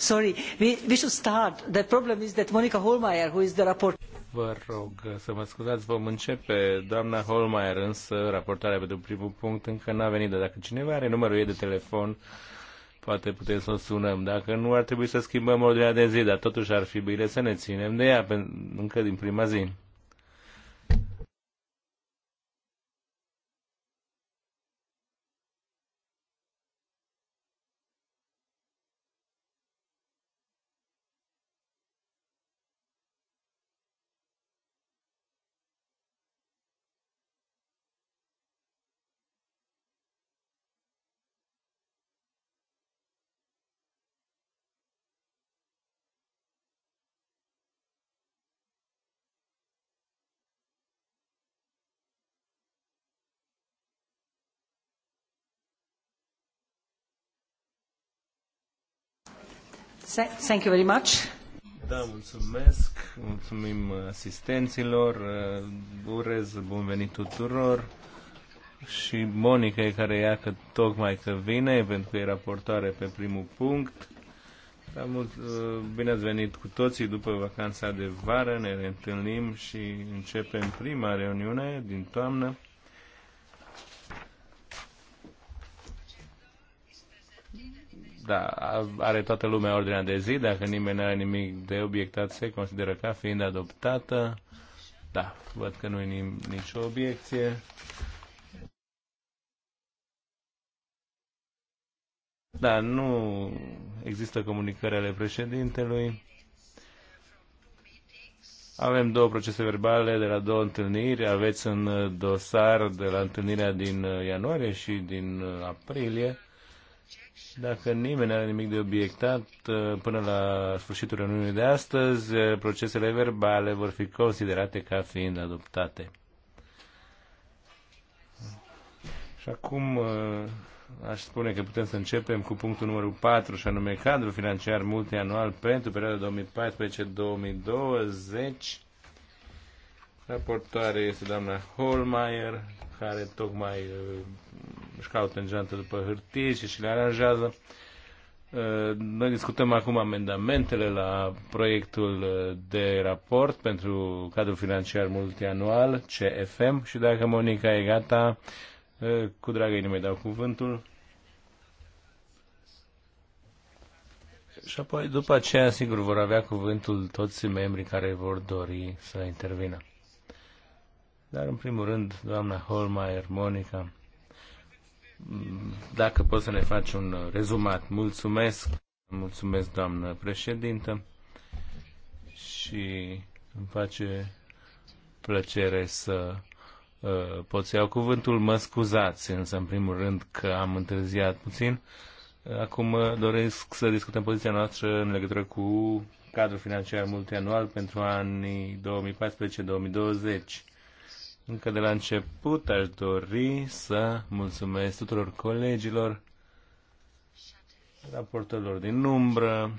Sorry, we, we should start. The problem is that Monica Holmeyer, who is the rapporteur. Vă rog să mă scuzați, vom începe. Doamna Holmeier, însă, raportarea pentru primul punct încă n-a venit, dar dacă cineva are numărul ei de telefon, poate putem să o sunăm. Dacă nu, ar trebui să schimbăm ordinea de zi, dar totuși ar fi bine să ne ținem de ea încă din prima zi. Thank you very much. Da, mulțumesc, mulțumim asistenților, urez bun venit tuturor și Monica, care iată tocmai că vine, pentru că e raportoare pe primul punct. Da, mult, bine ați venit cu toții după vacanța de vară, ne reîntâlnim și începem prima reuniune din toamnă. Da, are toată lumea ordinea de zi, dacă nimeni nu are nimic de obiectat, se consideră ca fiind adoptată. Da, văd că nu e nicio obiecție. Da, nu există comunicări ale președintelui. Avem două procese verbale de la două întâlniri. Aveți în dosar de la întâlnirea din uh, ianuarie și din uh, aprilie. Și dacă nimeni are nimic de obiectat, uh, până la sfârșitul reuniunii de astăzi, uh, procesele verbale vor fi considerate ca fiind adoptate. Și acum uh, aș spune că putem să începem cu punctul numărul 4, și anume cadrul financiar multianual pentru perioada 2014-2020. Raportoare este doamna Holmeier, care tocmai uh, își caută în geantă după hârtie și, și le aranjează. Uh, noi discutăm acum amendamentele la proiectul uh, de raport pentru cadrul financiar multianual, CFM, și dacă Monica e gata, cu dragă inimă dau cuvântul. Și apoi, după aceea, sigur, vor avea cuvântul toți membrii care vor dori să intervină. Dar, în primul rând, doamna Holmeier, Monica, dacă poți să ne faci un rezumat. Mulțumesc, mulțumesc, doamnă președintă, și îmi face plăcere să uh, pot să iau cuvântul. Mă scuzați, însă, în primul rând, că am întârziat puțin. Acum uh, doresc să discutăm poziția noastră în legătură cu cadrul financiar multianual pentru anii 2014-2020. Încă de la început aș dori să mulțumesc tuturor colegilor, raportorilor din umbră,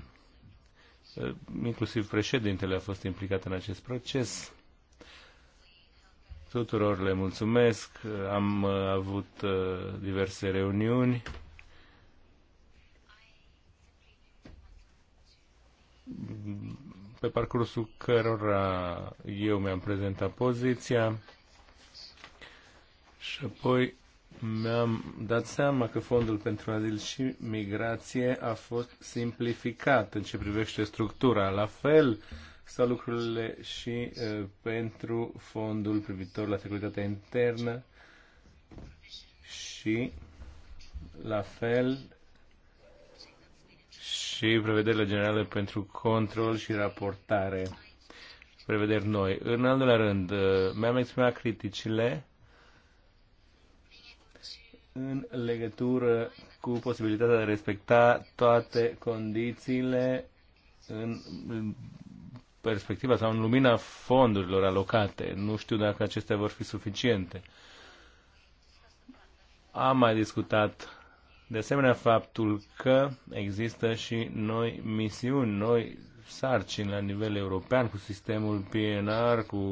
inclusiv președintele a fost implicat în acest proces. Tuturor le mulțumesc, am uh, avut uh, diverse reuniuni. pe parcursul cărora eu mi-am prezentat poziția. Și apoi mi-am dat seama că fondul pentru azil și migrație a fost simplificat în ce privește structura. La fel sau lucrurile și uh, pentru fondul privitor la securitatea internă și la fel și prevederile generale pentru control și raportare. Prevederi noi. În al doilea rând, mi-am exprimat criticile în legătură cu posibilitatea de a respecta toate condițiile în perspectiva sau în lumina fondurilor alocate. Nu știu dacă acestea vor fi suficiente. Am mai discutat de asemenea faptul că există și noi misiuni, noi sarcini la nivel european cu sistemul PNR, cu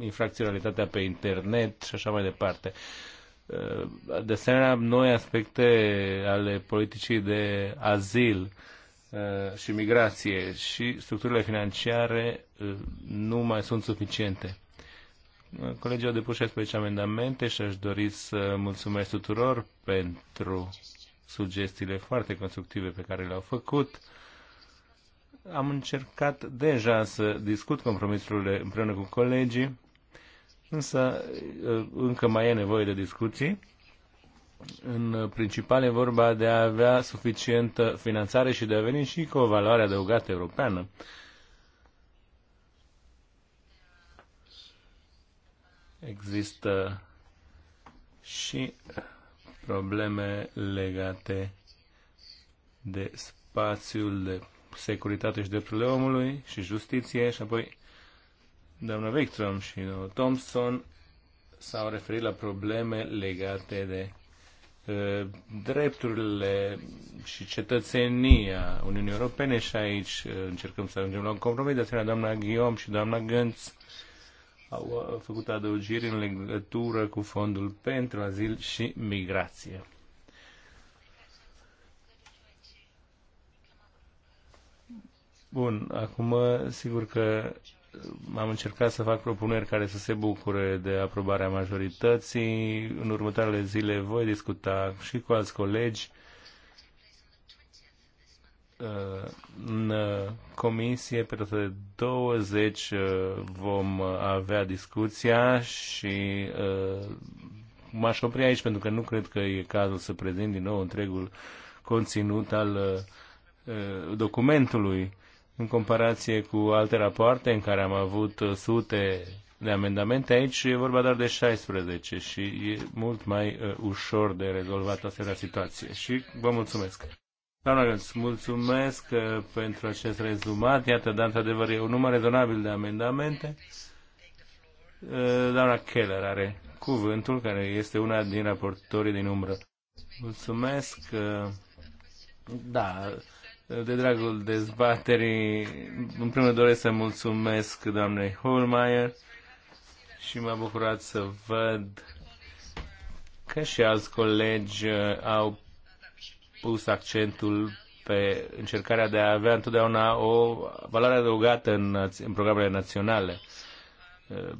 infracționalitatea pe internet și așa mai departe. Uh, Uh, de asemenea noi aspecte ale politicii de azil uh, și migrație și structurile financiare uh, nu mai sunt suficiente. Colegii au depus 16 amendamente și aș dori să mulțumesc tuturor pentru sugestiile foarte constructive pe care le-au făcut. Am încercat deja să discut compromisurile împreună cu colegii Însă ă, încă mai e nevoie de discuții. În principal e vorba de a avea suficientă finanțare și de a veni și cu o valoare adăugată europeană. Există și probleme legate de spațiul de securitate și drepturile omului și justiție și apoi Doamna Victrom și doamna Thompson s-au referit la probleme legate de uh, drepturile și cetățenia Uniunii Europene și aici uh, încercăm să ajungem la un compromis. De asemenea, doamna Ghiom și doamna Gânț au uh, făcut adăugiri în legătură cu Fondul pentru Azil și Migrație. Bun, acum sigur că am încercat să fac propuneri care să se bucure de aprobarea majorității. În următoarele zile voi discuta și cu alți colegi uh, în comisie pe data de 20 uh, vom avea discuția și uh, m-aș opri aici pentru că nu cred că e cazul să prezint din nou întregul conținut al documentului în comparație cu alte rapoarte în care am avut sute de amendamente, aici e vorba doar de 16 și e mult mai uh, ușor de rezolvat asemenea situație. Și vă mulțumesc. Doamna Gânț, mulțumesc uh, pentru acest rezumat. Iată, dar într-adevăr e un număr rezonabil de amendamente. Uh, doamna Keller are cuvântul, care este una din raportorii din umbră. Mulțumesc. Uh, da, de dragul dezbaterii, în primul doresc să mulțumesc doamnei Holmeier și m-a bucurat să văd că și alți colegi uh, au pus accentul pe încercarea de a avea întotdeauna o valoare adăugată în, în programele naționale uh,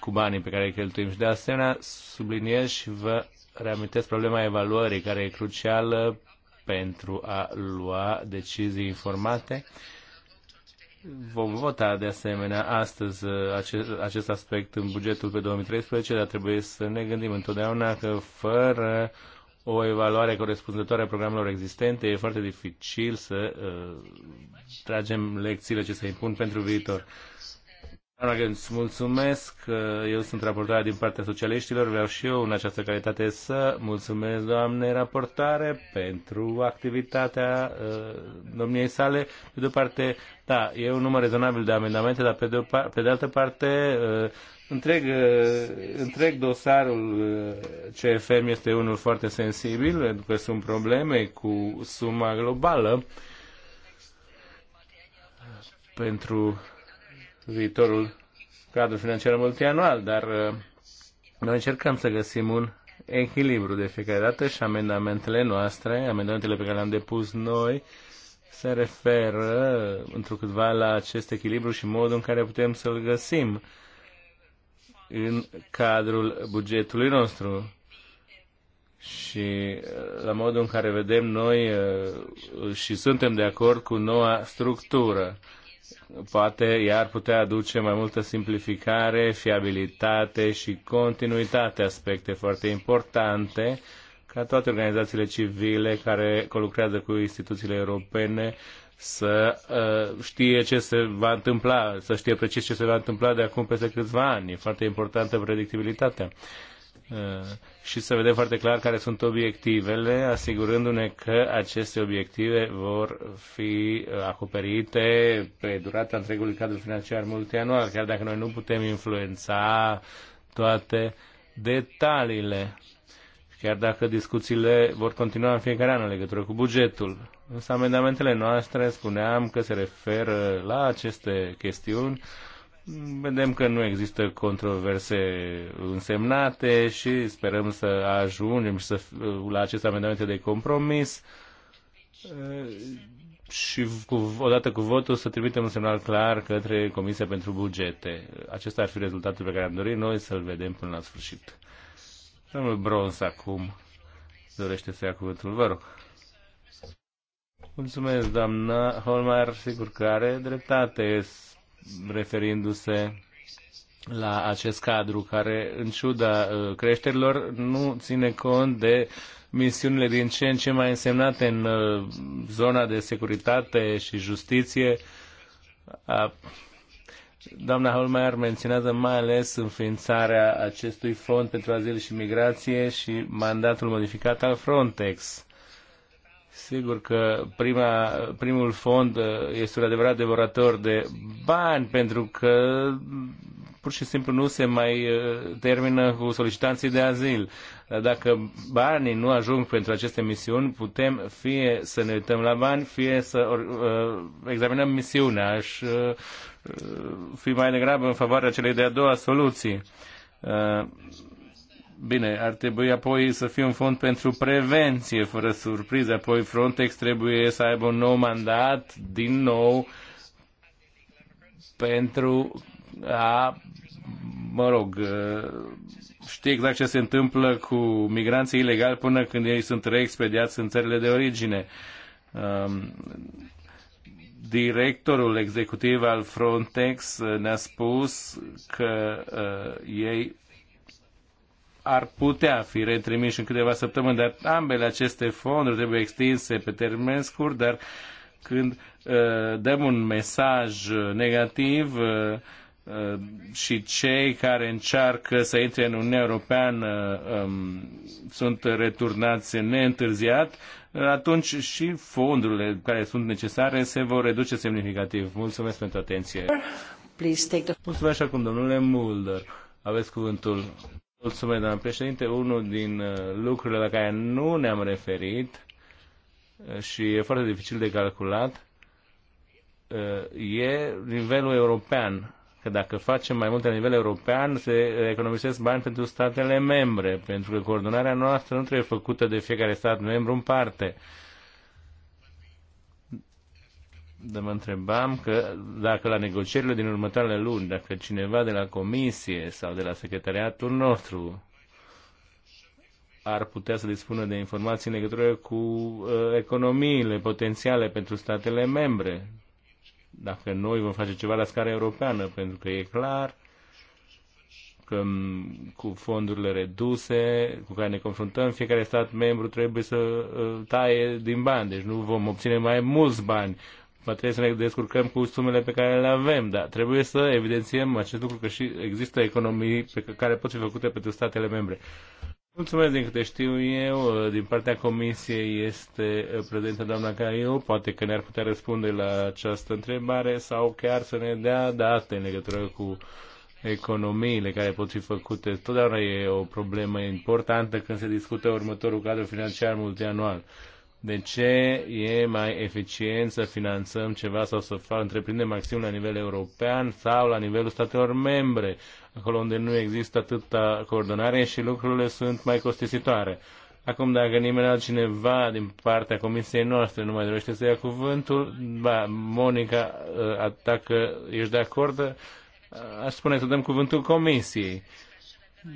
cu banii pe care îi cheltuim. Și de asemenea subliniez și vă reamintesc problema evaluării, care e crucială pentru a lua decizii informate. Vom vota de asemenea astăzi uh, acest, acest aspect în bugetul pe 2013, dar trebuie să ne gândim întotdeauna că fără o evaluare corespunzătoare a programelor existente e foarte dificil să uh, tragem lecțiile ce se impun pentru viitor. Doamna Gânț, mulțumesc. Eu sunt raportarea din partea socialiștilor. Vreau și eu în această calitate să mulțumesc doamnei raportare pentru activitatea uh, domniei sale. Pe de o parte, da, e un număr rezonabil de amendamente, dar pe de, par- pe de altă parte, uh, întreg, uh, întreg dosarul uh, CFM este unul foarte sensibil, pentru că sunt probleme cu suma globală pentru viitorul cadru financiar multianual, dar uh, noi încercăm să găsim un echilibru de fiecare dată și amendamentele noastre, amendamentele pe care le-am depus noi, se referă întrucâtva la acest echilibru și modul în care putem să-l găsim în cadrul bugetului nostru și uh, la modul în care vedem noi uh, și suntem de acord cu noua structură poate iar ar putea aduce mai multă simplificare, fiabilitate și continuitate, aspecte foarte importante ca toate organizațiile civile care colucrează cu instituțiile europene să uh, știe ce se va întâmpla, să știe precis ce se va întâmpla de acum peste câțiva ani. E foarte importantă predictibilitatea. Uh, Eh, și să vedem foarte clar care sunt obiectivele, asigurându-ne că aceste obiective vor fi eh, acoperite pe durata întregului cadru financiar multianual, chiar dacă noi nu putem influența toate detaliile. Chiar dacă discuțiile vor continua în fiecare an în legătură cu bugetul. Însă amendamentele noastre spuneam că se referă la aceste chestiuni Vedem că nu există controverse însemnate și sperăm să ajungem și să, la aceste amendamente de compromis și cu, odată cu votul să trimitem un semnal clar către Comisia pentru Bugete. Acesta ar fi rezultatul pe care am dorit noi să-l vedem până la sfârșit. Domnul Brons acum dorește să ia cuvântul. Vă rog. Mulțumesc, doamna Holmar, sigur că are dreptate referindu-se la acest cadru care, în ciuda uh, creșterilor, nu ține cont de misiunile din ce în ce mai însemnate în uh, zona de securitate și justiție. Doamna Holmeier menționează mai ales înființarea acestui fond pentru azil și migrație și mandatul modificat al Frontex. Sigur că prima, primul fond uh, este un adevărat devorator de bani, pentru că pur și simplu nu se mai uh, termină cu solicitanții de azil. Dacă banii nu ajung pentru aceste misiuni, putem fie să ne uităm la bani, fie să uh, examinăm misiunea. și fi mai degrabă în favoarea celei de-a doua soluții Bine, ar trebui apoi să fie un fond pentru prevenție, fără surpriză. Apoi Frontex trebuie să aibă un nou mandat, din nou, pentru a, mă rog, uh, știi exact ce se întâmplă cu migranții ilegali până când ei sunt reexpediați în țările de origine. Um, directorul executiv al Frontex uh, ne-a spus că uh, ei ar putea fi retrimiși în câteva săptămâni, dar ambele aceste fonduri trebuie extinse pe termen scurt, dar când uh, dăm un mesaj negativ uh, uh, și cei care încearcă să intre în Uniunea Europeană um, sunt returnați neîntârziat, uh, atunci și fondurile care sunt necesare se vor reduce semnificativ. Mulțumesc pentru atenție. Mulțumesc acum, domnule Mulder. Aveți cuvântul. Mulțumesc, doamnă președinte. Unul din uh, lucrurile la care nu ne-am referit uh, și e foarte dificil de calculat uh, e nivelul european. Că dacă facem mai multe la nivel european, se economisesc bani pentru statele membre, pentru că coordonarea noastră nu trebuie făcută de fiecare stat membru în parte. Dar mă întrebam că dacă la negocierile din următoarele luni, dacă cineva de la comisie sau de la secretariatul nostru ar putea să dispună de informații în legătură cu uh, economiile potențiale pentru statele membre, dacă noi vom face ceva la scară europeană, pentru că e clar că cu fondurile reduse cu care ne confruntăm, fiecare stat membru trebuie să uh, taie din bani, deci nu vom obține mai mulți bani va trebui să ne descurcăm cu sumele pe care le avem, dar trebuie să evidențiem acest lucru că și există economii pe care pot fi făcute pentru statele membre. Mulțumesc din câte știu eu, din partea comisiei este prezentă doamna Caio, poate că ne-ar putea răspunde la această întrebare sau chiar să ne dea date în legătură cu economiile care pot fi făcute. Totdeauna e o problemă importantă când se discută următorul cadru financiar multianual de ce e mai eficient să finanțăm ceva sau să fac, întreprindem acțiuni la nivel european sau la nivelul statelor membre, acolo unde nu există atâta coordonare și lucrurile sunt mai costisitoare. Acum, dacă nimeni altcineva din partea comisiei noastre nu mai dorește să ia cuvântul, ba, Monica, uh, dacă ești de acord, uh, aș spune să dăm cuvântul comisiei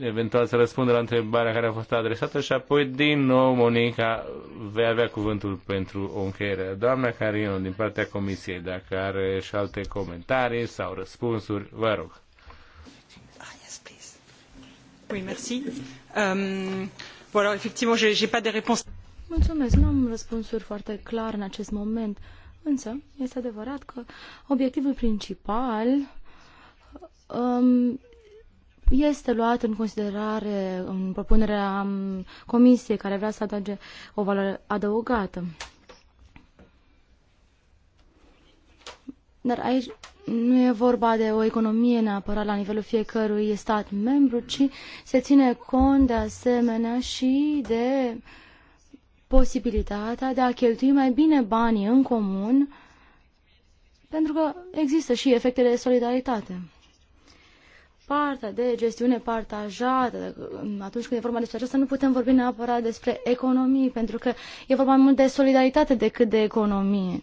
eventual să răspundă la întrebarea care a fost adresată și apoi din nou Monica vei avea cuvântul pentru o încheiere. Doamna Carino, din partea Comisiei, dacă are și alte comentarii sau răspunsuri, vă rog. Ah, yes, please. Oui, merci. Um, pas de réponse. Mulțumesc, nu am răspunsuri foarte clar în acest moment, însă este adevărat că obiectivul principal um, este luat în considerare în propunerea comisiei care vrea să adauge o valoare adăugată. Dar aici nu e vorba de o economie neapărat la nivelul fiecărui stat membru, ci se ține cont de asemenea și de posibilitatea de a cheltui mai bine banii în comun, pentru că există și efecte de solidaritate partea de gestiune partajată, atunci când e vorba despre aceasta, nu putem vorbi neapărat despre economii, pentru că e vorba mai mult de solidaritate decât de economie. Uh,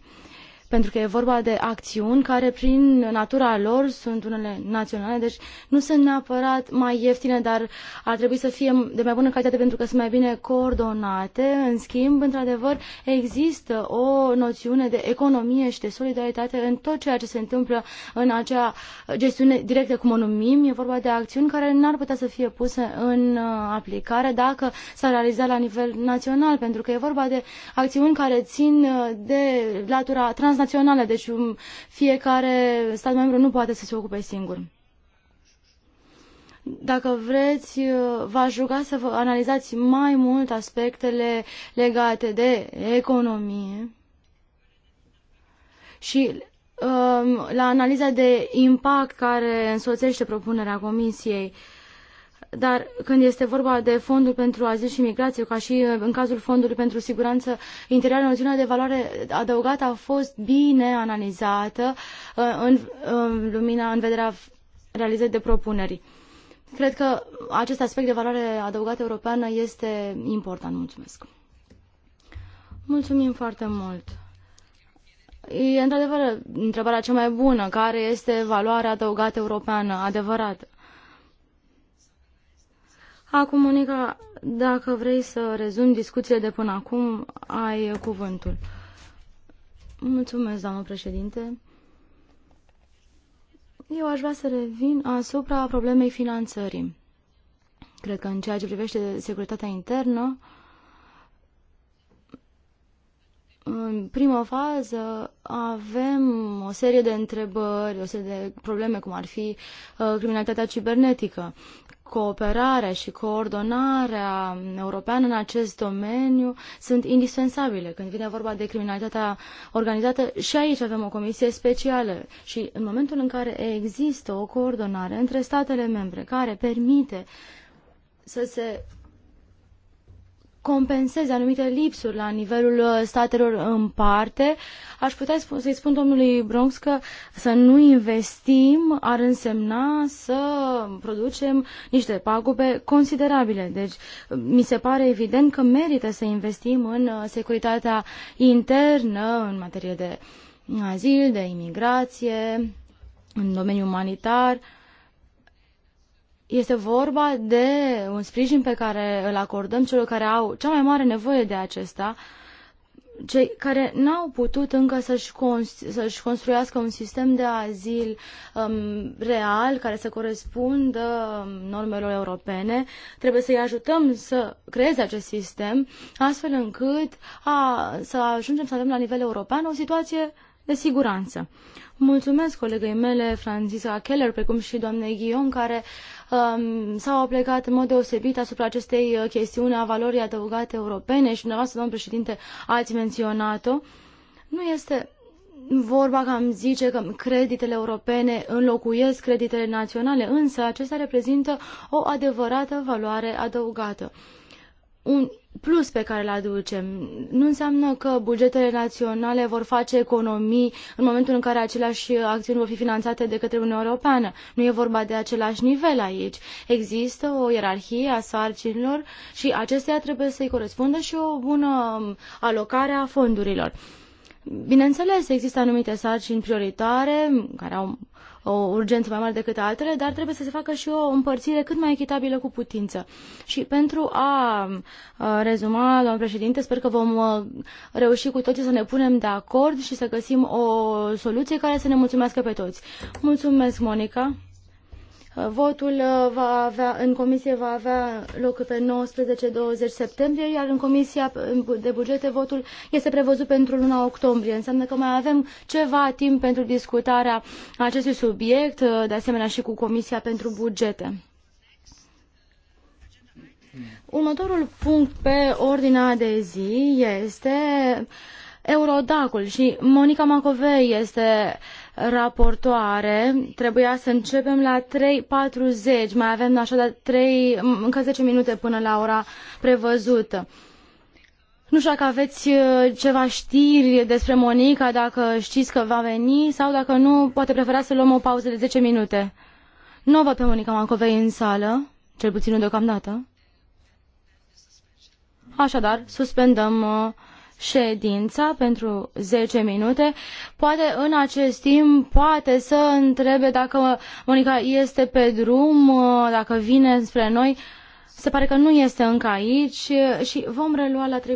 pentru că e vorba de acțiuni care prin natura lor sunt unele naționale, deci nu sunt neapărat mai ieftine, dar ar trebui să fie de mai bună calitate pentru că sunt mai bine coordonate. În schimb, într-adevăr, există o noțiune de economie și de solidaritate în tot ceea ce se întâmplă în acea gestiune directă, cum o numim. E vorba de acțiuni care n-ar putea să fie puse în uh, aplicare dacă s-ar realiza la nivel național, pentru că e vorba de acțiuni care țin uh, de latura transnațională transnaționale, deci um, fiecare stat membru nu poate să se ocupe singur. Dacă vreți, uh, v-aș ruga să vă analizați mai mult aspectele legate de economie și um, la analiza de impact care însoțește propunerea Comisiei dar când este vorba de fondul pentru azil și migrație, ca și uh, în cazul fondului pentru siguranță interioară, noțiunea de valoare adăugată a fost bine analizată uh, în, în lumina, în vederea realizării de propuneri. Cred că acest aspect de valoare adăugată europeană este important. Mulțumesc! Mulțumim foarte mult! E într-adevăr întrebarea cea mai bună, care este valoarea adăugată europeană adevărată? Acum, Monica, dacă vrei să rezum discuția de până acum, ai cuvântul. Mulțumesc, doamnă președinte. Eu aș vrea să revin asupra problemei finanțării. Cred că în ceea ce privește securitatea internă, în prima fază avem o serie de întrebări, o serie de probleme, cum ar fi uh, criminalitatea cibernetică, cooperarea și coordonarea europeană în acest domeniu sunt indispensabile când vine vorba de criminalitatea organizată și aici avem o comisie specială și în momentul în care există o coordonare între statele membre care permite să se compenseze anumite lipsuri la nivelul uh, statelor în parte. Aș putea să-i spun domnului Bronx că să nu investim ar însemna să producem niște pagube considerabile. Deci mi se pare evident că merită să investim în uh, securitatea internă, în materie de azil, de imigrație, în domeniul umanitar. Uh, este vorba de un sprijin pe care îl acordăm celor care au cea mai mare nevoie de acesta, cei care n-au putut încă să-și, cons- să construiască un sistem de azil um, real care să corespundă um, normelor europene. Trebuie să-i ajutăm să creeze acest sistem astfel încât a, să ajungem să avem la nivel european o situație de siguranță. Mulțumesc colegei mele, Franziska Keller, precum și doamnei Ghion, care um, s-au plecat în mod deosebit asupra acestei uh, chestiuni a valorii adăugate europene și dumneavoastră, domn președinte, ați menționat-o. Nu este vorba că am zice că creditele europene înlocuiesc creditele naționale, însă acestea reprezintă o adevărată valoare adăugată. Un plus pe care îl aducem. Nu înseamnă că bugetele naționale vor face economii în momentul în care aceleași acțiuni vor fi finanțate de către Uniunea Europeană. Nu e vorba de același nivel aici. Există o ierarhie a sarcinilor și acestea trebuie să-i corespundă și o bună alocare a fondurilor. Bineînțeles, există anumite sarcini prioritare care au o urgență mai mare decât altele, dar trebuie să se facă și o împărțire cât mai echitabilă cu putință. Și pentru a rezuma, doamnă președinte, sper că vom reuși cu toții să ne punem de acord și să găsim o soluție care să ne mulțumească pe toți. Mulțumesc, Monica! Votul uh, va avea, în comisie va avea loc pe 19-20 septembrie, iar în comisia de bugete votul este prevăzut pentru luna octombrie. Înseamnă că mai avem ceva timp pentru discutarea acestui subiect, uh, de asemenea și cu Comisia pentru Bugete. Următorul punct pe ordinea de zi este Eurodacul și Monica Macovei este uh, raportoare, trebuia să începem la 3.40, mai avem așadar 3, încă 10 minute până la ora prevăzută. Nu știu dacă aveți uh, ceva știri despre Monica, dacă știți că va veni sau dacă nu, poate prefera să luăm o pauză de 10 minute. Nu o văd pe Monica Mancovei în sală, cel puțin nu deocamdată. Așadar, suspendăm uh, ședința pentru 10 minute. Poate în acest timp poate să întrebe dacă Monica este pe drum, dacă vine spre noi. Se pare că nu este încă aici și vom relua la 3.40.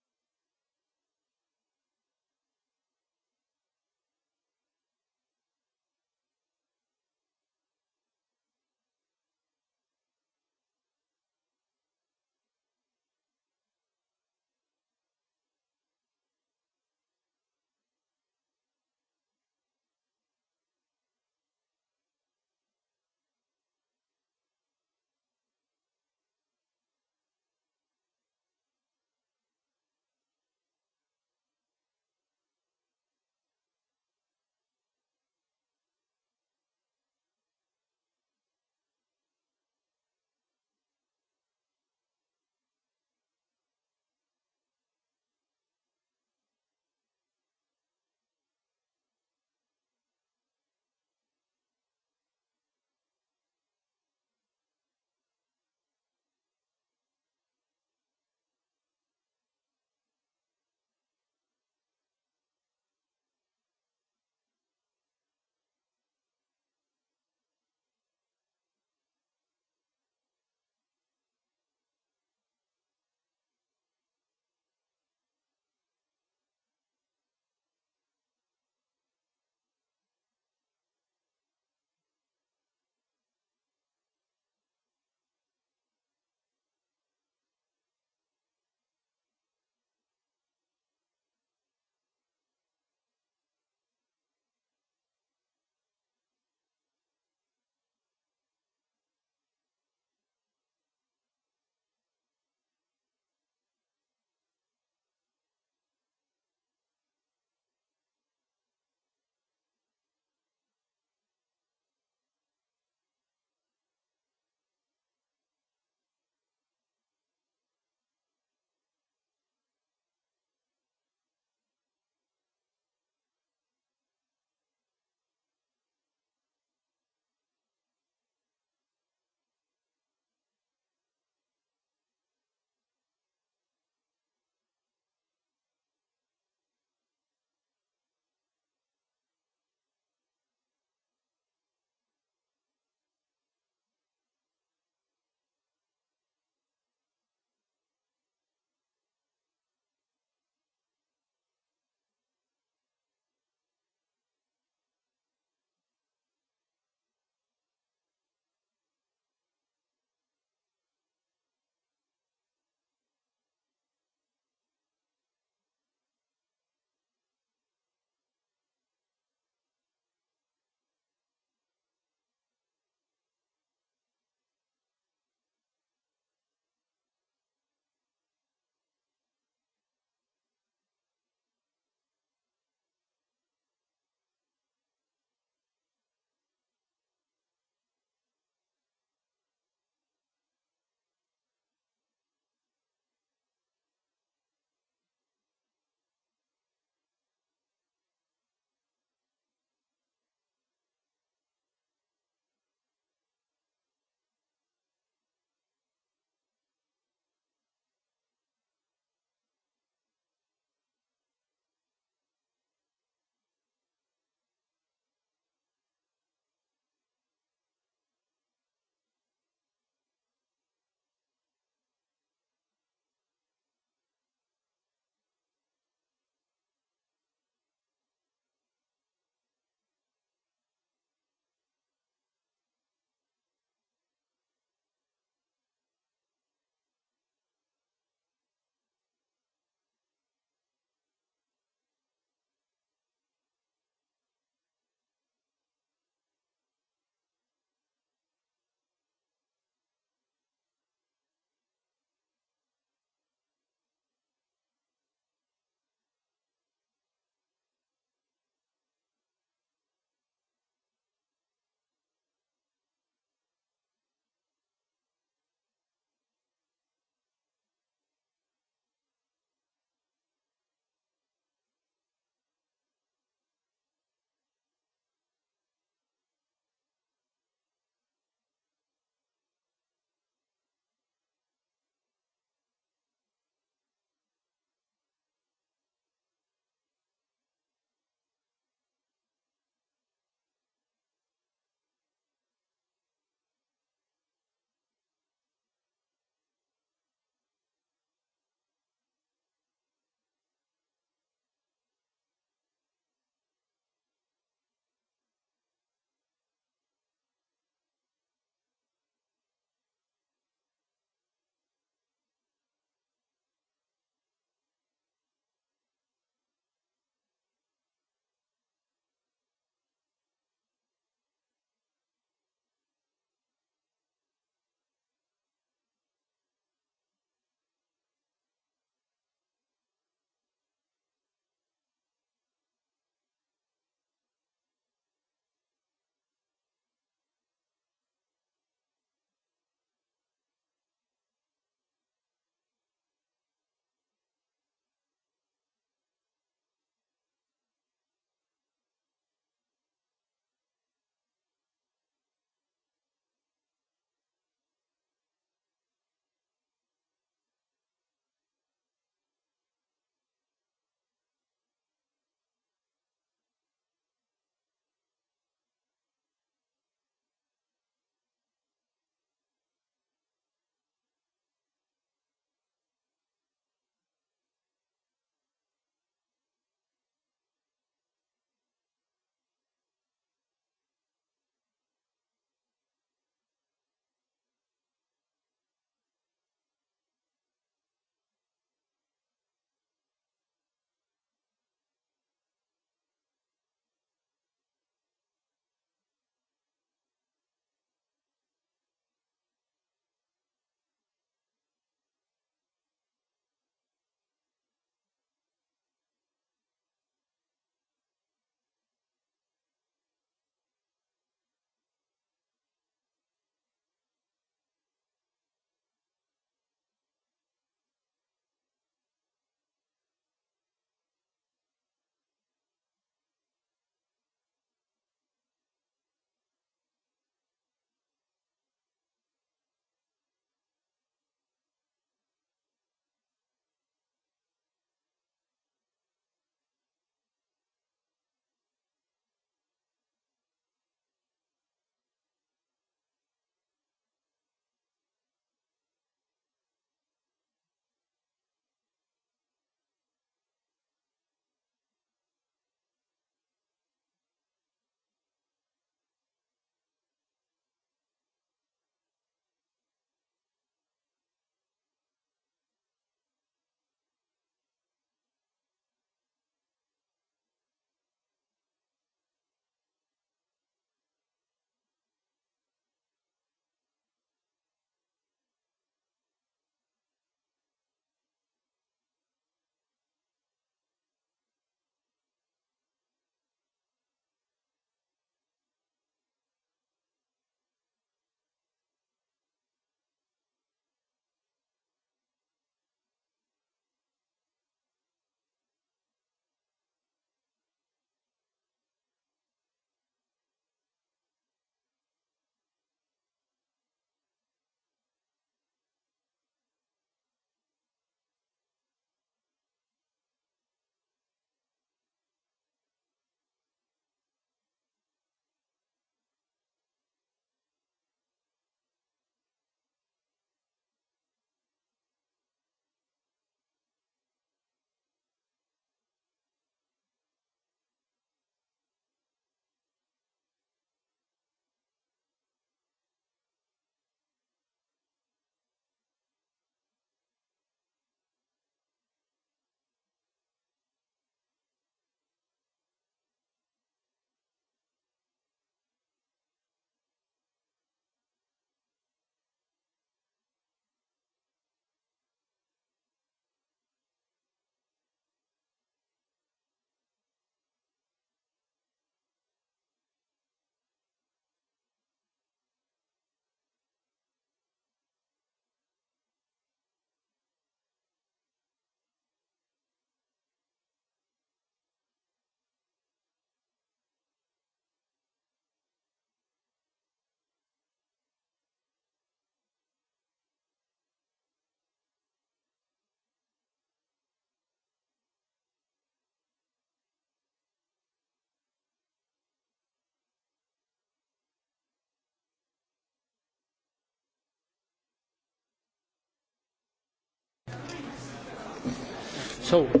So, i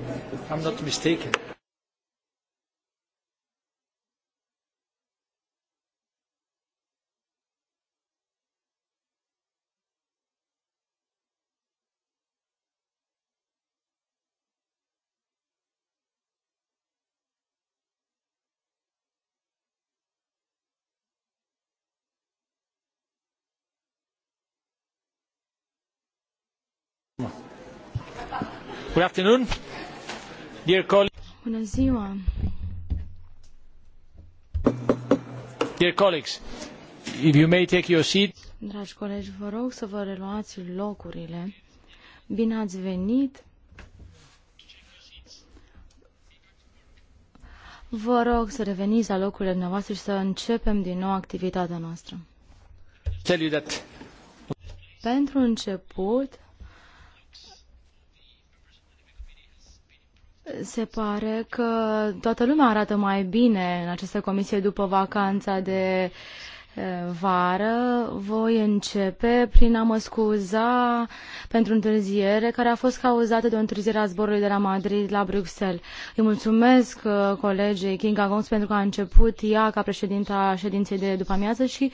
I'm not mistaken. Good afternoon. Dear Bună ziua. Dear colleagues, if you may take your seat. Dragi colegi, vă rog să vă reluați locurile. Bine ați venit. Vă rog să reveniți la locurile noastre și să începem din nou activitatea noastră. Tell you that. Pentru început, Se pare că toată lumea arată mai bine în această comisie după vacanța de vară voi începe prin a mă scuza pentru întârziere care a fost cauzată de o întârziere a zborului de la Madrid la Bruxelles. Îi mulțumesc uh, colegei Kinga Gomes pentru că a început ea ca președinta ședinței de după amiază și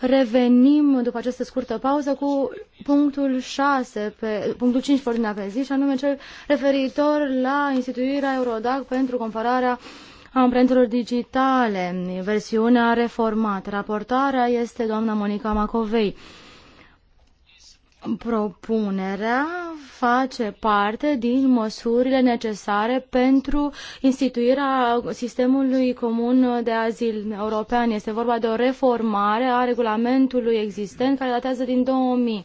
revenim după această scurtă pauză cu punctul 6, pe, punctul 5 pe ordinea pe zi și anume cel referitor la instituirea Eurodac pentru compararea uh, amprentelor digitale, versiunea reformată. Raportarea este doamna Monica Macovei. Propunerea face parte din măsurile necesare pentru instituirea sistemului comun de azil european. Este vorba de o reformare a regulamentului existent care datează din 2000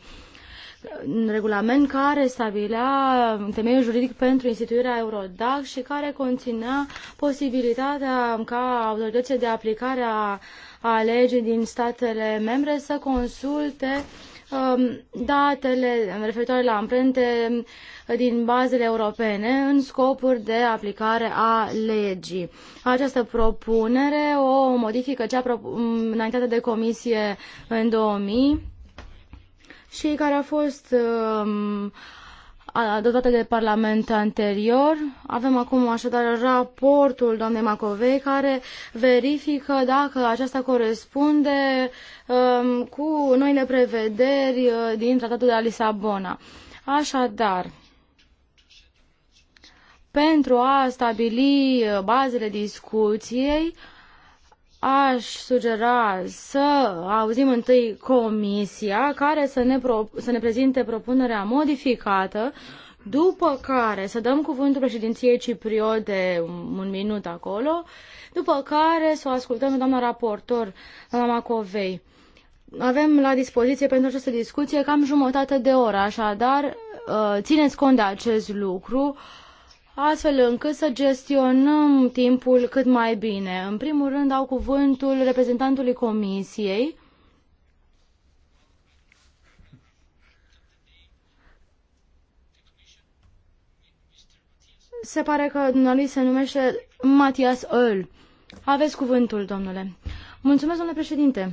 un regulament care stabilea temeiul juridic pentru instituirea Eurodac și care conținea posibilitatea ca autoritățile de aplicare a, a legii din statele membre să consulte um, datele referitoare la amprente din bazele europene în scopuri de aplicare a legii. Această propunere o modifică cea înaintată de comisie în 2000 și care a fost uh, adoptată de Parlament anterior. Avem acum așadar raportul doamnei Macovei care verifică dacă aceasta corespunde uh, cu noile prevederi uh, din Tratatul de la Lisabona. Așadar, pentru a stabili uh, bazele discuției, uh, aș sugera să auzim întâi comisia care să ne, pro- să ne prezinte propunerea modificată, după care să dăm cuvântul președinției cipriote un minut acolo, după care să o ascultăm doamna raportor, doamna Macovei. Avem la dispoziție pentru această discuție cam jumătate de oră, așadar ă, țineți cont de acest lucru. Uh, astfel încât să gestionăm timpul cât mai bine. În primul rând au cuvântul reprezentantului Comisiei, Se pare că dumneavoastră se numește Matias Öl. Aveți cuvântul, domnule. Mulțumesc, domnule președinte.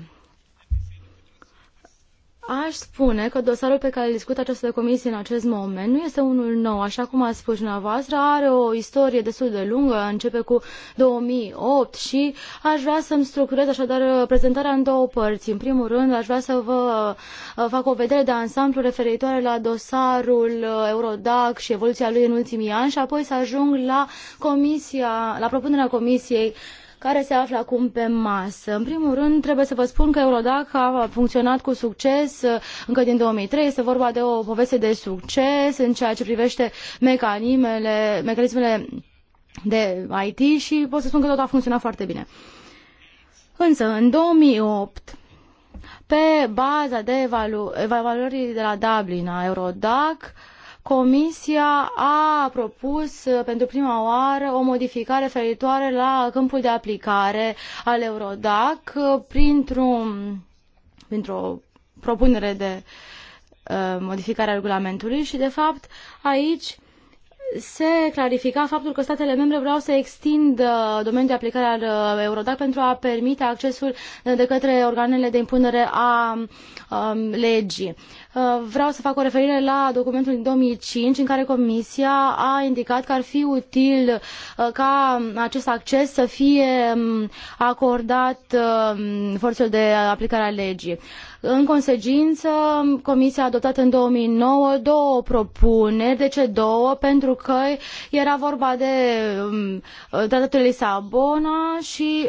Aș spune că dosarul pe care îl discută această comisie în acest moment nu este unul nou, așa cum a spus dumneavoastră, are o istorie destul de lungă, începe cu 2008 și aș vrea să-mi structurez așadar prezentarea în două părți. În primul rând, aș vrea să vă fac o vedere de ansamblu referitoare la dosarul Eurodac și evoluția lui în ultimii ani și apoi să ajung la, comisia, la propunerea comisiei uh, care se află acum pe masă. În primul rând, trebuie să vă spun că Eurodac a funcționat cu succes uh, încă din 2003. Este vorba de o poveste de succes în ceea ce privește mecanismele, mecanismele de IT și pot să spun că tot a funcționat foarte bine. Însă, în 2008, pe baza de evalu- evaluării de la Dublin a Eurodac, uh, Comisia a propus uh, pentru prima oară o modificare feritoare la câmpul de aplicare al Eurodac uh, printr-un, printr-o propunere de modificarea uh, modificare a regulamentului și, de fapt, aici se clarifica faptul că statele membre vreau să extindă domeniul de aplicare al Eurodac pentru a permite accesul de către organele de impunere a um, legii. Uh, vreau să fac o referire la documentul din 2005 în care Comisia a indicat că ar fi util uh, ca acest acces să fie um, acordat uh, forțelor de aplicare a legii. În consecință, Comisia a adoptat în 2009 două propuneri. De ce două? Pentru că era vorba de um, tratatul Lisabona și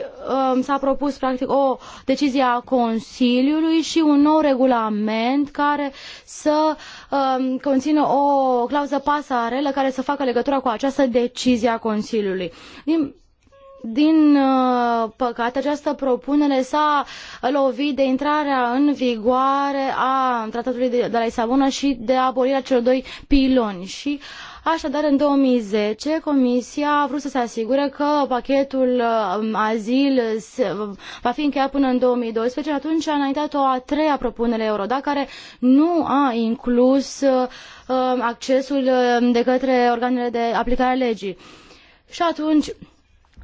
um, s-a propus practic o decizie a Consiliului și un nou regulament care să um, conțină o clauză pasarelă care să facă legătura cu această decizie a Consiliului. Din din uh, păcate, această propunere s-a lovit de intrarea în vigoare a tratatului de la Lisabona și de abolirea celor doi piloni. Și Așadar, în 2010, Comisia a vrut să se asigure că pachetul uh, azil va fi încheiat până în 2012. Atunci a înaintat o a treia propunere Eurodac care nu a inclus uh, accesul de către organele de aplicare a legii. Și atunci,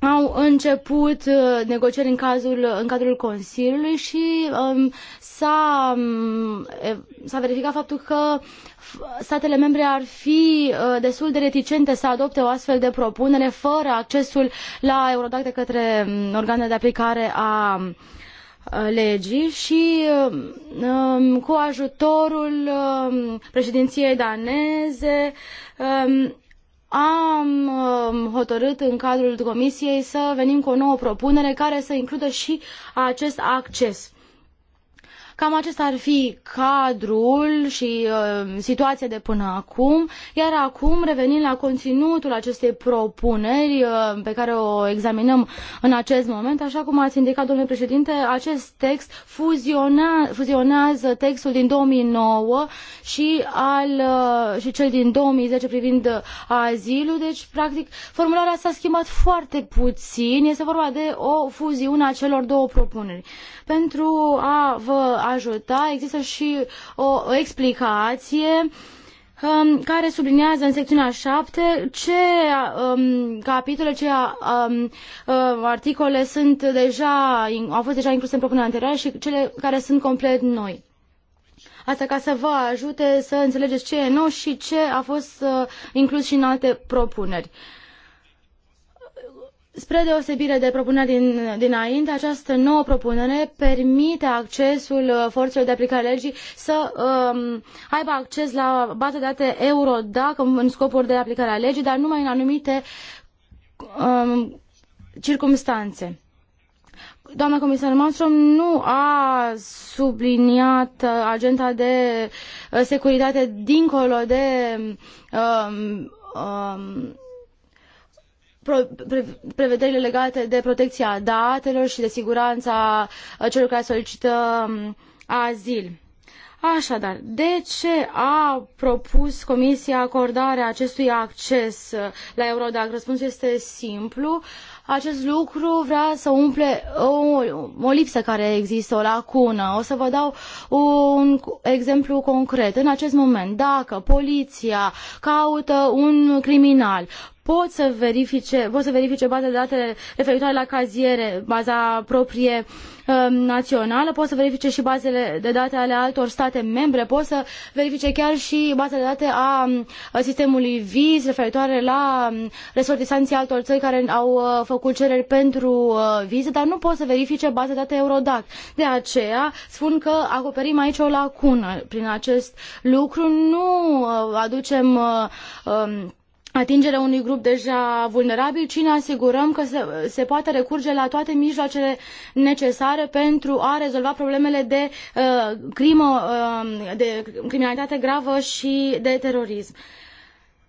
au început uh, negocieri în, cazul, în cadrul Consiliului și um, s-a, um, verificat faptul că statele membre ar fi uh, destul de reticente să adopte o astfel de propunere fără accesul la Eurodac de către um, organele de aplicare a um, legii și um, cu ajutorul um, președinției daneze um, am um, hotărât în cadrul comisiei să venim cu o nouă propunere care să includă și acest acces Cam acesta ar fi cadrul și uh, situația de până acum, iar acum revenind la conținutul acestei propuneri uh, pe care o examinăm în acest moment. Așa cum ați indicat, domnule președinte, acest text fuziona, fuzionează textul din 2009 și, al, uh, și cel din 2010 privind azilul, deci practic formularea s-a schimbat foarte puțin, este vorba de o fuziune a celor două propuneri. Pentru a vă ajuta, există și o, o explicație um, care subliniază în secțiunea 7 ce um, capitole, ce um, uh, articole sunt deja, au fost deja incluse în propunerea anterioară și cele care sunt complet noi. Asta ca să vă ajute să înțelegeți ce e nou și ce a fost uh, inclus și în alte propuneri. Uh, Spre deosebire de propunerea dinainte, această nouă propunere permite accesul uh, forțelor de aplicare a legii să um, aibă acces la bază de date Eurodac în scopuri de aplicare a legii, dar numai în anumite um, circumstanțe. Doamna comisar Malmström nu a subliniat uh, agenda de uh, securitate dincolo de um, um, prevederile legate de protecția datelor și de siguranța uh, celor care solicită um, azil. Așadar, de ce a propus Comisia acordarea acestui acces uh, la Eurodac? Răspunsul este simplu. Acest lucru vrea să umple o, o lipsă care există, o lacună. O să vă dau un exemplu concret. În acest moment, dacă poliția caută un criminal, pot să verifice, pot să verifice baza de date referitoare la caziere, baza proprie um, națională, pot să verifice și bazele de date ale altor state membre, pot să verifice chiar și baza de date a um, sistemului viz referitoare la um, resortisanții altor țări care au uh, făcut cereri pentru uh, vize, dar nu pot să verifice baza de date Eurodac. De aceea spun că acoperim aici o lacună. Prin acest lucru nu uh, aducem um, atingerea unui grup deja vulnerabil, ci ne asigurăm că se, se poate recurge la toate mijloacele necesare pentru a rezolva problemele de uh, crimă, uh, de criminalitate gravă și de terorism.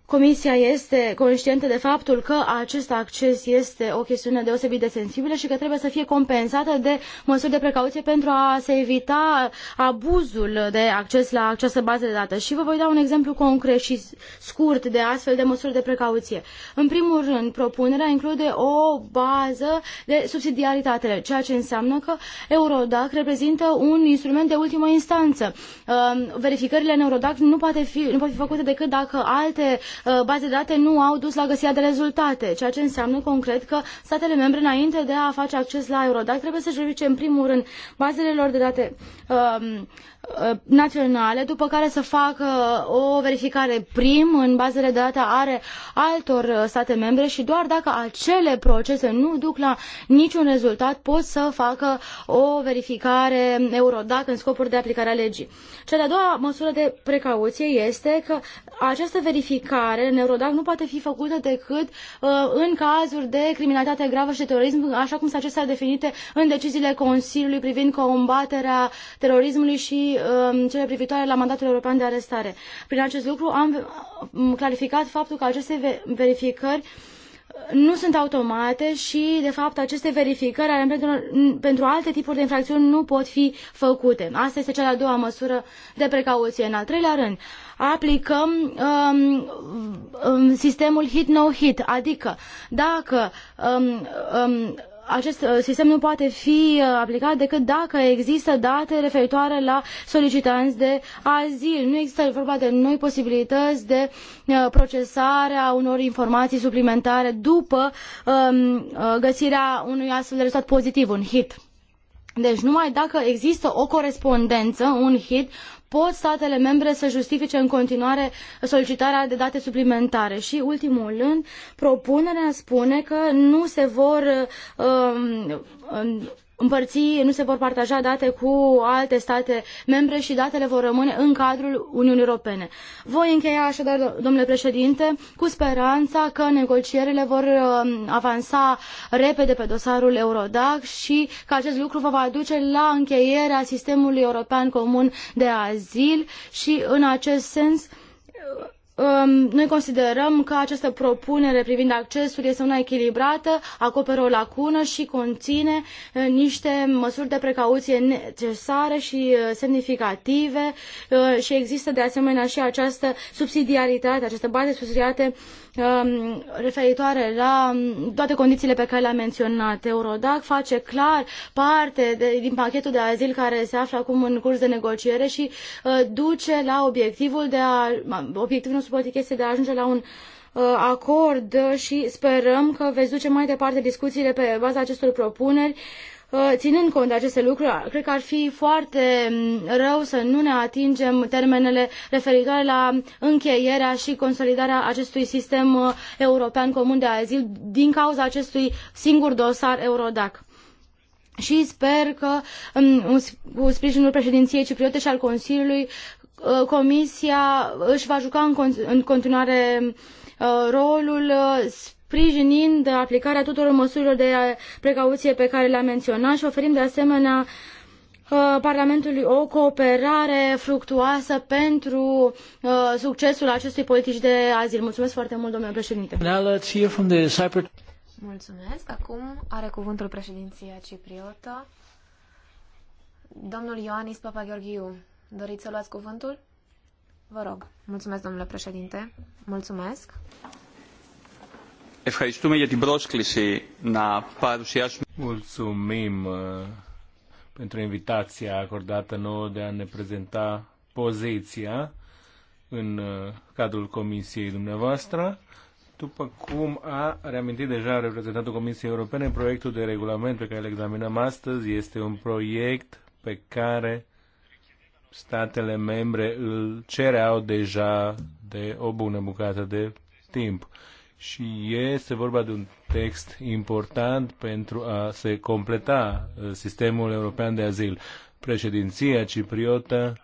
Comisia este conștientă de faptul că acest acces este o chestiune deosebit de sensibilă și că trebuie să fie compensată de măsuri de precauție pentru a se evita abuzul de acces la această bază de date. Și vă voi da un exemplu concret și scurt de astfel de măsuri de precauție. În primul rând, propunerea include o bază de subsidiaritate, ceea ce înseamnă că Eurodac reprezintă un instrument de ultimă instanță. Um, verificările în Eurodac nu, fi, nu pot fi făcute decât dacă alte Uh, baze de date nu au dus la găsirea de rezultate, ceea ce înseamnă concret că statele membre, înainte de a face acces la Eurodac, trebuie să-și verifice în primul rând bazele lor de date um, uh, naționale, după care să facă o verificare prim în bazele de date are altor uh, state membre și doar dacă acele procese nu duc la niciun rezultat pot să facă o verificare Eurodac în scopuri de aplicare a legii. Cea de-a doua măsură de precauție este că această verificare în Eurodac nu poate fi făcută decât uh, în cazuri de criminalitate gravă și de terorism, așa cum sunt acestea definite în deciziile Consiliului privind combaterea terorismului și uh, cele privitoare la mandatul european de arestare. Prin acest lucru am um, clarificat faptul că aceste verificări uh, nu sunt automate și, de fapt, aceste verificări ale pentru, pentru alte tipuri de infracțiuni nu pot fi făcute. Asta este cea de-a doua măsură de precauție. În al treilea rând, uh, aplicăm um, um, sistemul hit-no-hit, -hit, adică dacă um, um, acest uh, sistem nu poate fi uh, aplicat decât dacă există date referitoare la solicitanți de azil. Nu există vorba de noi posibilități de uh, procesare a unor informații suplimentare după um, găsirea unui astfel de rezultat pozitiv, un hit. Deci numai dacă există o corespondență, un hit, pot statele membre să justifice în continuare solicitarea de date suplimentare. Și ultimul rând, propunerea spune că nu se vor uh, um, împărți, nu se vor partaja date cu alte state membre și datele vor rămâne în cadrul Uniunii Europene. Voi încheia așadar, domnule președinte, cu speranța că negocierile vor um, avansa repede pe dosarul Eurodac și că acest lucru vă va aduce la încheierea sistemului european comun de azil și în acest sens noi considerăm că această propunere privind accesul este una echilibrată, acoperă o lacună și conține niște măsuri de precauție necesare și semnificative și există de asemenea și această subsidiaritate, această bază subsidiaritate Um, referitoare la toate condițiile pe care le a menționat. Eurodac face clar parte de, din pachetul de azil care se află acum în curs de negociere și uh, duce la obiectivul de a, obiectivul nostru politic este de a ajunge la un uh, acord și sperăm că veți duce mai departe discuțiile pe baza acestor propuneri Uh, ținând cont de aceste lucruri, cred că ar fi foarte mm, rău să nu ne atingem termenele referitoare la încheierea și consolidarea acestui sistem uh, european comun de azil din cauza acestui singur dosar Eurodac și sper că mm, cu sprijinul președinției cipriote și al Consiliului uh, Comisia își va juca în continuare mm, rolul. Sper sprijinind aplicarea tuturor măsurilor de precauție pe care le-am menționat și oferim de asemenea uh, Parlamentului o cooperare fructuoasă pentru uh, succesul acestui politici de azil. Mulțumesc foarte mult, domnule președinte. Mulțumesc. Acum are cuvântul președinția cipriotă. Domnul Ioanis Papagheorghiu, doriți să luați cuvântul? Vă rog. Mulțumesc, domnule președinte. Mulțumesc. Ευχαριστούμε για την πρόσκληση να παρουσιάσουμε. Mulțumim uh, pentru invitația acordată nouă de a ne prezenta poziția în uh, cadrul comisiei dumneavoastră. După cum a reamintit deja reprezentantul Comisiei Europene, proiectul de regulament pe care îl examinăm astăzi este un proiect pe care statele membre îl cereau deja de o bună bucată de timp și este vorba de un text important pentru a se completa uh, sistemul european de azil. Președinția cipriotă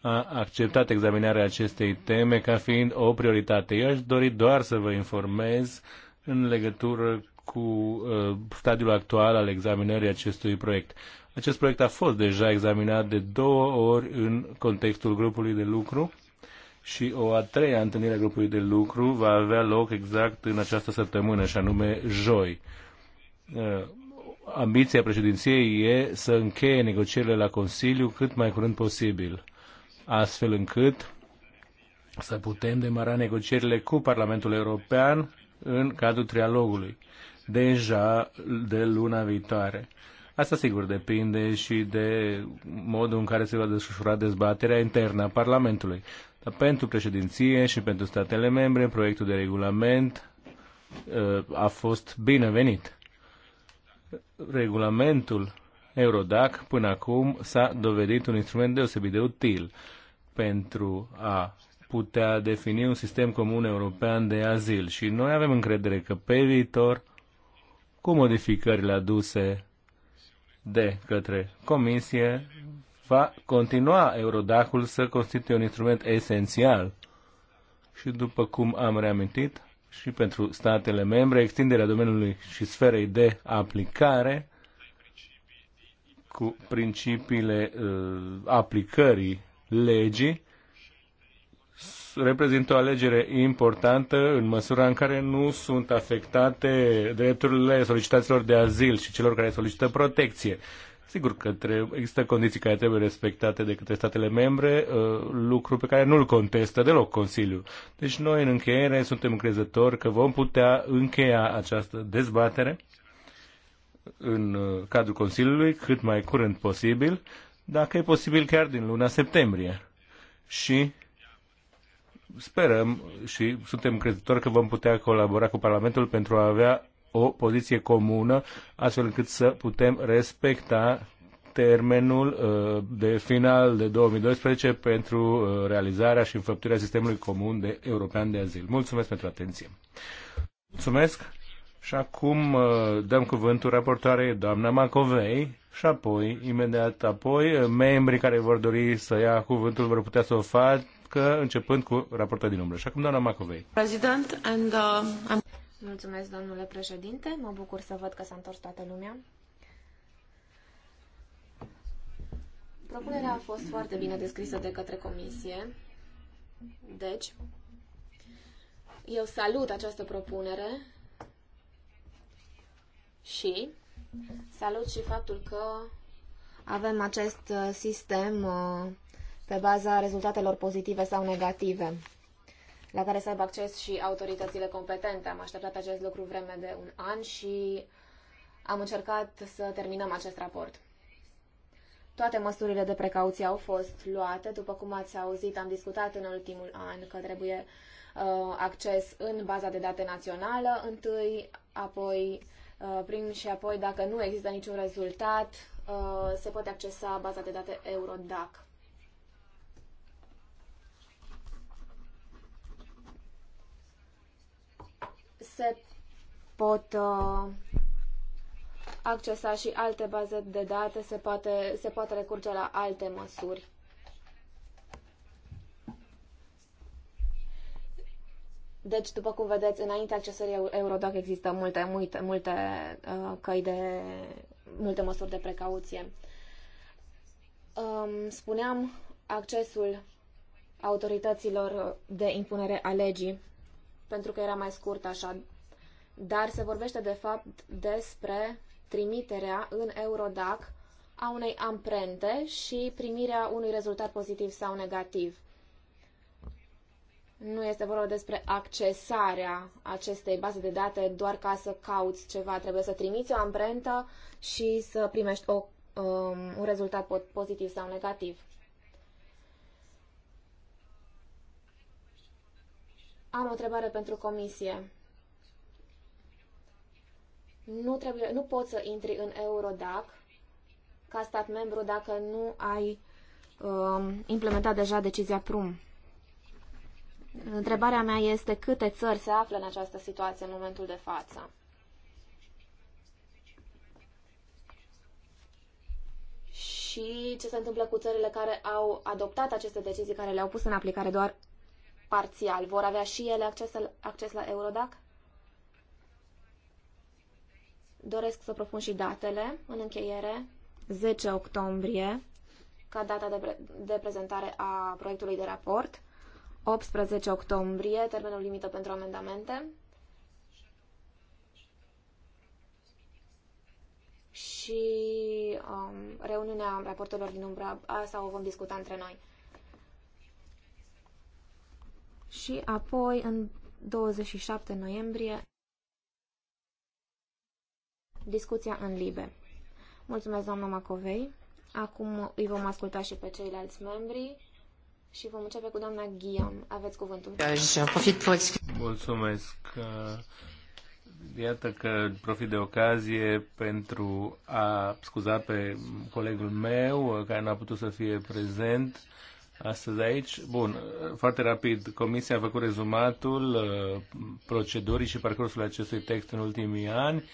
a acceptat examinarea acestei teme ca fiind o prioritate. Eu aș dori doar să vă informez în legătură cu uh, stadiul actual al examinării acestui proiect. Acest proiect a fost deja examinat de două ori în contextul grupului de lucru și o a treia întâlnire a grupului de lucru va avea loc exact în această săptămână, și anume joi. Uh, ambiția președinției e să încheie negocierile la Consiliu cât mai curând posibil, astfel încât să putem demara negocierile cu Parlamentul European în cadrul trialogului, deja de luna viitoare. Asta sigur depinde și de modul în care se va desfășura dezbaterea internă a Parlamentului pentru președinție și pentru statele membre, proiectul de regulament uh, a fost binevenit. Regulamentul Eurodac până acum s-a dovedit un instrument deosebit de util pentru a putea defini un sistem comun european de azil și noi avem încredere că pe viitor, cu modificările aduse de către Comisie, va continua Eurodacul să constituie un instrument esențial. Și după cum am reamintit, și pentru statele membre, extinderea domeniului și sferei de aplicare cu principiile uh, aplicării legii reprezintă o alegere importantă în măsura în care nu sunt afectate drepturile solicitaților de azil și celor care solicită protecție. Sigur că trebuie, există condiții care trebuie respectate de către statele membre, uh, lucru pe care nu-l contestă deloc Consiliul. Deci noi, în încheiere, suntem încrezători că vom putea încheia această dezbatere în uh, cadrul Consiliului cât mai curând posibil, dacă e posibil chiar din luna septembrie. Și sperăm și suntem încrezători că vom putea colabora cu Parlamentul pentru a avea o poziție comună, astfel încât să putem respecta termenul uh, de final de 2012 pentru uh, realizarea și înfăptuirea sistemului comun de european de azil. Mulțumesc pentru atenție. Mulțumesc și acum uh, dăm cuvântul raportoarei doamna Macovei și apoi, imediat apoi, membrii care vor dori să ia cuvântul vor putea să o facă începând cu raportul din umbră. Și acum doamna Macovei. President and, uh, I'm... Mulțumesc, domnule președinte. Mă bucur să văd că s-a întors toată lumea. Propunerea a fost foarte bine descrisă de către comisie. Deci, eu salut această propunere și salut și faptul că avem acest uh, sistem uh, pe baza rezultatelor pozitive sau negative la care să aibă acces și autoritățile competente. Am așteptat acest lucru vreme de un an și am încercat să terminăm acest raport. Toate măsurile de precauție au fost luate. După cum ați auzit, am discutat în ultimul an că trebuie uh, acces în baza de date națională întâi, apoi uh, prim și apoi, dacă nu există niciun rezultat, uh, se poate accesa baza de date Eurodac. se pot uh, accesa și alte baze de date, se poate, se poate recurge la alte măsuri. Deci, după cum vedeți, înainte accesării Eurodac există multe, multe, multe uh, căi de, multe măsuri de precauție. Um, spuneam accesul autorităților de impunere a legii pentru că era mai scurt așa. Dar se vorbește de fapt despre trimiterea în Eurodac a unei amprente și primirea unui rezultat pozitiv sau negativ. Nu este vorba despre accesarea acestei baze de date doar ca să cauți ceva. Trebuie să trimiți o amprentă și să primești o, um, un rezultat pozitiv sau negativ. Am o întrebare pentru comisie. Nu, trebuie, nu poți să intri în Eurodac ca stat membru dacă nu ai uh, implementat deja decizia PRUM. Întrebarea mea este câte țări se află în această situație în momentul de față? Și ce se întâmplă cu țările care au adoptat aceste decizii, care le-au pus în aplicare doar parțial. Vor avea și ele acces, acces la Eurodac? Doresc să propun și datele în încheiere. 10 octombrie ca data de, pre- de prezentare a proiectului de raport. 18 octombrie, termenul limită pentru amendamente. Și um, reuniunea raportelor din umbra, asta o vom discuta între noi și apoi în 27 noiembrie discuția în libe. Mulțumesc, doamna Macovei. Acum îi vom asculta și pe ceilalți membri și vom începe cu doamna Ghiam. Aveți cuvântul. Mulțumesc. Iată că profit de ocazie pentru a scuza pe colegul meu care n-a putut să fie prezent astăzi aici. Bun, foarte rapid, Comisia a făcut rezumatul uh, procedurii și parcursul acestui text în ultimii ani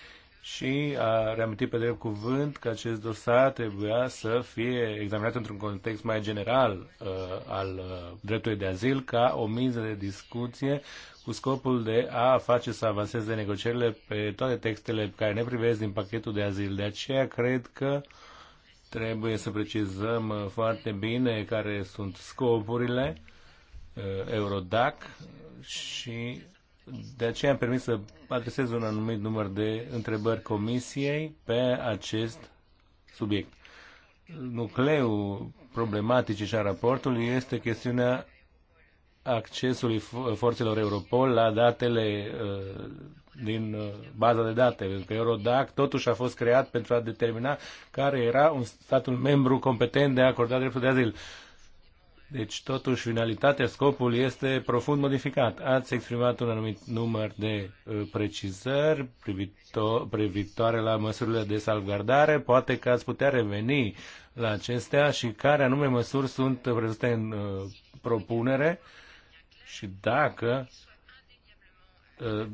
și a reamintit pe drept cuvânt că acest dosar trebuia să fie examinat într-un context mai general uh, al uh, dreptului de azil ca o miză de discuție cu scopul de a face să avanseze negocierile pe toate textele care ne privesc din pachetul de azil. De aceea cred că uh, Trebuie să precizăm uh, foarte bine care sunt scopurile uh, Eurodac și de aceea am permis să adresez un anumit număr de întrebări comisiei pe acest subiect. Nucleul problematic și a raportului este chestiunea accesului forțelor Europol la datele uh, din uh, baza de date, pentru că Eurodac totuși a fost creat pentru a determina care era un statul membru competent de a acorda dreptul de azil. Deci, totuși, finalitatea, scopul este profund modificat. Ați exprimat un anumit număr de uh, precizări privito- privitoare la măsurile de salvgardare. Poate că ați putea reveni la acestea și care anume măsuri sunt prezente în uh, propunere și dacă uh,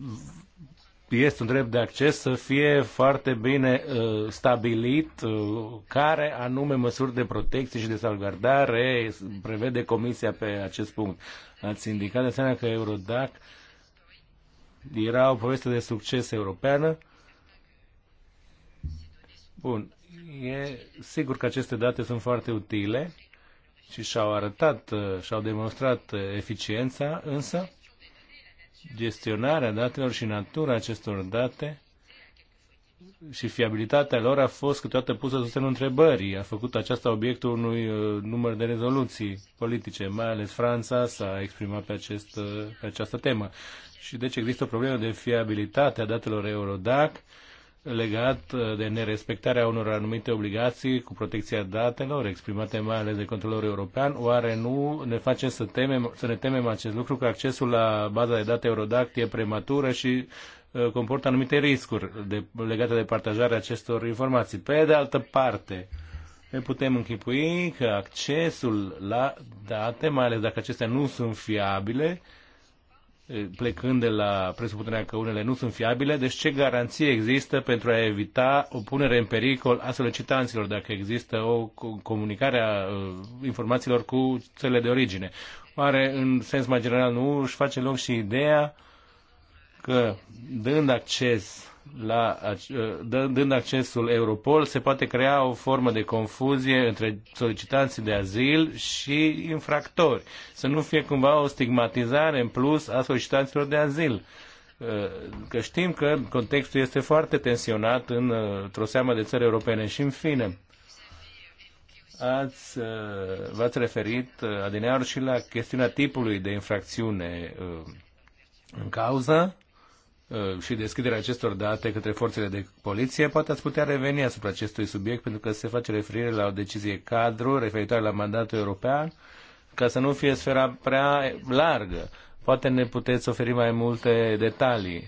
este un drept de acces să fie foarte bine uh, stabilit uh, care anume măsuri de protecție și de salvgardare prevede Comisia pe acest punct. Ați indicat de asemenea că Eurodac era o poveste de succes europeană. Bun, e sigur că aceste date sunt foarte utile și și-au arătat, uh, și-au demonstrat uh, eficiența, însă gestionarea datelor și natura acestor date și fiabilitatea lor a fost câteodată pusă sub semnul întrebării. A făcut aceasta obiectul unui uh, număr de rezoluții politice, mai ales Franța s-a exprimat pe, acest, uh, pe această temă. Și deci există o problemă de fiabilitate a datelor Eurodac legat uh, de nerespectarea unor anumite obligații cu protecția datelor exprimate mai ales de controlor european, oare nu ne face să, temem, să ne temem acest lucru că accesul la baza de date Eurodact e prematură și uh, comportă anumite riscuri de, legate de partajarea acestor informații. Pe de altă parte, ne putem închipui că accesul la date, mai ales dacă acestea nu sunt fiabile, uh, plecând de la presupunerea că unele nu sunt fiabile, deci ce garanție există pentru a evita o punere în pericol a solicitanților dacă există o comunicare a uh, informațiilor cu țările de origine? Oare, în sens mai general, nu își face loc și ideea că dând acces la, ă, dând accesul Europol, se poate crea o formă de confuzie între solicitanții de azil și infractori. Să nu fie cumva o stigmatizare în plus a solicitanților de azil. Ă, că știm că contextul este foarte tensionat ă, într-o seamă de țări europene. Și în fine, ați, v-ați referit adineaur și la chestiunea tipului de infracțiune în cauză Uh, și deschiderea acestor date către forțele de poliție, poate ați putea reveni asupra acestui subiect, pentru că se face referire la o decizie cadru referitoare la mandatul european, ca să nu fie sfera prea largă. Poate ne puteți oferi mai multe detalii,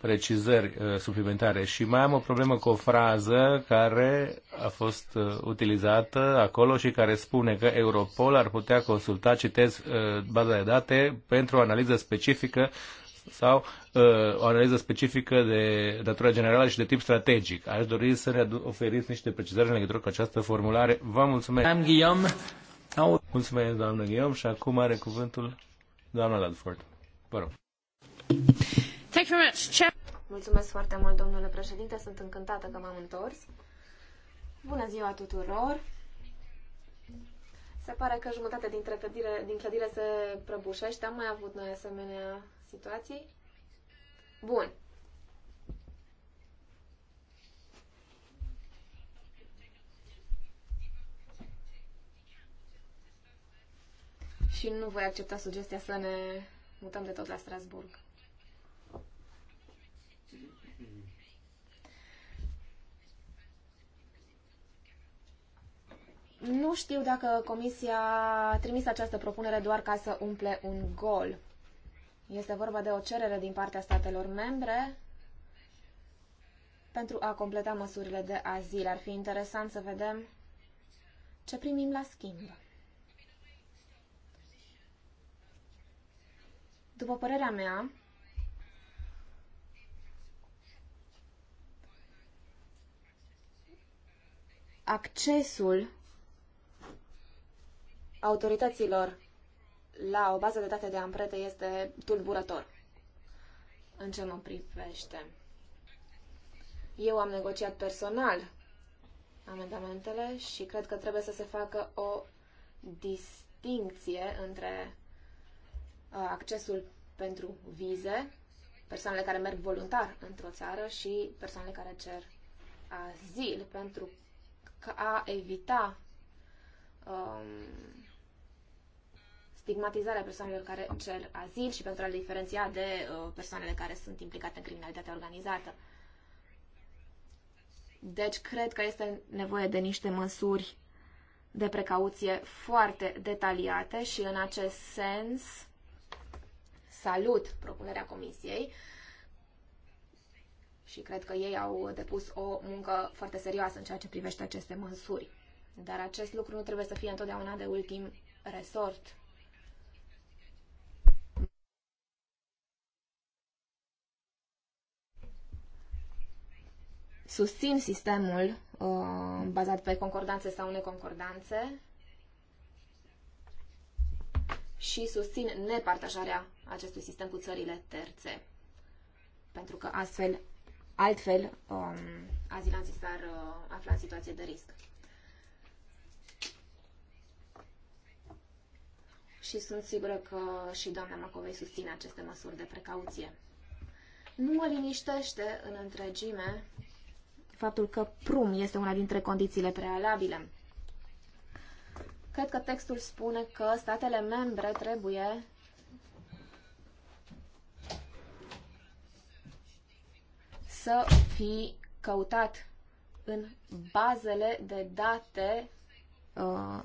precizări uh, suplimentare. Și mai am o problemă cu o frază care a fost uh, utilizată acolo și care spune că Europol ar putea consulta, citez, baza de date pentru o analiză specifică sau uh, o analiză specifică de natura generală și de tip strategic. Aș dori să ne oferiți niște precizări în legătură cu această formulare. Vă mulțumesc! Am Guillaume. Mulțumesc, doamnă Guillaume, și acum are cuvântul doamna Ladford. Vă rog. Thank you very much. Mulțumesc foarte mult, domnule președinte. Sunt încântată că m-am întors. Bună ziua tuturor! Se pare că jumătate din clădire, din clădire se prăbușește. Am mai avut noi asemenea situației? Bun. Și nu voi accepta sugestia să ne mutăm de tot la Strasburg. Nu știu dacă Comisia a trimis această propunere doar ca să umple un gol. Este vorba de o cerere din partea statelor membre pentru a completa măsurile de azil. Ar fi interesant să vedem ce primim la schimb. După părerea mea, accesul autorităților la o bază de date de amprete este tulburător în ce mă privește. Eu am negociat personal amendamentele și cred că trebuie să se facă o distinție între uh, accesul pentru vize, persoanele care merg voluntar într-o țară și persoanele care cer azil pentru a evita um, stigmatizarea persoanelor care cer azil și pentru a le diferenția de uh, persoanele care sunt implicate în criminalitatea organizată. Deci, cred că este nevoie de niște măsuri de precauție foarte detaliate și în acest sens salut propunerea comisiei și cred că ei au depus o muncă foarte serioasă în ceea ce privește aceste măsuri. Dar acest lucru nu trebuie să fie întotdeauna de ultim resort. susțin sistemul uh, bazat pe concordanțe sau neconcordanțe și susțin nepartajarea acestui sistem cu țările terțe. Pentru că astfel, altfel, um, azilanții s-ar uh, afla în situație de risc. Și sunt sigură că și doamna Macovei susține aceste măsuri de precauție. Nu mă liniștește în întregime faptul că prum este una dintre condițiile prealabile. Cred că textul spune că statele membre trebuie să fi căutat în bazele de date uh,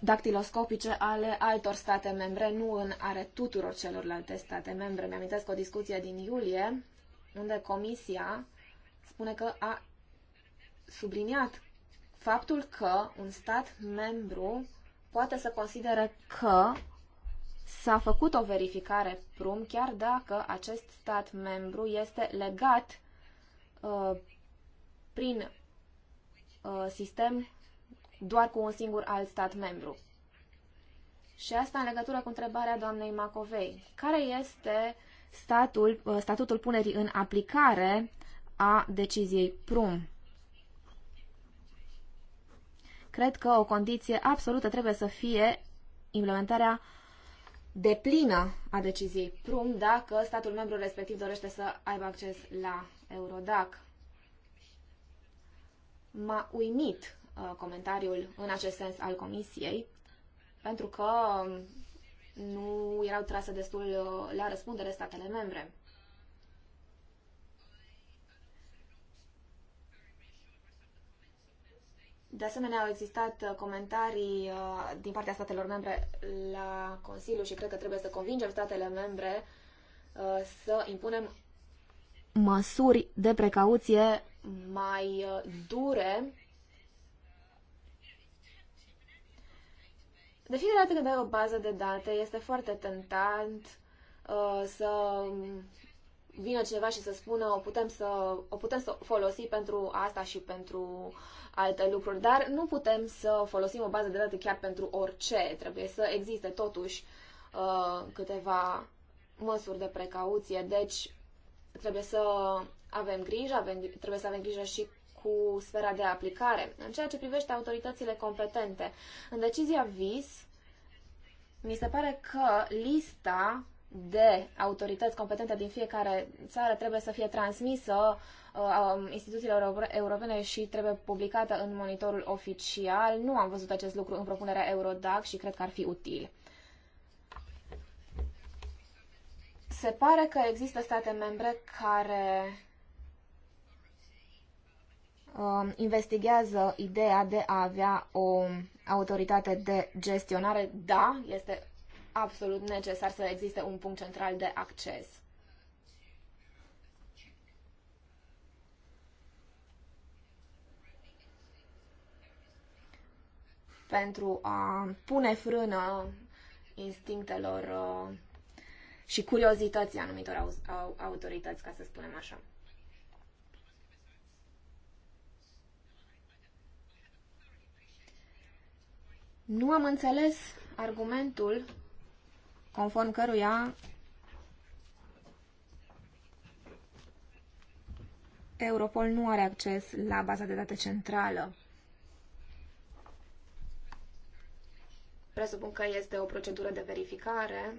dactiloscopice ale altor state membre, nu în are tuturor celorlalte state membre. Mi-am o discuție din iulie, unde Comisia spune că a subliniat faptul că un stat membru poate să considere că s-a făcut o verificare prum chiar dacă acest stat membru este legat uh, prin uh, sistem doar cu un singur alt stat membru. Și asta în legătură cu întrebarea doamnei Macovei. Care este statul, uh, statutul punerii în aplicare a deciziei PRUM. Cred că o condiție absolută trebuie să fie implementarea deplină a deciziei PRUM dacă statul membru respectiv dorește să aibă acces la Eurodac. M-a uimit uh, comentariul în acest sens al Comisiei, pentru că nu erau trase destul uh, la răspundere statele membre. De asemenea, au existat uh, comentarii uh, din partea statelor membre la Consiliu și cred că trebuie să convingem statele membre uh, să impunem măsuri de precauție mai dure. De fiecare dată când ai o bază de date, este foarte tentant să vină cineva și să spună o putem să, o putem să folosi pentru asta și pentru uh, alte lucruri, dar nu putem să folosim o bază de date chiar pentru orice. Trebuie să existe totuși uh, câteva măsuri de precauție, deci trebuie să avem grijă, avem, trebuie să avem grijă și cu sfera de aplicare. În ceea ce privește autoritățile competente, în decizia VIS, mi se pare că lista de autorități competente din fiecare țară trebuie să fie transmisă Uh, um, instituțiilor europene și trebuie publicată în monitorul oficial. Nu am văzut acest lucru în propunerea Eurodac și cred că ar fi util. Se pare că există state membre care um, investigează ideea de a avea o autoritate de gestionare. Da, este absolut necesar să existe un punct central de acces. pentru a pune frână instinctelor uh, și curiozității anumitor autorități, ca să spunem așa. Nu am înțeles argumentul conform căruia Europol nu are acces la baza de date centrală. Presupun că este o procedură de verificare,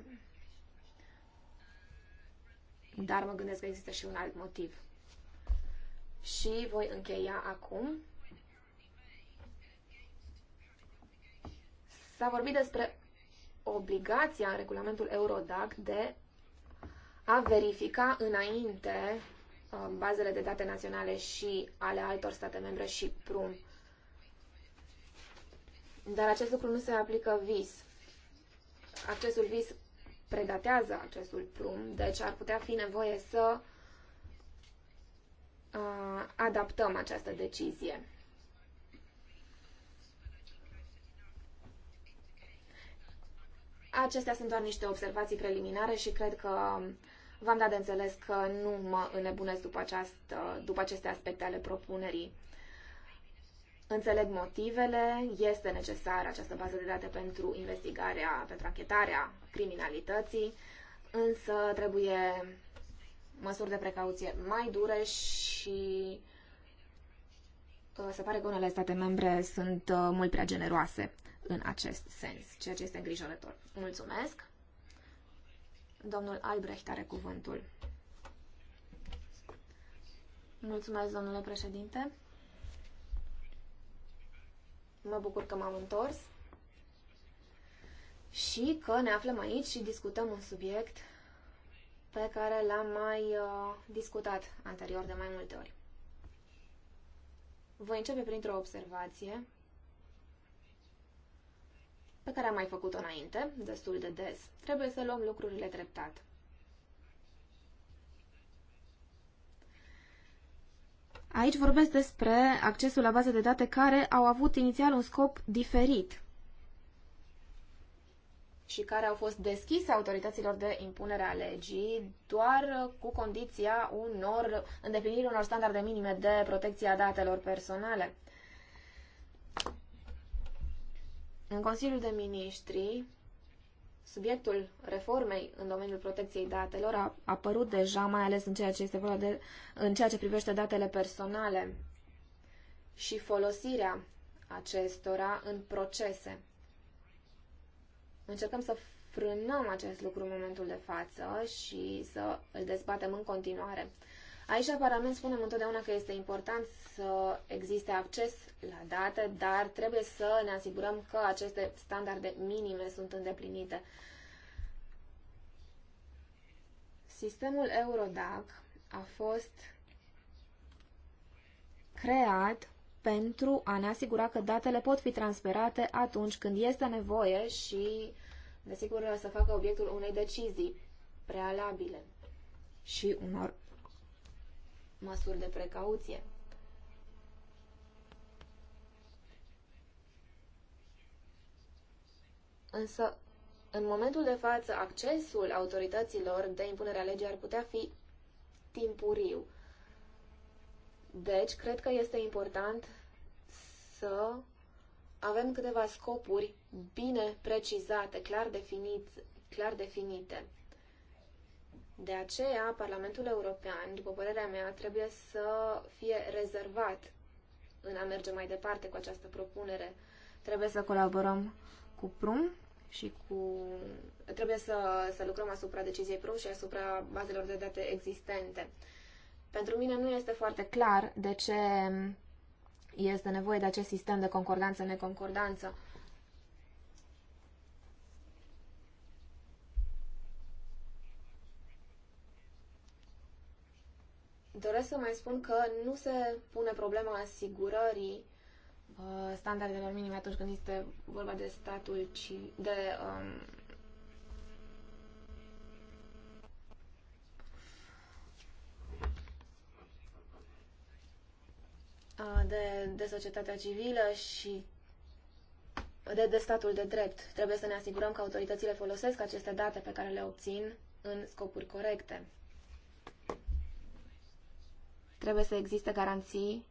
dar mă gândesc că există și un alt motiv. Și voi încheia acum. S-a vorbit despre obligația în regulamentul Eurodac de a verifica înainte um, bazele de date naționale și ale altor state membre și prum. Dar acest lucru nu se aplică vis. Accesul vis predatează accesul prum, deci ar putea fi nevoie să uh, adaptăm această decizie. Acestea sunt doar niște observații preliminare și cred că v-am dat de înțeles că nu mă înnebunesc după, această, după aceste aspecte ale propunerii. Înțeleg motivele, este necesară această bază de date pentru investigarea, pentru anchetarea criminalității, însă trebuie măsuri de precauție mai dure și uh, se pare că unele state membre sunt uh, mult prea generoase în acest sens, ceea ce este îngrijorător. Mulțumesc! Domnul Albrecht are cuvântul. Mulțumesc, domnule președinte. Mă bucur că m-am întors și că ne aflăm aici și discutăm un subiect pe care l-am mai uh, discutat anterior de mai multe ori. Voi începe printr-o observație pe care am mai făcut-o înainte, destul de des. Trebuie să luăm lucrurile treptat. Aici vorbesc despre accesul la baze de date care au avut inițial un scop diferit și care au fost deschise autorităților de impunere a legii doar cu condiția unor îndeplinirii unor standarde minime de protecție a datelor personale. În Consiliul de Ministri subiectul reformei în domeniul protecției datelor a apărut deja, mai ales în ceea ce este de, în ceea ce privește datele personale și folosirea acestora în procese. Încercăm să frânăm acest lucru în momentul de față și să îl dezbatem în continuare. Aici la Parlament spunem întotdeauna că este important să existe acces la date, dar trebuie să ne asigurăm că aceste standarde minime sunt îndeplinite. Sistemul Eurodac a fost creat pentru a ne asigura că datele pot fi transferate atunci când este nevoie și, desigur, să facă obiectul unei decizii prealabile și unor măsuri de precauție. Însă, în momentul de față, accesul autorităților de impunere a legii ar putea fi timpuriu. Deci, cred că este important să avem câteva scopuri bine precizate, clar, definit, clar definite. De aceea, Parlamentul European, după părerea mea, trebuie să fie rezervat în a merge mai departe cu această propunere. Trebuie să colaborăm cu PRUM și cu... Trebuie să, să lucrăm asupra deciziei PRUM și asupra bazelor de date existente. Pentru mine nu este foarte clar de ce este nevoie de acest sistem de concordanță-neconcordanță. -neconcordanță Doresc să mai spun că nu se pune problema asigurării uh, standardelor minime atunci când este vorba de statul, ci de um, uh, de, de societatea civilă și de, de statul de drept. Trebuie să ne asigurăm că autoritățile folosesc aceste date pe care le obțin în scopuri corecte. Trebuie să existe garanții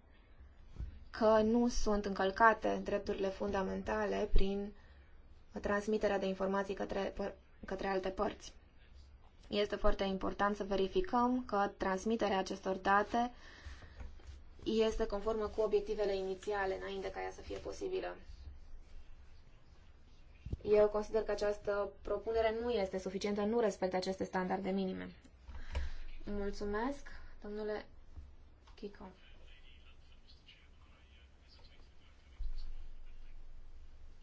că nu sunt încălcate drepturile fundamentale prin transmiterea de informații către, către alte părți. Este foarte important să verificăm că transmiterea acestor date este conformă cu obiectivele inițiale înainte ca ea să fie posibilă. Eu consider că această propunere nu este suficientă, nu respectă aceste standarde minime. Mulțumesc, domnule Kiko.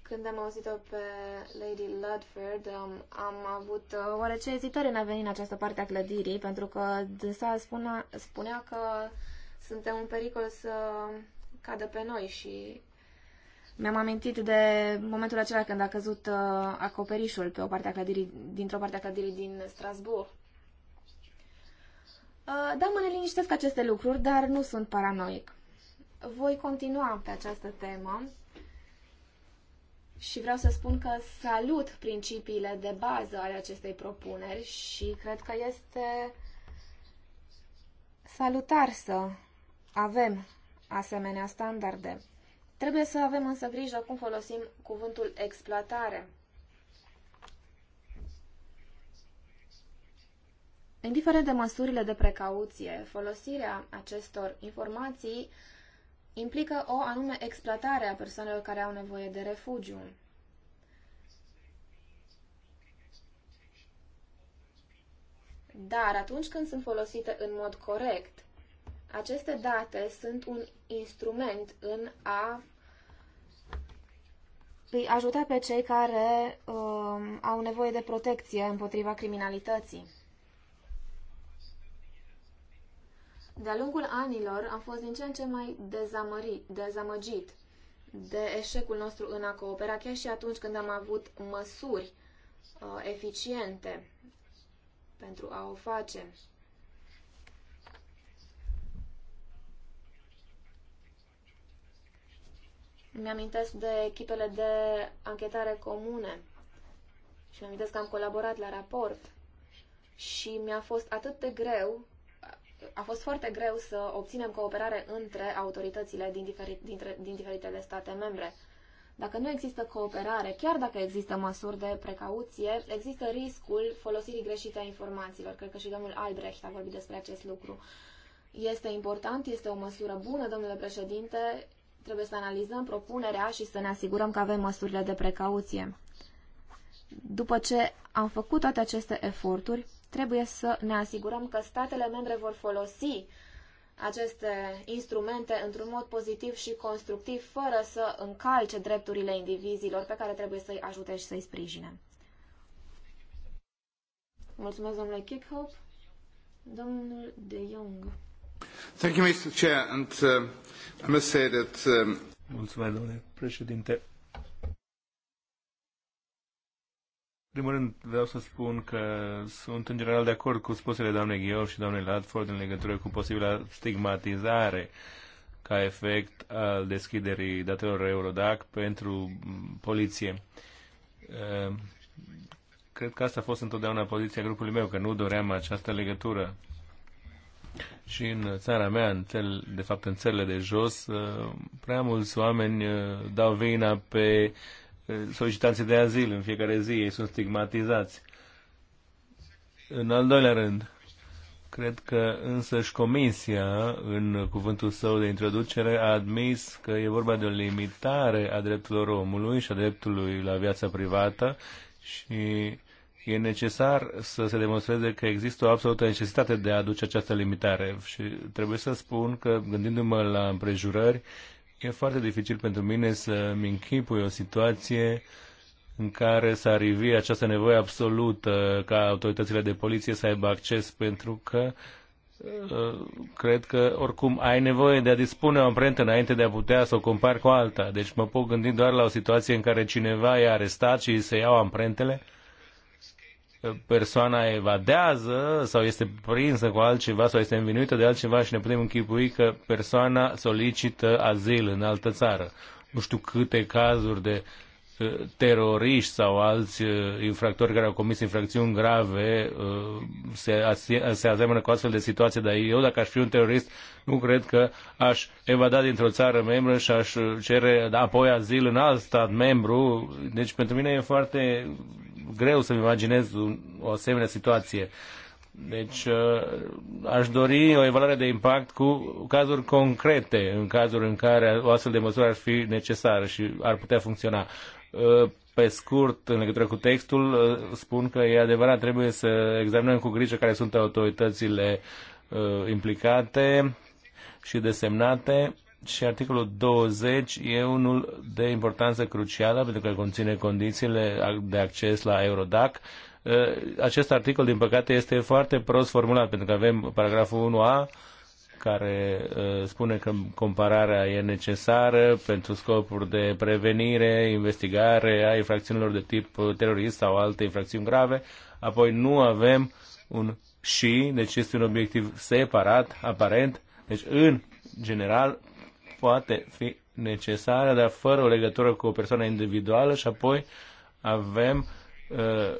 Când am auzit-o pe Lady Ludford, am, am avut uh, oarece ezitare în a veni în această parte a clădirii, pentru că dânsa spunea, spunea că suntem în pericol să cadă pe noi și mi-am amintit de momentul acela când a căzut uh, acoperișul pe o parte a clădirii, dintr-o parte a clădirii din Strasbourg. Uh, da, mă liniștesc aceste lucruri, dar nu sunt paranoic. Voi continua pe această temă și vreau să spun că salut principiile de bază ale acestei propuneri și cred că este salutar să avem asemenea standarde. Trebuie să avem însă grijă cum folosim cuvântul exploatare. Indiferent de măsurile de precauție, folosirea acestor informații implică o anume exploatare a persoanelor care au nevoie de refugiu. Dar atunci când sunt folosite în mod corect, aceste date sunt un instrument în a îi ajuta pe cei care uh, au nevoie de protecție împotriva criminalității. De-a lungul anilor am fost din ce în ce mai dezamărit, dezamăgit de eșecul nostru în a coopera, chiar și atunci când am avut măsuri uh, eficiente pentru a o face. Mi-amintesc de echipele de anchetare comune și mi-amintesc că am colaborat la raport și mi-a fost atât de greu a fost foarte greu să obținem cooperare între autoritățile din, diferi, dintre, din diferitele state membre. Dacă nu există cooperare, chiar dacă există măsuri de precauție, există riscul folosirii greșite a informațiilor. Cred că și domnul Albrecht a vorbit despre acest lucru. Este important, este o măsură bună, domnule președinte, trebuie să analizăm propunerea și să ne asigurăm că avem măsurile de precauție. După ce am făcut toate aceste eforturi, trebuie să ne asigurăm că statele membre vor folosi aceste instrumente într-un mod pozitiv și constructiv, fără să încalce drepturile indivizilor pe care trebuie să-i ajute și să-i sprijine. Mulțumesc, domnule Kickhope. Domnul De Jong. Thank you, Mr. Chair, and uh, I must say that... Um... Mulțumesc, domnule președinte. primul rând vreau să spun că sunt în general de acord cu spusele doamnei Ghiov și doamnei Latford în legătură cu posibila stigmatizare ca efect al deschiderii datelor Eurodac pentru poliție. Ehm, cred că asta a fost întotdeauna poziția grupului meu, că nu doream această legătură. Și în țara mea, în țel, de fapt în țările de jos, ehm, prea mulți oameni ehm, dau vina pe solicitanții de azil în fiecare zi, ei sunt stigmatizați. În al doilea rând, cred că însăși Comisia, în cuvântul său de introducere, a admis că e vorba de o limitare a drepturilor omului și a dreptului la viața privată și e necesar să se demonstreze că există o absolută necesitate de a aduce această limitare. Și trebuie să spun că, gândindu-mă la împrejurări, e foarte dificil pentru mine să-mi închipui o situație în care să arrivi această nevoie absolută ca autoritățile de poliție să aibă acces, pentru că uh, cred că oricum ai nevoie de a dispune o amprentă înainte de a putea să o compari cu alta. Deci mă pot gândi doar la o situație în care cineva e arestat și se iau amprentele persoana evadează sau este prinsă cu altceva sau este învinuită de altceva și ne putem închipui că persoana solicită azil în altă țară. Nu știu câte cazuri de uh, teroriști sau alți uh, infractori care au comis infracțiuni grave uh, se, se asemănă cu astfel de situație, dar eu dacă aș fi un terorist nu cred că aș evada dintr-o țară membră și aș cere apoi azil în alt stat membru. Deci pentru mine e foarte greu să-mi imaginez un, o asemenea situație. Deci uh, aș dori o evaluare de impact cu cazuri concrete, în cazuri în care o astfel de măsură ar fi necesară și ar putea funcționa. Uh, pe scurt, în legătură cu textul, uh, spun că e adevărat, trebuie să examinăm cu grijă care sunt autoritățile implicate și desemnate și articolul 20 e unul de importanță crucială pentru că conține condițiile de acces la Eurodac. Uh, acest articol, din păcate, este foarte prost formulat pentru că avem paragraful 1a care uh, spune că compararea e necesară pentru scopuri de prevenire, investigare a infracțiunilor de tip uh, terorist sau alte infracțiuni grave. Apoi nu avem un și, deci este un obiectiv separat, aparent. Deci, în general, poate fi necesară, dar fără o legătură cu o persoană individuală și apoi avem uh,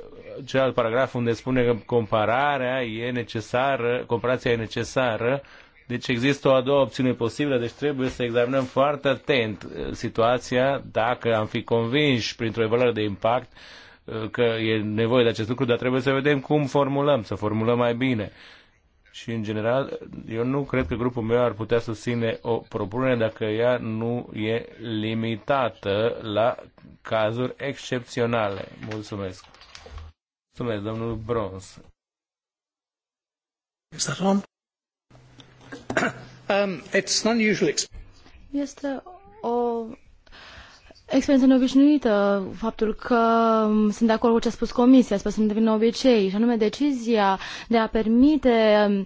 celălalt paragraf unde spune că compararea e necesară, comparația e necesară, deci există o a doua opțiune posibilă, deci trebuie să examinăm foarte atent uh, situația dacă am fi convinși printr-o evaluare de impact uh, că e nevoie de acest lucru, dar trebuie să vedem cum formulăm, să formulăm mai bine. Uh, și, în general, eu nu cred că grupul meu ar putea susține o propunere dacă ea nu e limitată la cazuri excepționale. Mulțumesc. Mulțumesc, domnul Bronz. Um, este o experiență neobișnuită, faptul că mm, sunt de acord cu ce a spus Comisia, sper să nu devină obicei, și anume decizia de a permite mm,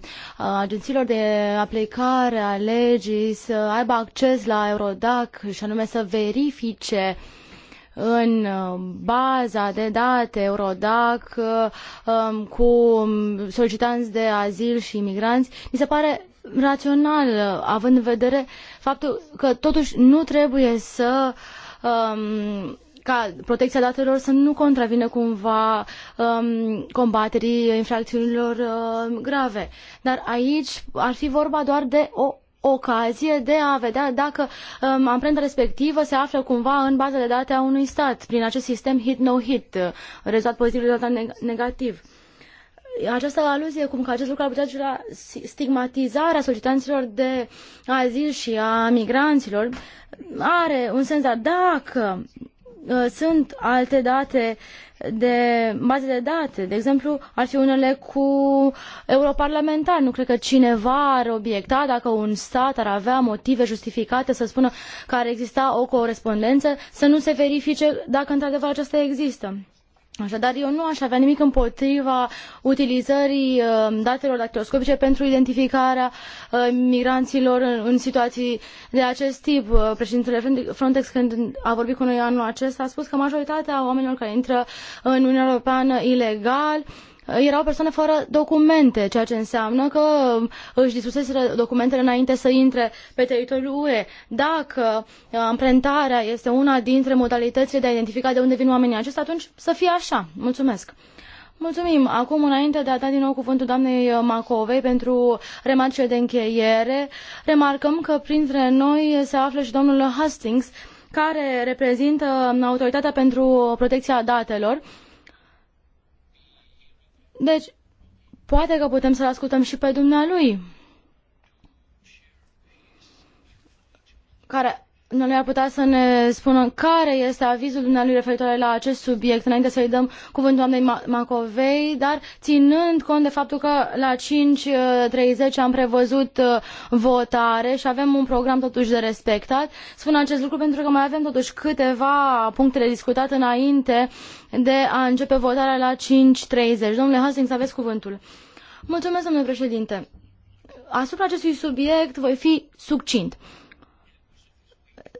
agențiilor de aplicare a legii să aibă acces la Eurodac și anume să verifice în mm, baza de date Eurodac cu solicitanți de azil și imigranți, mi se pare rațional, având în vedere faptul că totuși nu trebuie să uh, um, ca protecția datelor să nu contravină cumva um, combaterii infracțiunilor um, grave. Dar aici ar fi vorba doar de o ocazie de a vedea dacă um, amprenta respectivă se află cumva în baza de date a unui stat prin acest sistem hit-no-hit, -no -hit, rezultat pozitiv, rezultat negativ această aluzie cum că acest lucru ar putea duce la stigmatizarea solicitanților de azil și a migranților are un sens, dar dacă uh, sunt alte date de baze de date, de exemplu, ar fi unele cu europarlamentar. Nu cred că cineva ar obiecta dacă un stat ar avea motive justificate să spună că ar exista o corespondență, să nu se verifice dacă într-adevăr aceasta există. Așadar, eu nu aș avea nimic împotriva utilizării uh, datelor dactiloscopice pentru identificarea uh, migranților în, în situații de acest tip. Uh, președintele Frontex, când a vorbit cu noi anul acesta, a spus că majoritatea oamenilor care intră în Uniunea Europeană ilegal uh, erau persoane fără documente, ceea ce înseamnă că uh, își distruseseră documentele înainte să intre pe teritoriul UE. Dacă uh, amprentarea este una dintre modalitățile de a identifica de unde vin oamenii aceștia, atunci să fie așa. Mulțumesc! Mulțumim. Acum, înainte de a da din nou cuvântul doamnei uh, Macovei pentru remarcile de încheiere, remarcăm că printre noi se află și domnul Hastings, care reprezintă Autoritatea pentru Protecția Datelor, deci, poate că putem să-l ascultăm și pe dumnealui, care dumnealui ar putea să ne spună care este avizul dumnealui referitor la acest subiect, înainte să-i dăm cuvântul doamnei Macovei, dar ținând cont de faptul că la 5.30 uh, am prevăzut uh, votare și avem un program totuși de respectat, spun acest lucru pentru că mai avem totuși câteva puncte de discutat înainte de a începe votarea la 5.30. Domnule Hastings, aveți cuvântul. Mulțumesc, domnule președinte. Asupra acestui subiect voi fi succint.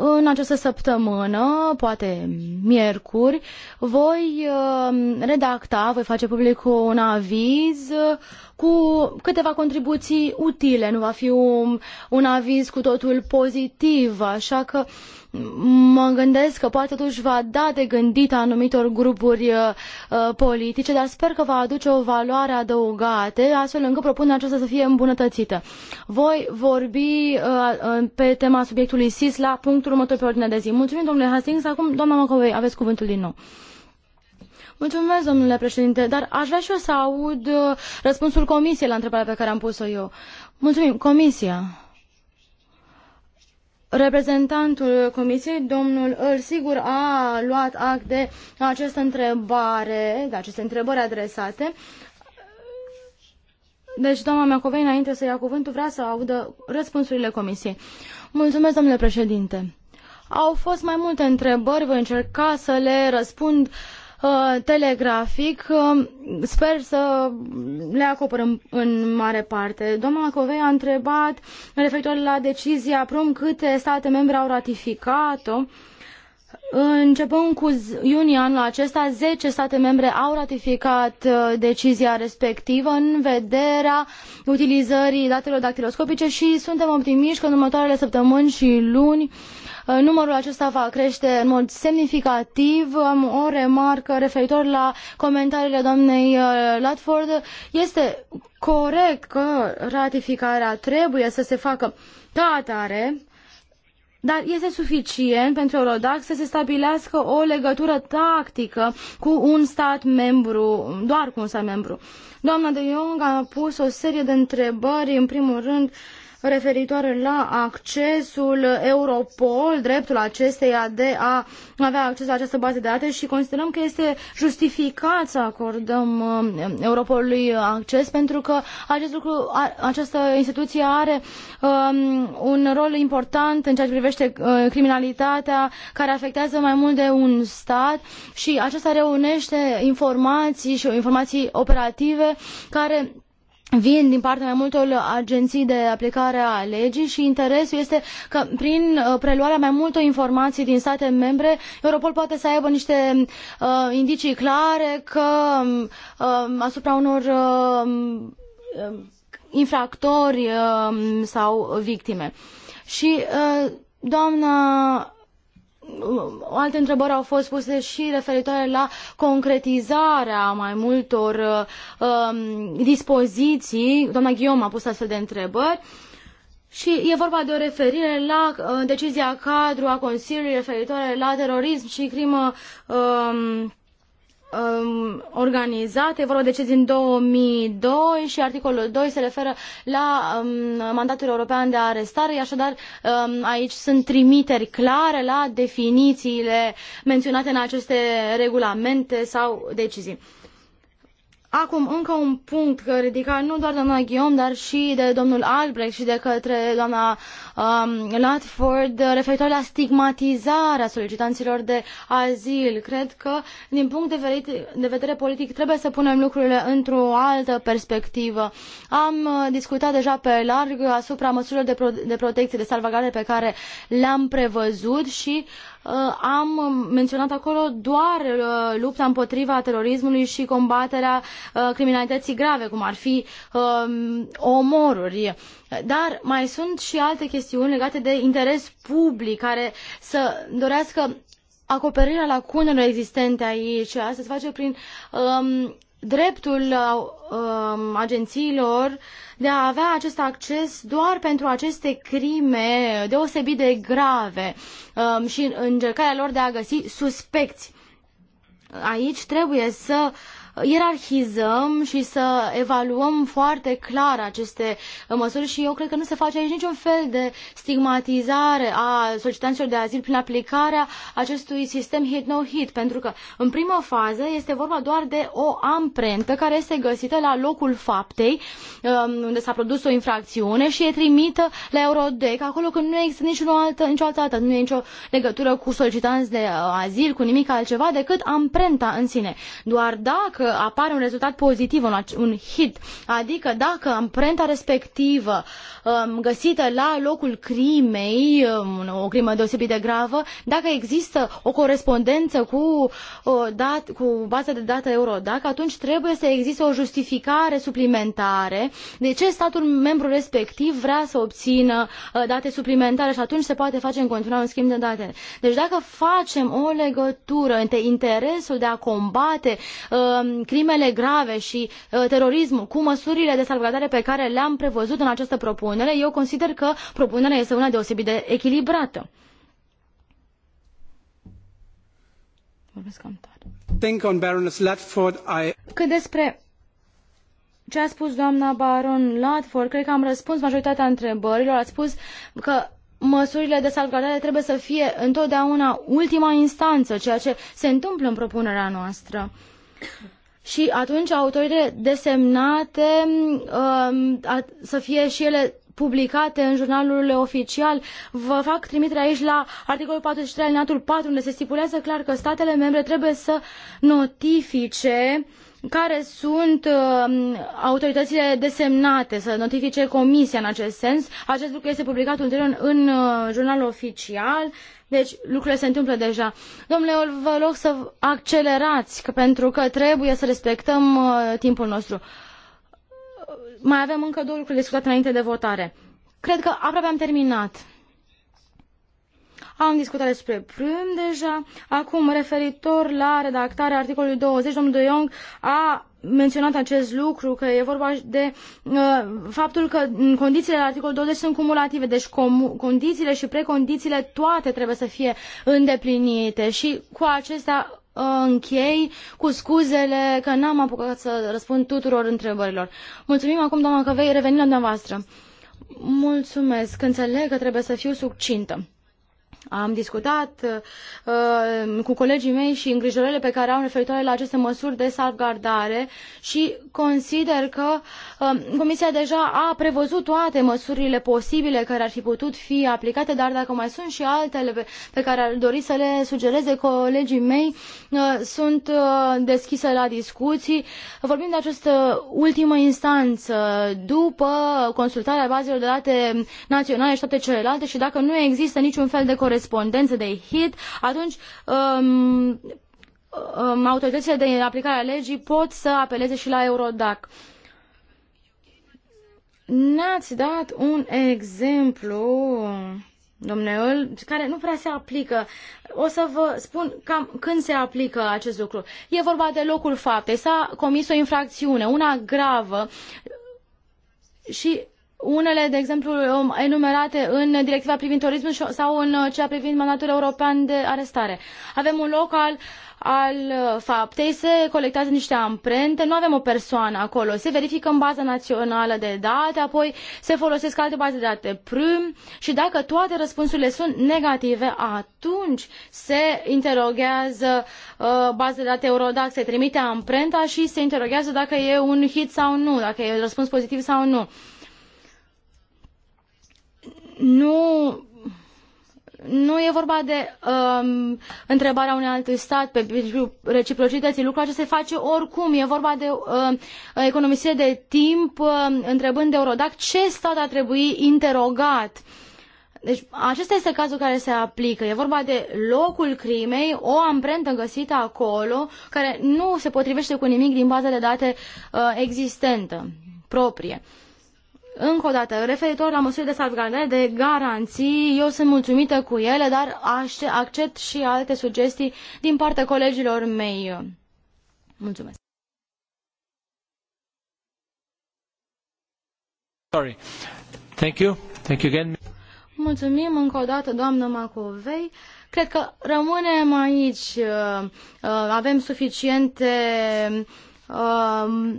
În această săptămână, poate miercuri, voi uh, redacta, voi face public un aviz uh, cu câteva contribuții utile. Nu va fi un, un aviz cu totul pozitiv, așa că mă gândesc că poate totuși va da de gândit anumitor grupuri uh, uh politice, dar sper că va aduce o valoare adăugată, astfel încât propunerea aceasta să fie îmbunătățită. Voi vorbi uh, pe tema subiectului SIS la punctul punctul următor pe ordinea de zi. Mulțumim, domnule Hastings. Acum, doamna Macovei, aveți cuvântul din nou. Mulțumesc, domnule președinte, dar aș vrea și eu să aud uh, răspunsul comisiei la întrebarea pe care am pus-o eu. Mulțumim. Comisia. Reprezentantul comisiei, domnul Îl, sigur a luat act de această întrebare, de aceste întrebări adresate. Deci, doamna Covei, înainte să ia cuvântul, vrea să audă răspunsurile comisiei. Mulțumesc, domnule președinte. Au fost mai multe întrebări, voi încerca să le răspund uh, telegrafic. Uh, sper să le acopăr în, în mare parte. Doamna Macovei a întrebat referitor la decizia PROM câte state membre au ratificat-o. Începând cu iunie anul acesta, zece state membre au ratificat uh, decizia respectivă în vederea utilizării datelor dactiloscopice și suntem optimiști că în următoarele săptămâni și luni uh, numărul acesta va crește în mod semnificativ. Am o remarcă referitor la comentariile doamnei uh, Latford. Este corect că ratificarea trebuie să se facă ca atare, dar este suficient pentru Eurodac să se stabilească o legătură tactică cu un stat membru, doar cu un stat membru. Doamna de Jong a pus o serie de întrebări, în primul rând, uh, referitoare la accesul Europol, dreptul acesteia de a avea acces la această bază de date și considerăm că este justificat să acordăm uh, Europolului acces pentru că acest lucru, această instituție are um, un rol important în ceea ce privește uh, criminalitatea care afectează mai mult de un stat și aceasta reunește informații și informații operative care vin din partea mai multor agenții de aplicare a legii și interesul este că prin uh, preluarea mai multor informații din state membre, Europol poate să aibă niște uh, indicii clare că uh, asupra unor uh, infractori uh, sau victime. Și uh, doamna alte întrebări au fost puse și referitoare la concretizarea mai multor uh, dispoziții. Doamna Ghiom a pus astfel de întrebări. Și e vorba de o referire la uh, decizia cadru a Consiliului referitoare la terorism și crimă uh, um, organizate, e vorba de ce din 2002 și articolul 2 se referă la um, mandatul european de arestare, așadar um, aici sunt trimiteri clare la definițiile menționate în aceste regulamente sau decizii. Acum, încă un punct că ridica nu doar doamna Guillaume, dar și de domnul Albrecht și de către doamna um, Latford referitor la stigmatizarea solicitanților de azil. Cred că, din punct de vedere, de vedere politic, trebuie să punem lucrurile într-o altă perspectivă. Am uh, discutat deja pe larg asupra măsurilor de, pro- de protecție, de salvagare pe care le-am prevăzut și uh, Uh, am menționat acolo doar uh, lupta împotriva terorismului și combaterea uh, criminalității grave, cum ar fi um, omoruri. Dar mai sunt și alte chestiuni legate de interes public care să dorească acoperirea lacunelor existente aici. Asta se face prin um, dreptul um, agențiilor de a avea acest acces doar pentru aceste crime deosebit de grave um, și încercarea lor de a găsi suspecți. Aici trebuie să uh, ierarhizăm și să evaluăm foarte clar aceste măsuri și eu cred că nu se face aici niciun fel de stigmatizare a solicitanților de azil prin aplicarea acestui sistem hit-no-hit, -no -hit, pentru că în prima fază este vorba doar de o amprentă care este găsită la locul faptei um, unde s-a produs o infracțiune și e trimită la Eurodec, acolo când nu există nicio altă, nicio altă dată, nu e nicio legătură cu solicitanți de uh, azil, cu nimic altceva decât amprenta în sine. Doar dacă apare un rezultat pozitiv, un, un hit, adică dacă amprenta respectivă um, găsită la locul crimei, um, o crimă deosebit de gravă, dacă există o corespondență cu, dat, cu baza de date Eurodac, atunci trebuie să existe o justificare suplimentare de ce statul membru respectiv vrea să obțină uh, date suplimentare și atunci se poate face în continuare un schimb de date. Deci dacă facem o legătură între interesul de a combate um, crimele grave și uh, terorismul cu măsurile de salvgardare pe care le-am prevăzut în această propunere, eu consider că propunerea este una deosebit de echilibrată. Cât despre ce a spus doamna Baron Latford, cred că am răspuns majoritatea întrebărilor. a spus că măsurile de salvgardare trebuie să fie întotdeauna ultima instanță, ceea ce se întâmplă în propunerea noastră și atunci autorile desemnate uh, a, să fie și ele publicate în jurnalurile oficial. Vă fac trimitere aici la articolul 43 alineatul 4 unde se stipulează clar că statele membre trebuie să notifice care sunt uh, autoritățile desemnate să notifice comisia în acest sens. Acest lucru este publicat ulterior în, în uh, jurnalul oficial uh, deci lucrurile se întâmplă deja. Domnule, vă rog să accelerați, că, pentru că trebuie să respectăm uh, timpul nostru. Mai avem încă două lucruri discutate înainte de votare. Cred că aproape am terminat. Am discutat despre prim deja. Acum, referitor la redactarea articolului 20, domnul De Jong a menționat acest lucru, că e vorba de uh, faptul că condițiile la articolul 20 sunt cumulative, deci com- condițiile și precondițiile toate trebuie să fie îndeplinite și cu acestea uh, închei cu scuzele că n-am apucat să răspund tuturor întrebărilor. Mulțumim acum, doamna Căvei, revenim la dumneavoastră. Mulțumesc, înțeleg că trebuie să fiu succintă. Am discutat uh, cu colegii mei și îngrijorările pe care au referitoare la aceste măsuri de salvgardare și consider că uh, Comisia deja a prevăzut toate măsurile posibile care ar fi putut fi aplicate, dar dacă mai sunt și altele pe, pe care ar dori să le sugereze colegii mei, uh, sunt uh, deschise la discuții. Vorbim de această ultimă instanță după consultarea bazelor de date naționale și toate celelalte și dacă nu există niciun fel de corespondență corespondență de hit, atunci um, um, autoritățile de aplicare a legii pot să apeleze și la Eurodac. Ne-ați dat un exemplu domnule, care nu prea se aplică. O să vă spun cam când se aplică acest lucru. E vorba de locul faptei. S-a comis o infracțiune, una gravă și unele, de exemplu, um, enumerate în directiva privind turismul sau în uh, cea privind mandatul european de arestare. Avem un loc al, al uh, faptei, se colectează niște amprente, nu avem o persoană acolo, se verifică în baza națională de date, apoi se folosesc alte baze de date prim și dacă toate răspunsurile sunt negative, atunci se interoghează uh, baza de date Eurodac, se trimite amprenta și se interoghează dacă e un hit sau nu, dacă e răspuns pozitiv sau nu nu nu e vorba de um, întrebarea unui alt stat pe reciprocității. Lucrul acesta se face oricum. E vorba de um, economisire de timp, um, întrebând de Eurodac ce stat a trebui interogat. Deci acesta este cazul care se aplică. E vorba de locul crimei, o amprentă găsită acolo, care nu se potrivește cu nimic din baza de date uh, existentă, proprie. Uh, încă o dată, referitor la măsuri de salvgardare, de garanții, eu sunt mulțumită cu ele, dar accept și alte sugestii din partea colegilor mei. Mulțumesc. Sorry. Thank you. Thank you again. Mulțumim încă o dată, doamnă Macovei. Cred că rămânem aici. Uh, uh, avem suficiente uh,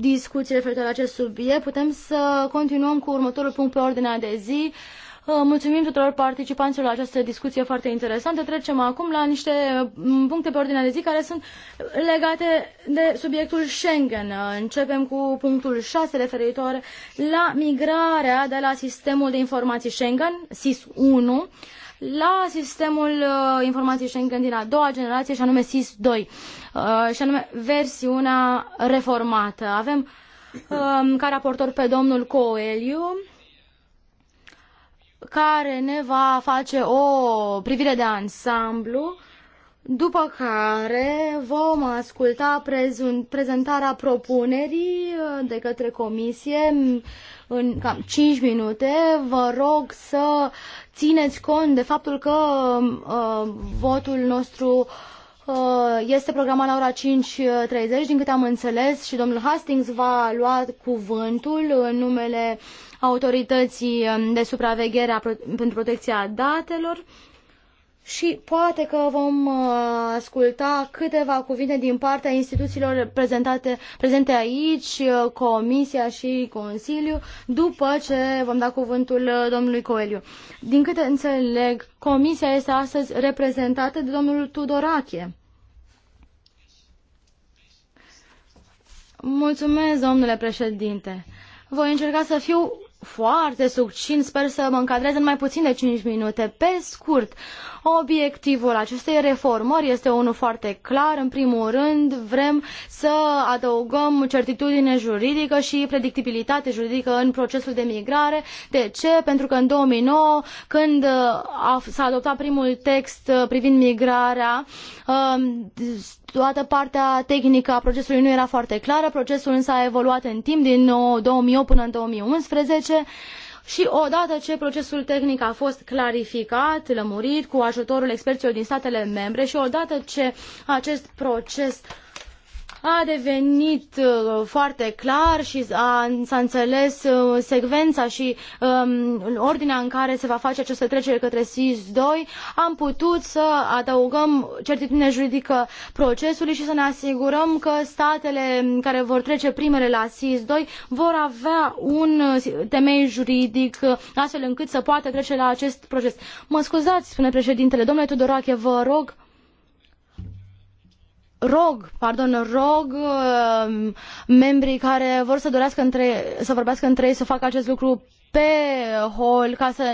discuții referitoare la acest subiect. Putem să continuăm cu următorul punct pe ordinea de zi. Uh, mulțumim tuturor participanților la această discuție foarte interesantă. Trecem acum la niște mm, puncte pe ordinea de zi care sunt legate de subiectul Schengen. Uh, începem cu punctul 6 referitor la migrarea de la sistemul de informații Schengen, SIS 1, la sistemul uh, informației Schengen din a doua generație, și anume SIS-2, uh, și anume versiunea reformată. Avem uh, ca raportor pe domnul Coeliu, care ne va face o privire de ansamblu, după care vom asculta prezentarea propunerii uh, de către comisie în cam 5 minute. Vă rog să țineți cont de faptul că uh, votul nostru uh, este programat la ora 5.30, din câte am înțeles, și domnul Hastings va lua cuvântul în numele autorității um, de supraveghere pentru protecția datelor și poate că vom uh, asculta câteva cuvinte din partea instituțiilor prezentate, prezente aici, uh, Comisia și Consiliu, după ce vom da cuvântul uh, domnului Coeliu. Din câte înțeleg, Comisia este astăzi reprezentată de domnul Tudorache. Mulțumesc, domnule președinte. Voi încerca să fiu foarte succint, sper să mă încadrez în mai puțin de 5 minute. Pe scurt, Obiectivul acestei reformări este unul foarte clar. În primul rând, vrem să adăugăm certitudine juridică și predictibilitate juridică în procesul de migrare. De ce? Pentru că în 2009, când uh, s-a adoptat primul text uh, privind migrarea, um, toată partea tehnică a procesului nu era foarte clară. Procesul însă a evoluat în timp din 2008 până în 2011 și odată ce procesul tehnic a fost clarificat, lămurit cu ajutorul experților din statele membre și odată ce acest proces uh, a devenit uh, foarte clar și s-a înțeles uh, secvența și um, ordinea în care se va face această trecere către SIS-2, am putut să adăugăm certitudine juridică procesului și să ne asigurăm că statele care vor trece primele la SIS-2 vor avea un uh, temei juridic astfel încât să poată trece la acest proces. Mă scuzați, spune președintele, domnule Tudorache, vă rog rog, pardon, rog uh, membrii care vor să dorească între, să vorbească între ei să facă acest lucru pe hol ca să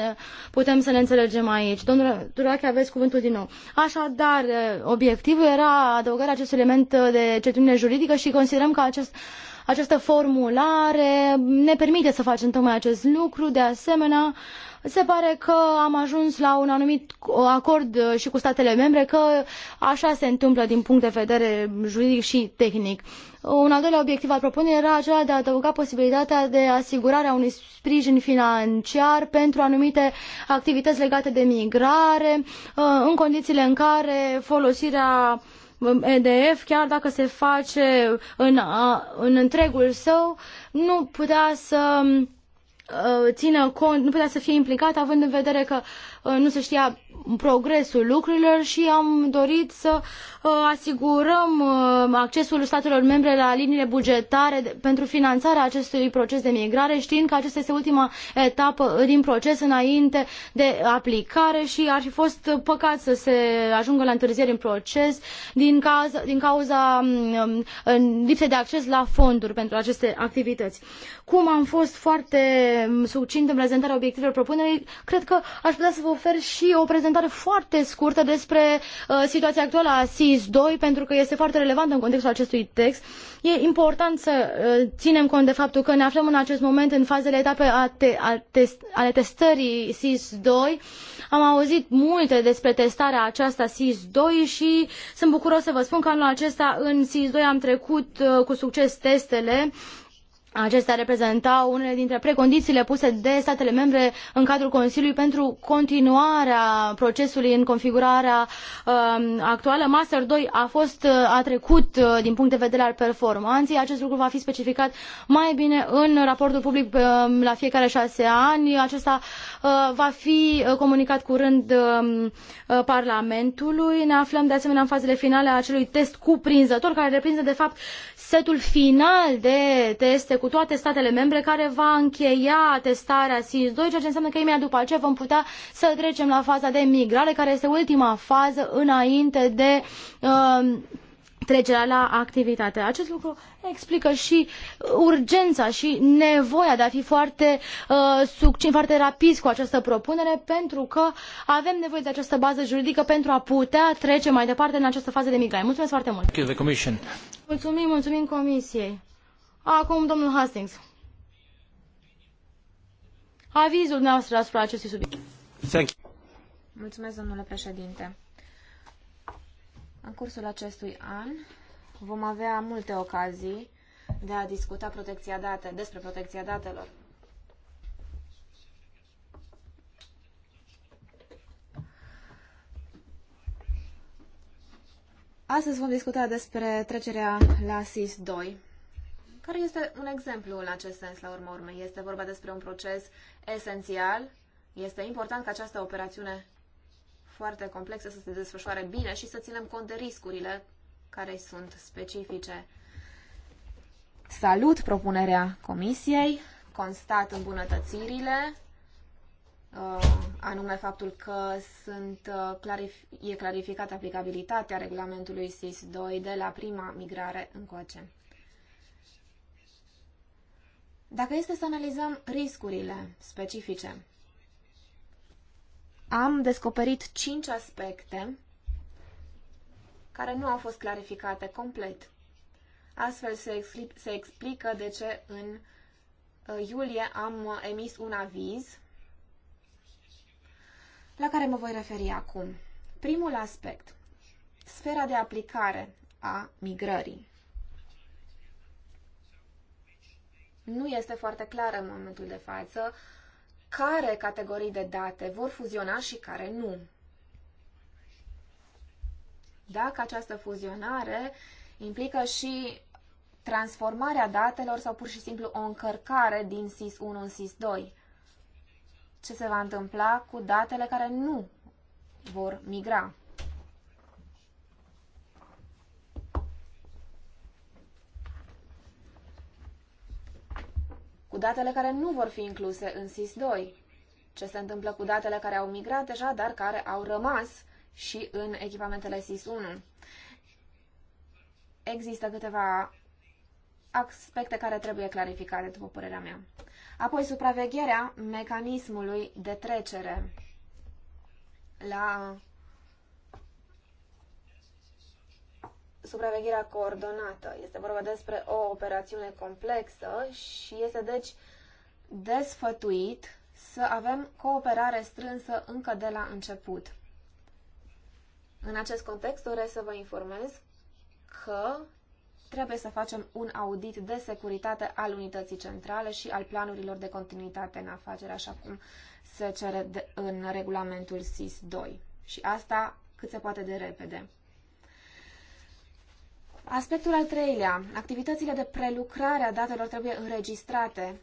putem să ne înțelegem aici. Domnule Durache, aveți cuvântul din nou. Așadar, uh, obiectivul era adăugarea acestui element uh, de certitudine juridică și considerăm că acest această formulare ne permite să facem tocmai acest lucru. De asemenea, se pare că am ajuns la un anumit acord uh, și cu statele membre că așa se întâmplă din punct de vedere juridic și tehnic. Un al doilea obiectiv al propunerii era acela de a adăuga posibilitatea de asigurare a unui sprijin financiar pentru anumite activități legate de migrare, uh, în condițiile în care folosirea um, EDF, chiar dacă se face în, în întregul său, nu putea să um, Uh, țină cont, nu putea să fie implicat având în vedere că uh, nu se știa progresul lucrurilor și am dorit să uh, asigurăm uh, accesul statelor membre la liniile bugetare pentru finanțarea acestui proces de migrare, știind că acesta este ultima etapă din proces înainte de aplicare și ar fi fost păcat să se ajungă la întârzieri în proces din, caz, din cauza mm, mm, lipsei de acces la fonduri pentru aceste activități. Cum am fost foarte mm, succint în prezentarea obiectivelor propunerii, cred că aș putea să vă ofer și o prezentare prezentare foarte scurtă despre uh, situația actuală a SIS-2, pentru că este foarte relevantă în contextul acestui text. E important să uh, ținem cont de faptul că ne aflăm în acest moment în fazele etape a te, a test, ale testării SIS-2. Am auzit multe despre testarea aceasta SIS-2 și sunt bucuros să vă spun că anul acesta în SIS-2 am trecut uh, cu succes testele Acestea reprezentau unele dintre precondițiile puse de statele membre în cadrul Consiliului pentru continuarea procesului în configurarea uh, actuală. Master 2 a fost uh, a trecut uh, din punct de vedere al performanței. Acest lucru va fi specificat mai bine în raportul public uh, la fiecare șase ani. Acesta uh, va fi uh, comunicat curând um, uh, Parlamentului. Ne aflăm de asemenea în fazele finale a acelui test cuprinzător care reprezintă de fapt setul final de teste cu cu toate statele membre care va încheia testarea SIS-2, ceea ce înseamnă că imediat după aceea vom putea să trecem la faza de migrare, care este ultima fază înainte de uh, trecerea la activitate. Acest lucru explică și urgența și nevoia de a fi foarte uh, succint, foarte rapid cu această propunere, pentru că avem nevoie de această bază juridică pentru a putea trece mai departe în această fază de migrare. Mulțumesc foarte mult! Mulțumim, mulțumim Comisiei! Acum, domnul Hastings. Avizul dumneavoastră asupra acestui subiect. Thank you. Mulțumesc, domnule președinte. În cursul acestui an vom avea multe ocazii de a discuta protecția date, despre protecția datelor. Astăzi vom discuta despre trecerea la SIS 2 care este un exemplu în acest sens, la urmă urmei. Este vorba despre un proces esențial. Este important ca această operațiune foarte complexă să se desfășoare bine și să ținem cont de riscurile care sunt specifice. Salut propunerea Comisiei, constat îmbunătățirile, uh, anume faptul că sunt uh, clarif- e clarificată aplicabilitatea regulamentului SIS-2 de la prima migrare încoace. Dacă este să analizăm riscurile specifice, am descoperit cinci aspecte care nu au fost clarificate complet. Astfel se, expli se explică de ce în uh, iulie am uh, emis un aviz la care mă voi referi acum. Primul aspect, sfera de aplicare a migrării. nu este foarte clară în momentul de față care categorii de date vor fuziona și care nu. Dacă această fuzionare implică și transformarea datelor sau pur și simplu o încărcare din SIS-1 în SIS-2. Ce se va întâmpla cu datele care nu vor migra? cu datele care nu vor fi incluse în SIS-2? Ce se întâmplă cu datele care au migrat deja, dar care au rămas și în echipamentele SIS-1? Există câteva aspecte care trebuie clarificate, după părerea mea. Apoi, supravegherea mecanismului de trecere la supravegherea coordonată. Este vorba despre o operațiune complexă și este deci desfătuit să avem cooperare strânsă încă de la început. În acest context doresc să vă informez că trebuie să facem un audit de securitate al unității centrale și al planurilor de continuitate în afacere, așa cum se cere de, în regulamentul SIS 2. Și asta cât se poate de repede. Aspectul al treilea. Activitățile de prelucrare a datelor trebuie înregistrate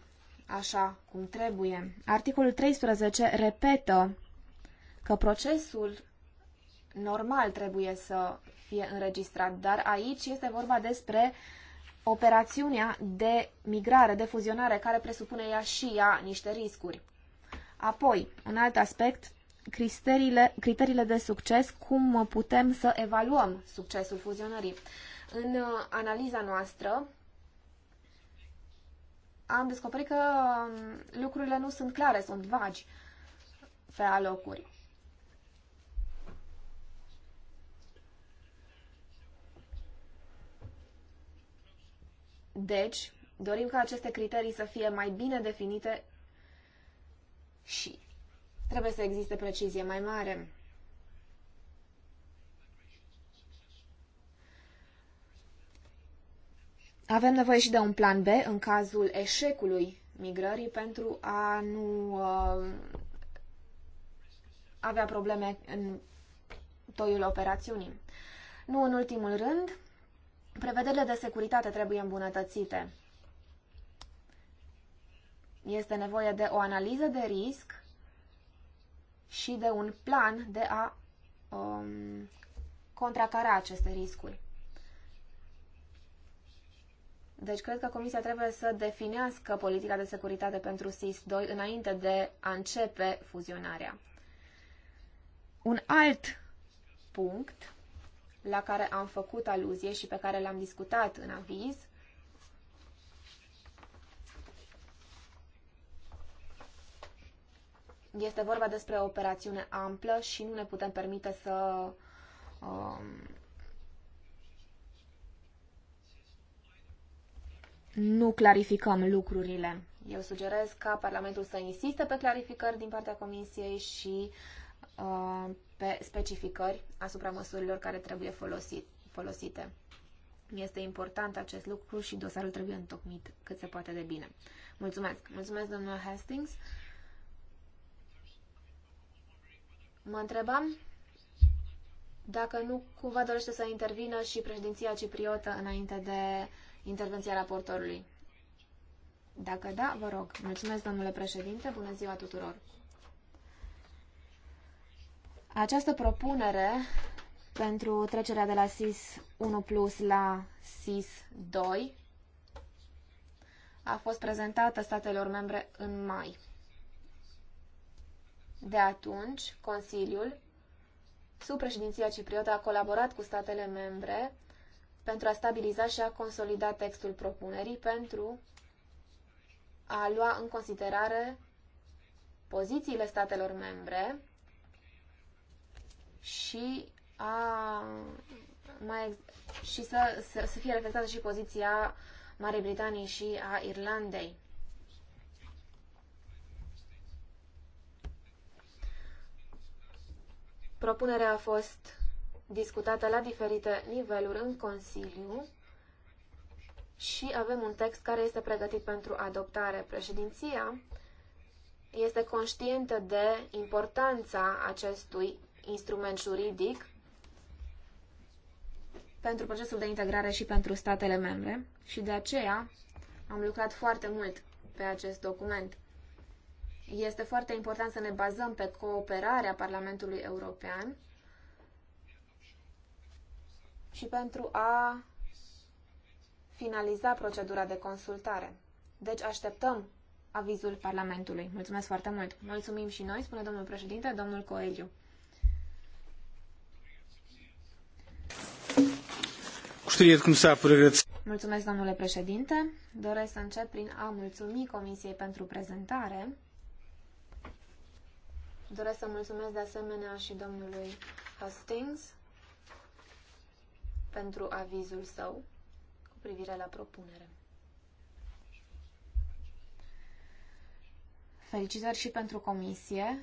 așa cum trebuie. Articolul 13 repetă că procesul normal trebuie să fie înregistrat, dar aici este vorba despre operațiunea de migrare, de fuzionare, care presupune ea și ea niște riscuri. Apoi, un alt aspect, criteriile, criteriile de succes, cum putem să evaluăm succesul fuzionării. În uh, analiza noastră am descoperit că um, lucrurile nu sunt clare, sunt vagi pe alocuri. Deci, dorim ca aceste criterii să fie mai bine definite și trebuie să existe precizie mai mare. Avem nevoie și de un plan B în cazul eșecului migrării pentru a nu uh, avea probleme în toiul operațiunii. Nu în ultimul rând, prevederile de securitate trebuie îmbunătățite. Este nevoie de o analiză de risc și de un plan de a um, contracara aceste riscuri. Deci cred că Comisia trebuie să definească politica de securitate pentru SIS-2 înainte de a începe fuzionarea. Un alt punct la care am făcut aluzie și pe care l-am discutat în aviz este vorba despre o operațiune amplă și nu ne putem permite să um, nu clarificăm lucrurile. Eu sugerez ca Parlamentul să insiste pe clarificări din partea Comisiei și uh, pe specificări asupra măsurilor care trebuie folosit, folosite. Este important acest lucru și dosarul trebuie întocmit cât se poate de bine. Mulțumesc! Mulțumesc, domnul Hastings! Mă întrebam dacă nu cumva dorește să intervină și președinția cipriotă înainte de intervenția raportorului. Dacă da, vă rog. Mulțumesc, domnule președinte. Bună ziua tuturor. Această propunere pentru trecerea de la SIS 1 Plus la SIS 2 a fost prezentată statelor membre în mai. De atunci, Consiliul, sub președinția cipriotă, a colaborat cu statele membre pentru a stabiliza și a consolida textul propunerii, pentru a lua în considerare pozițiile statelor membre și a mai și să, să, să fie reflectată și poziția Marii Britanii și a Irlandei. Propunerea a fost discutată la diferite niveluri în Consiliu și avem un text care este pregătit pentru adoptare. Președinția este conștientă de importanța acestui instrument juridic pentru procesul de integrare și pentru statele membre și de aceea am lucrat foarte mult pe acest document. Este foarte important să ne bazăm pe cooperarea Parlamentului European și pentru a finaliza procedura de consultare. Deci așteptăm avizul Parlamentului. Mulțumesc foarte mult. Mulțumim și noi, spune domnul președinte, domnul Coeliu. Mulțumesc, domnule președinte. Doresc să încep prin a mulțumi Comisiei pentru prezentare. Doresc să mulțumesc de asemenea și domnului Hastings pentru avizul său cu privire la propunere. Felicitări și pentru comisie,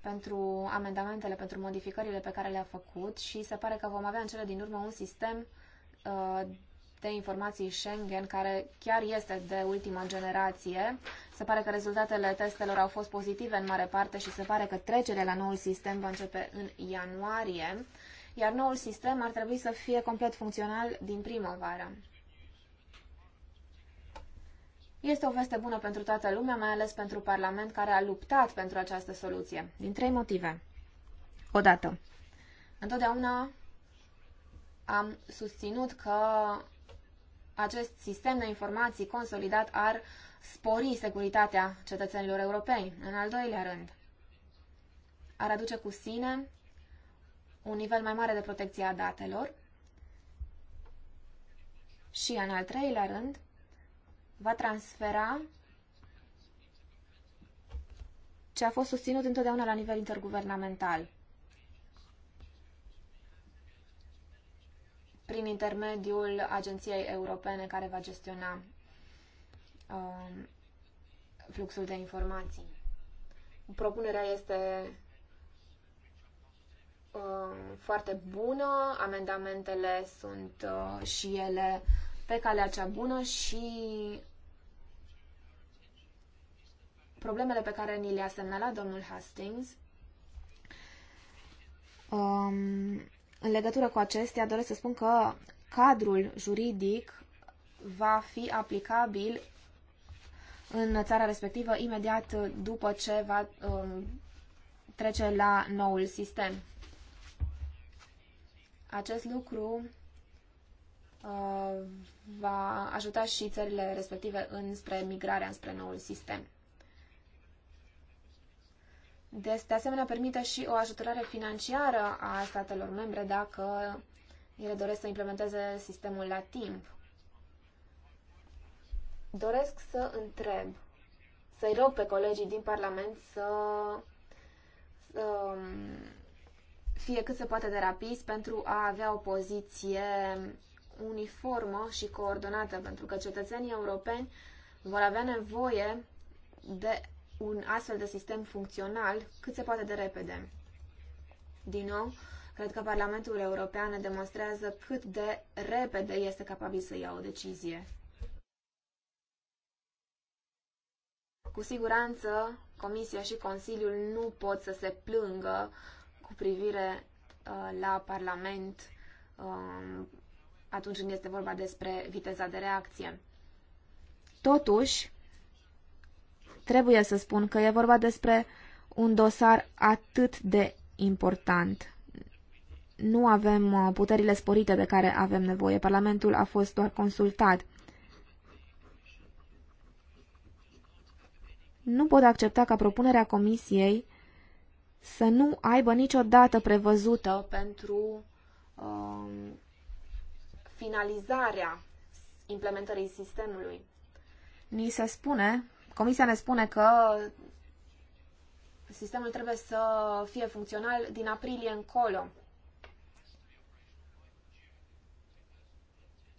pentru amendamentele, pentru modificările pe care le-a făcut și se pare că vom avea în cele din urmă un sistem uh, de informații Schengen care chiar este de ultima generație. Se pare că rezultatele testelor au fost pozitive în mare parte și se pare că trecerea la noul sistem va începe în ianuarie iar noul sistem ar trebui să fie complet funcțional din primăvară. Este o veste bună pentru toată lumea, mai ales pentru Parlament, care a luptat pentru această soluție, din trei motive. Odată, întotdeauna am susținut că acest sistem de informații consolidat ar spori securitatea cetățenilor europeni. În al doilea rând, ar aduce cu sine un nivel mai mare de protecție a datelor și, în al treilea rând, va transfera ce a fost susținut întotdeauna la nivel interguvernamental. prin intermediul agenției europene care va gestiona um, fluxul de informații. Propunerea este Um, foarte bună, amendamentele sunt uh, și ele pe calea cea bună și problemele pe care ni le-a semnalat domnul Hastings. Um, în legătură cu acestea, doresc să spun că cadrul juridic va fi aplicabil în țara respectivă imediat după ce va um, trece la noul sistem. Acest lucru uh, va ajuta și țările respective înspre migrarea înspre noul sistem. De, de asemenea, permite și o ajutorare financiară a statelor membre dacă ele doresc să implementeze sistemul la timp. Doresc să întreb, să-i rog pe colegii din Parlament să, să fie cât se poate de rapid pentru a avea o poziție uniformă și coordonată, pentru că cetățenii europeni vor avea nevoie de un astfel de sistem funcțional cât se poate de repede. Din nou, cred că Parlamentul European ne demonstrează cât de repede este capabil să ia o decizie. Cu siguranță, Comisia și Consiliul nu pot să se plângă uh, cu privire uh, la Parlament uh, atunci când este vorba despre viteza de reacție. Totuși, trebuie să spun că e vorba despre un dosar atât de important. Nu avem uh, puterile sporite de care avem nevoie. Parlamentul a fost doar consultat. Nu pot accepta ca propunerea Comisiei să nu aibă niciodată dată prevăzută pentru um, finalizarea implementării sistemului. Ni se spune, Comisia ne spune că sistemul trebuie să fie funcțional din aprilie încolo.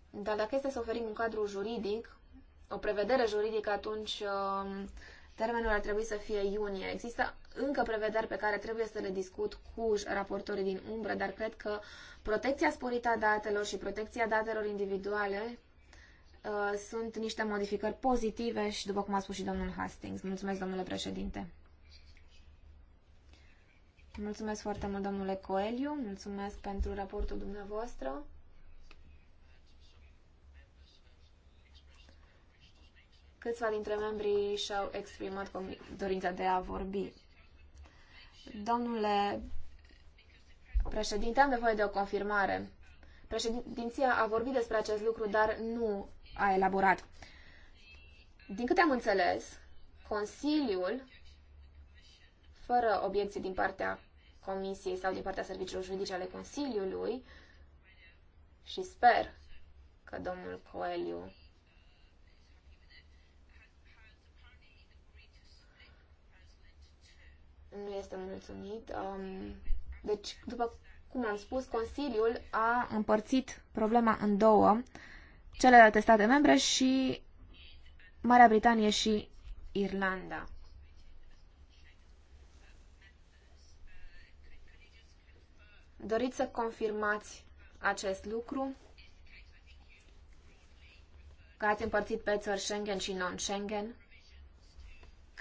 Dar dacă este să oferim un cadru juridic, o prevedere juridică, atunci uh, Termenul ar trebui să fie iunie. Există încă prevederi pe care trebuie să le discut cu raportorii din umbră, dar cred că protecția sporită a datelor și protecția datelor individuale uh, sunt niște modificări pozitive și, după cum a spus și domnul Hastings, mulțumesc, domnule președinte. Mulțumesc foarte mult, domnule Coeliu, mulțumesc pentru raportul dumneavoastră. Câțiva dintre membrii și-au exprimat dorința de a vorbi. Domnule președinte, am nevoie de o confirmare. Președinția a vorbit despre acest lucru, dar nu a elaborat. Din câte am înțeles, Consiliul, fără obiecții din partea Comisiei sau din partea Serviciilor Juridice ale Consiliului, și sper că domnul Coeliu nu este mulțumit. Um, deci, după cum am spus, Consiliul a împărțit problema în două, celelalte state membre și Marea Britanie și Irlanda. Doriți să confirmați acest lucru? Că ați împărțit pe țări Schengen și non-Schengen?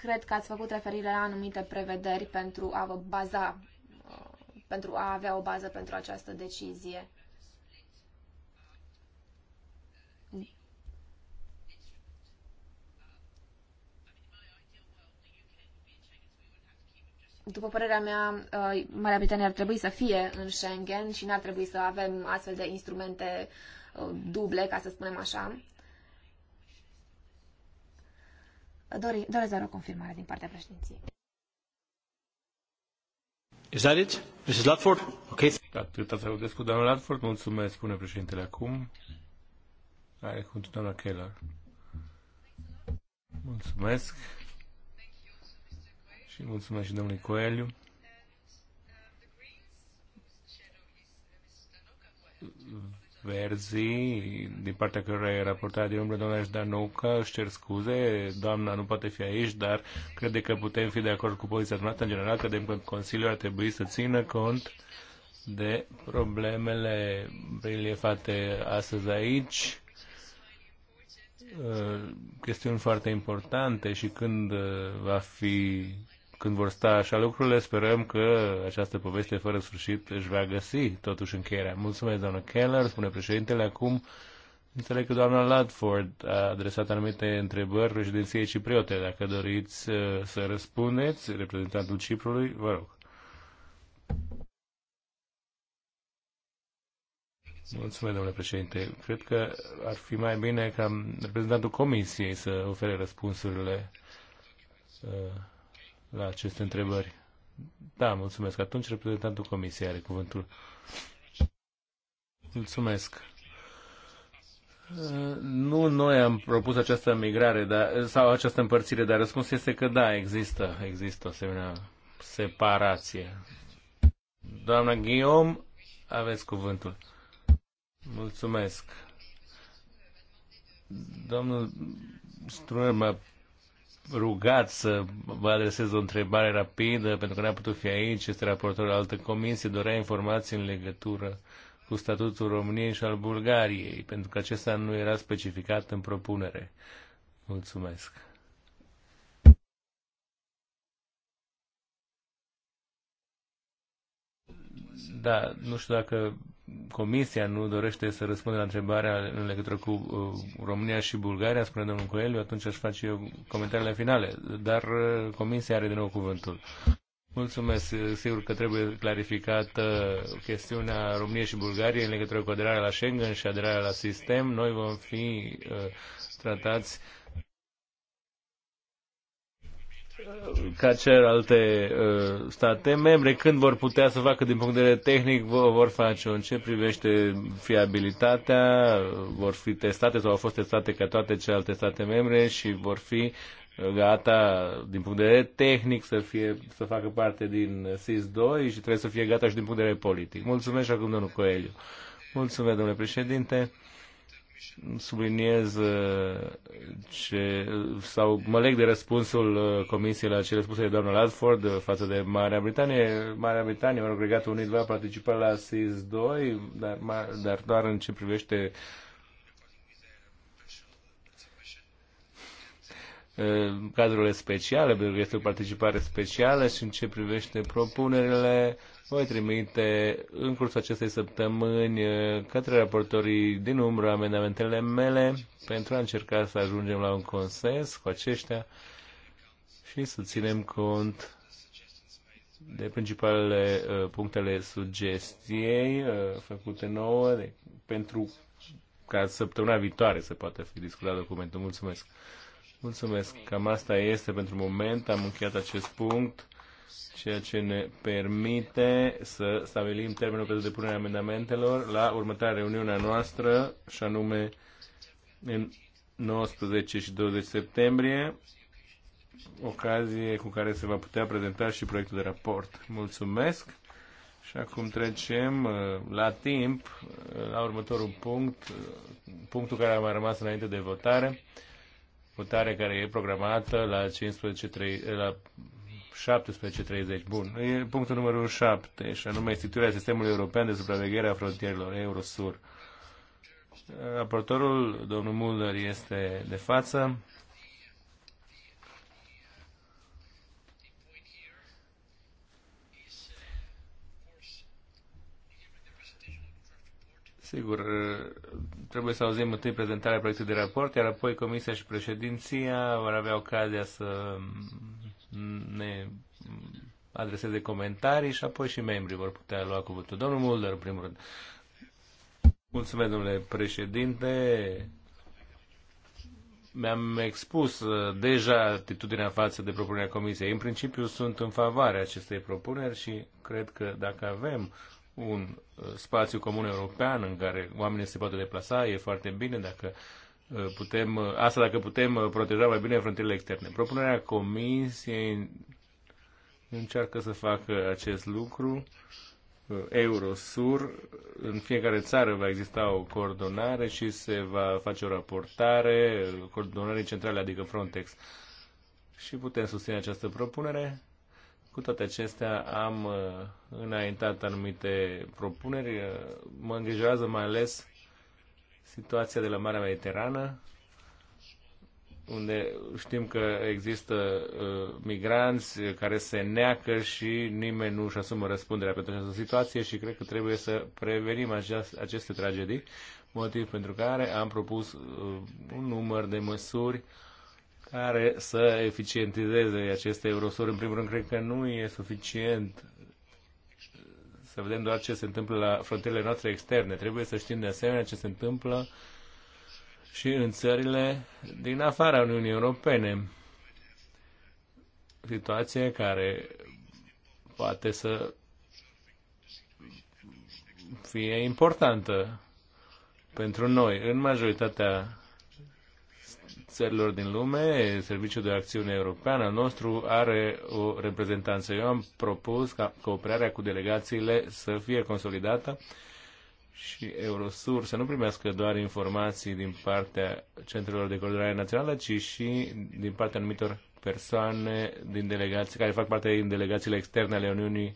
cred că ați făcut referire la anumite prevederi pentru a vă baza, uh, pentru a avea o bază pentru această decizie. După părerea mea, uh, Marea Britanie ar trebui să fie în Schengen și n-ar trebui să avem astfel de instrumente uh, duble, ca să spunem așa. doresc doar o confirmare din partea președinției. Is that it? Mrs. Latford? Okay. Atât ați auzit cu doamna Ludford. Mulțumesc, spune președintele acum. Are cuvântul doamna Keller. Mulțumesc. Și mulțumesc și domnului Coeliu. Verzi, din partea cărora e raportat din umbră doamna Ștanucă, își cer scuze, doamna nu poate fi aici, dar crede că putem fi de acord cu poziția dumneavoastră în general, credem că Consiliul ar trebui să țină cont de problemele reliefate astăzi aici, uh, chestiuni foarte importante și când uh, va fi când vor sta așa lucrurile, sperăm că această poveste fără sfârșit își va găsi totuși încheierea. Mulțumesc, doamnă Keller, spune președintele. Acum înțeleg că doamna Ladford a adresat anumite întrebări președinției cipriote. Dacă doriți uh, să răspundeți, reprezentantul Ciprului, vă rog. Mulțumesc, domnule președinte. Cred că ar fi mai bine ca reprezentantul comisiei să ofere răspunsurile uh, la aceste întrebări. Da, mulțumesc. Atunci reprezentantul Comisiei are cuvântul. Mulțumesc. Nu noi am propus această migrare dar, sau această împărțire, dar răspunsul este că da, există, există o asemenea separație. Doamna Guillaume, aveți cuvântul. Mulțumesc. Domnul Strunel, m-a rugat să vă adresez o întrebare rapidă, pentru că n-a putut fi aici, este raportor la altă comisie, dorea informații în legătură cu statutul României și al Bulgariei, pentru că acesta nu era specificat în propunere. Mulțumesc. Da, nu știu dacă Comisia nu dorește să răspundă la întrebarea în legătură cu uh, România și Bulgaria, spune domnul Coeliu, atunci aș face eu comentariile finale, dar uh, Comisia are din nou cuvântul. Mulțumesc. Sigur că trebuie clarificată chestiunea României și Bulgariei în legătură cu aderarea la Schengen și aderarea la sistem. Noi vom fi uh, tratați uh, ca celelalte uh, state membre, când vor putea să facă din punct de vedere tehnic, vor face în ce privește fiabilitatea, vor fi testate sau au fost testate ca toate celelalte state membre și vor fi gata din punct de vedere tehnic să, fie, să facă parte din SIS-2 și trebuie să fie gata și din punct de vedere politic. Mulțumesc și acum domnul Coeliu. Mulțumesc, domnule președinte subliniez uh, ce, sau mă leg de răspunsul uh, Comisiei la cele spuse de doamna Ladford uh, față de Marea Britanie. Marea Britanie, mă rog, Regatul Unit va participa la SIS-2, dar, dar doar în ce privește cadrele speciale, pentru că este o participare specială și în ce privește propunerile, voi trimite în cursul acestei săptămâni către raportorii din umbră amendamentele mele pentru a încerca să ajungem la un consens cu aceștia și să ținem cont de principalele uh, punctele sugestiei uh, făcute nouă de, pentru ca săptămâna viitoare să poată fi discutat documentul. Mulțumesc! Mulțumesc. Cam asta este pentru moment. Am încheiat acest punct, ceea ce ne permite să stabilim termenul pentru depunerea amendamentelor la următoarea reuniunea noastră, și anume în 19 și 20 septembrie, ocazie cu care se va putea prezenta și proiectul de raport. Mulțumesc! Și acum trecem uh, la timp, uh, la următorul punct, uh, punctul care a mai rămas înainte de votare, votare care e programată la 15, la 17.30. Bun. E punctul numărul 7, și anume instituirea sistemului european de supraveghere a frontierelor Eurosur. Raportorul, domnul Mulder, este de față. Sigur, Trebuie să auzim întâi prezentarea proiectului de raport, iar apoi Comisia și președinția vor avea ocazia să ne adreseze comentarii și apoi și membrii vor putea lua cuvântul. Domnul Mulder, în primul rând. Mulțumesc, domnule președinte. Mi-am expus uh, deja atitudinea față de propunerea Comisiei. În principiu sunt în favoarea acestei propuneri și cred că dacă avem un Uh, spațiu comun european în care oamenii se poate deplasa, e foarte bine dacă uh, putem, uh, asta dacă putem proteja mai bine frontierele externe. Propunerea Comisiei încearcă să facă acest lucru. Eurosur, în fiecare țară va exista o coordonare și se va face o raportare coordonare centrale, adică Frontex. Și putem susține această propunere cu toate acestea am uh, înaintat anumite propuneri. Uh, mă îngrijorează mai ales situația de la Marea Mediterană, unde știm că există uh, migranți care se neacă și nimeni nu își asumă răspunderea pentru această situație și cred că trebuie să prevenim aceast- aceste tragedii, motiv pentru care am propus uh, un număr de măsuri care să eficientizeze aceste eurosuri. În primul rând, cred că nu e suficient să vedem doar ce se întâmplă la frontierele noastre externe. Trebuie să știm de asemenea ce se întâmplă și în țările din afara Uniunii Europene. Situație care poate să fie importantă pentru noi. În majoritatea țărilor din lume, Serviciul de Acțiune Europeană nostru are o reprezentanță. Eu am propus ca cooperarea cu delegațiile să fie consolidată și Eurosur să nu primească doar informații din partea centrelor de coordonare națională, ci și din partea anumitor persoane din delegații, care fac parte din delegațiile externe ale Uniunii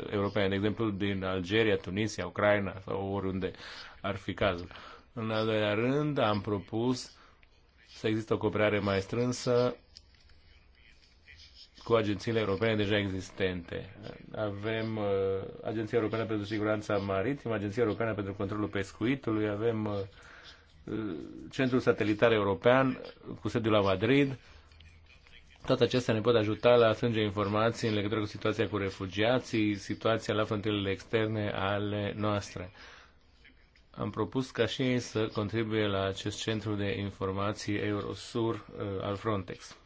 uh, Europene, de exemplu din Algeria, Tunisia, Ucraina sau oriunde ar fi cazul. În al doilea rând, am propus să există o cooperare mai strânsă cu agențiile europene deja existente. Avem uh, Agenția Europeană pentru Siguranța Maritimă, Agenția Europeană pentru Controlul Pescuitului, avem uh, Centrul Satelitar European cu sediul la Madrid. Toate acestea ne pot ajuta la strânge informații în legătură cu situația cu refugiații, situația la frontierele externe ale noastre. Uh, am propus ca și ei să contribuie la acest centru de informații Eurosur uh, al Frontex.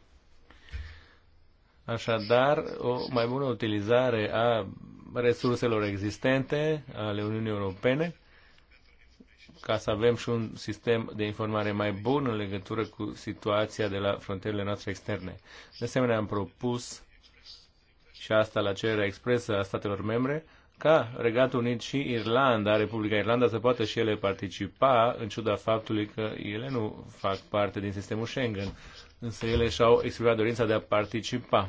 Așadar, o mai bună utilizare a resurselor existente ale Uniunii Europene ca să avem și un sistem de informare mai bun în legătură cu situația de la frontierele noastre externe. De asemenea, am propus și asta la cererea expresă a statelor membre, ca Regatul Unit și Irlanda, Republica Irlanda, să poată și ele participa, în ciuda faptului că ele nu fac parte din sistemul Schengen, însă ele și-au exprimat dorința de a participa.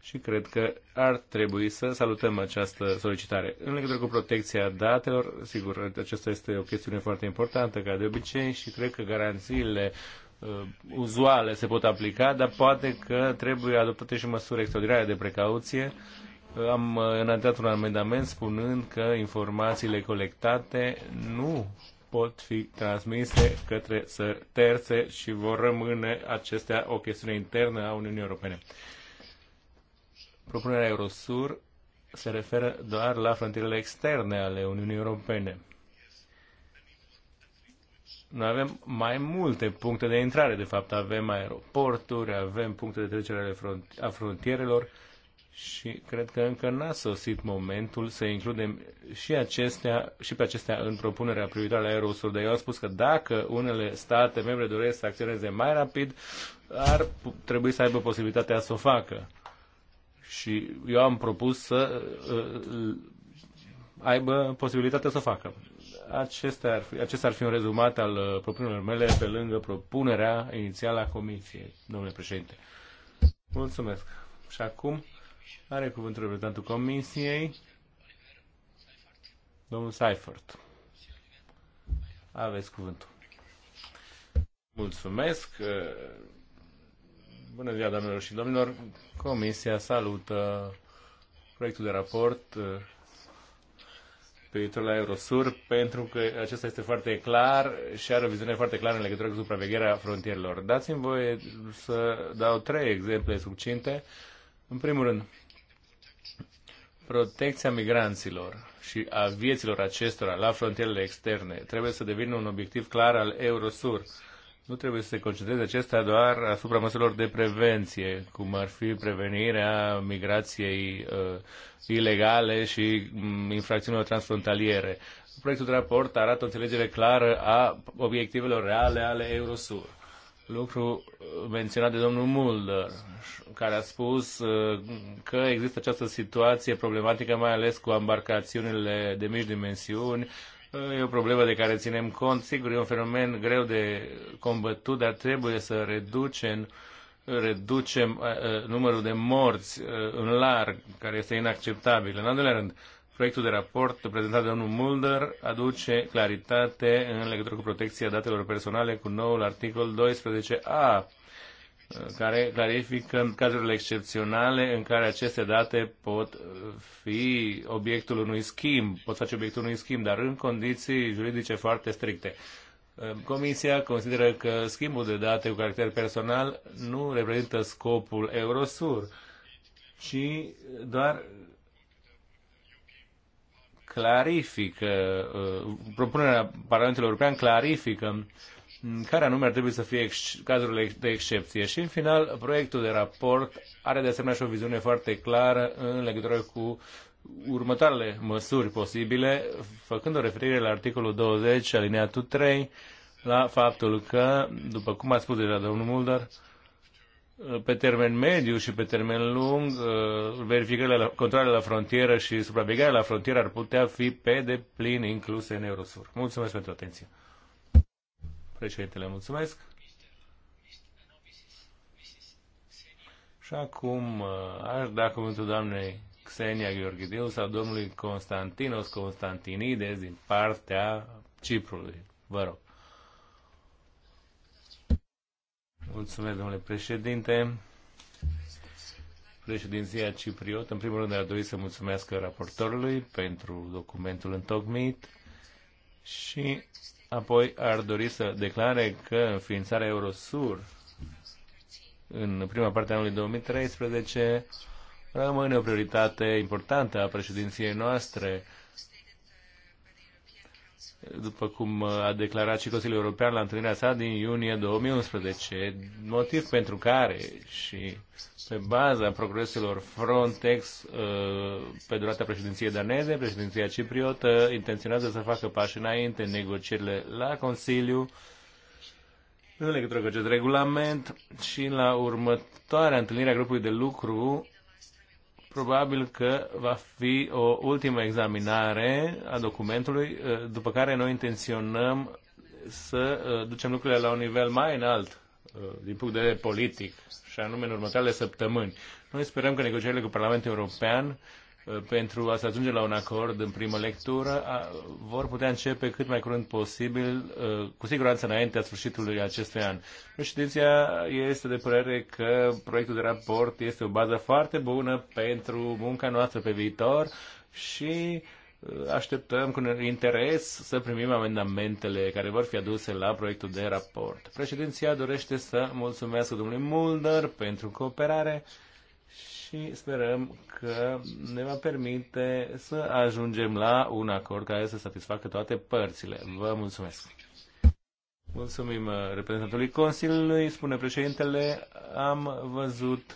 Și cred că ar trebui să salutăm această solicitare. În legătură cu protecția datelor, sigur, aceasta este o chestiune foarte importantă, ca de obicei, și cred că garanțiile uh, uzuale se pot aplica, dar poate că trebuie adoptate și măsuri extraordinare de precauție uh, am uh, înaintat un amendament spunând că informațiile colectate nu pot fi transmise către țări terțe și vor rămâne acestea o chestiune internă a Uniunii Europene. Propunerea Eurosur se referă doar la frontierele externe ale Uniunii Europene. Noi avem mai multe puncte de intrare, de fapt avem aeroporturi, avem puncte de trecere ale a frontierelor, și cred că încă n-a sosit momentul să includem și, acestea, și pe acestea în propunerea privitoare la aerosuri. Dar eu am spus că dacă unele state membre doresc să acționeze mai rapid, ar trebui să aibă posibilitatea să o facă. Și eu am propus să uh, uh, aibă posibilitatea să o facă. Acestea ar fi, acesta ar fi un rezumat al uh, propunerilor mele pe lângă propunerea inițială a Comisiei, domnule președinte. Mulțumesc. Și acum are cuvântul reprezentantul Comisiei, domnul Seifert. Aveți cuvântul. Mulțumesc. Bună ziua, doamnelor și domnilor. Comisia salută proiectul de raport uh, privitor la Eurosur, pentru că acesta este foarte clar și are o viziune foarte clară în legătură cu supravegherea frontierelor. Dați-mi voie să dau trei exemple succinte în primul rând, protecția migranților și a vieților acestora la frontierele externe trebuie să devină un obiectiv clar al Eurosur. Nu trebuie să se concentreze acesta doar asupra măsurilor de prevenție, cum ar fi prevenirea migrației uh, ilegale și mm, infracțiunilor transfrontaliere. Proiectul de raport arată o înțelegere clară a obiectivelor reale ale Eurosur lucru uh, menționat de domnul Mulder, care a spus uh, că există această situație problematică, mai ales cu embarcațiunile de mici dimensiuni. Uh, e o problemă de care ținem cont. Sigur, e un fenomen greu de combătut, dar trebuie să reducem reducem numărul de morți în larg, care este inacceptabil. În al doilea rând, Proiectul de raport prezentat de domnul Mulder aduce claritate în legătură cu protecția datelor personale cu noul articol 12a, care clarifică cazurile excepționale în care aceste date pot fi obiectul unui schimb, pot face obiectul unui schimb, dar în condiții juridice foarte stricte. Comisia consideră că schimbul de date cu caracter personal nu reprezintă scopul Eurosur, ci doar clarifică, uh, propunerea Parlamentului European clarifică care anume ar trebui să fie ex- cazurile de excepție. Și, în final, proiectul de raport are de asemenea și o viziune foarte clară în legătură cu următoarele măsuri posibile, făcând o referire la articolul 20, alineatul 3, la faptul că, după cum a spus deja domnul Mulder, pe termen mediu și pe termen lung, uh, verificările controlele la frontieră și supravegherea la frontieră ar putea fi pe deplin incluse în Eurosur. Mulțumesc pentru atenție. Președintele, mulțumesc. Și acum uh, aș da cuvântul doamnei Xenia Gheorghidiu sau domnului Constantinos Constantinides din partea Ciprului. Vă rog. Mulțumesc, domnule președinte. Președinția Cipriot, în primul rând, ar dori să mulțumesc raportorului pentru documentul întocmit și apoi ar dori să declare că înființarea Eurosur în prima parte a anului 2013 rămâne o prioritate importantă a președinției noastre după cum a declarat și Consiliul European la întâlnirea sa din iunie 2011, motiv pentru care și pe baza progreselor Frontex uh, pe durata președinției daneze, președinția cipriotă intenționează să facă pași înainte în negocierile la Consiliu în legătură cu acest regulament și la următoarea întâlnire a grupului de lucru probabil că va fi o ultimă examinare a documentului, eh, după care noi intenționăm să eh, ducem lucrurile la un nivel mai înalt eh, din punct de vedere politic, și anume în următoarele săptămâni. Noi sperăm că negocierile cu Parlamentul European Uh, pentru a se ajunge la un acord în primă lectură vor putea începe cât mai curând posibil, uh, cu siguranță înaintea sfârșitului acestui an. Președinția este de părere că proiectul de raport este o bază foarte bună pentru munca noastră pe viitor și uh, așteptăm cu interes să primim amendamentele care vor fi aduse la proiectul de raport. Președinția dorește să mulțumesc domnului Mulder pentru cooperare și sperăm că ne va permite să ajungem la un acord care să satisfacă toate părțile. Vă mulțumesc! Mulțumim uh, reprezentantului Consiliului, spune președintele, am văzut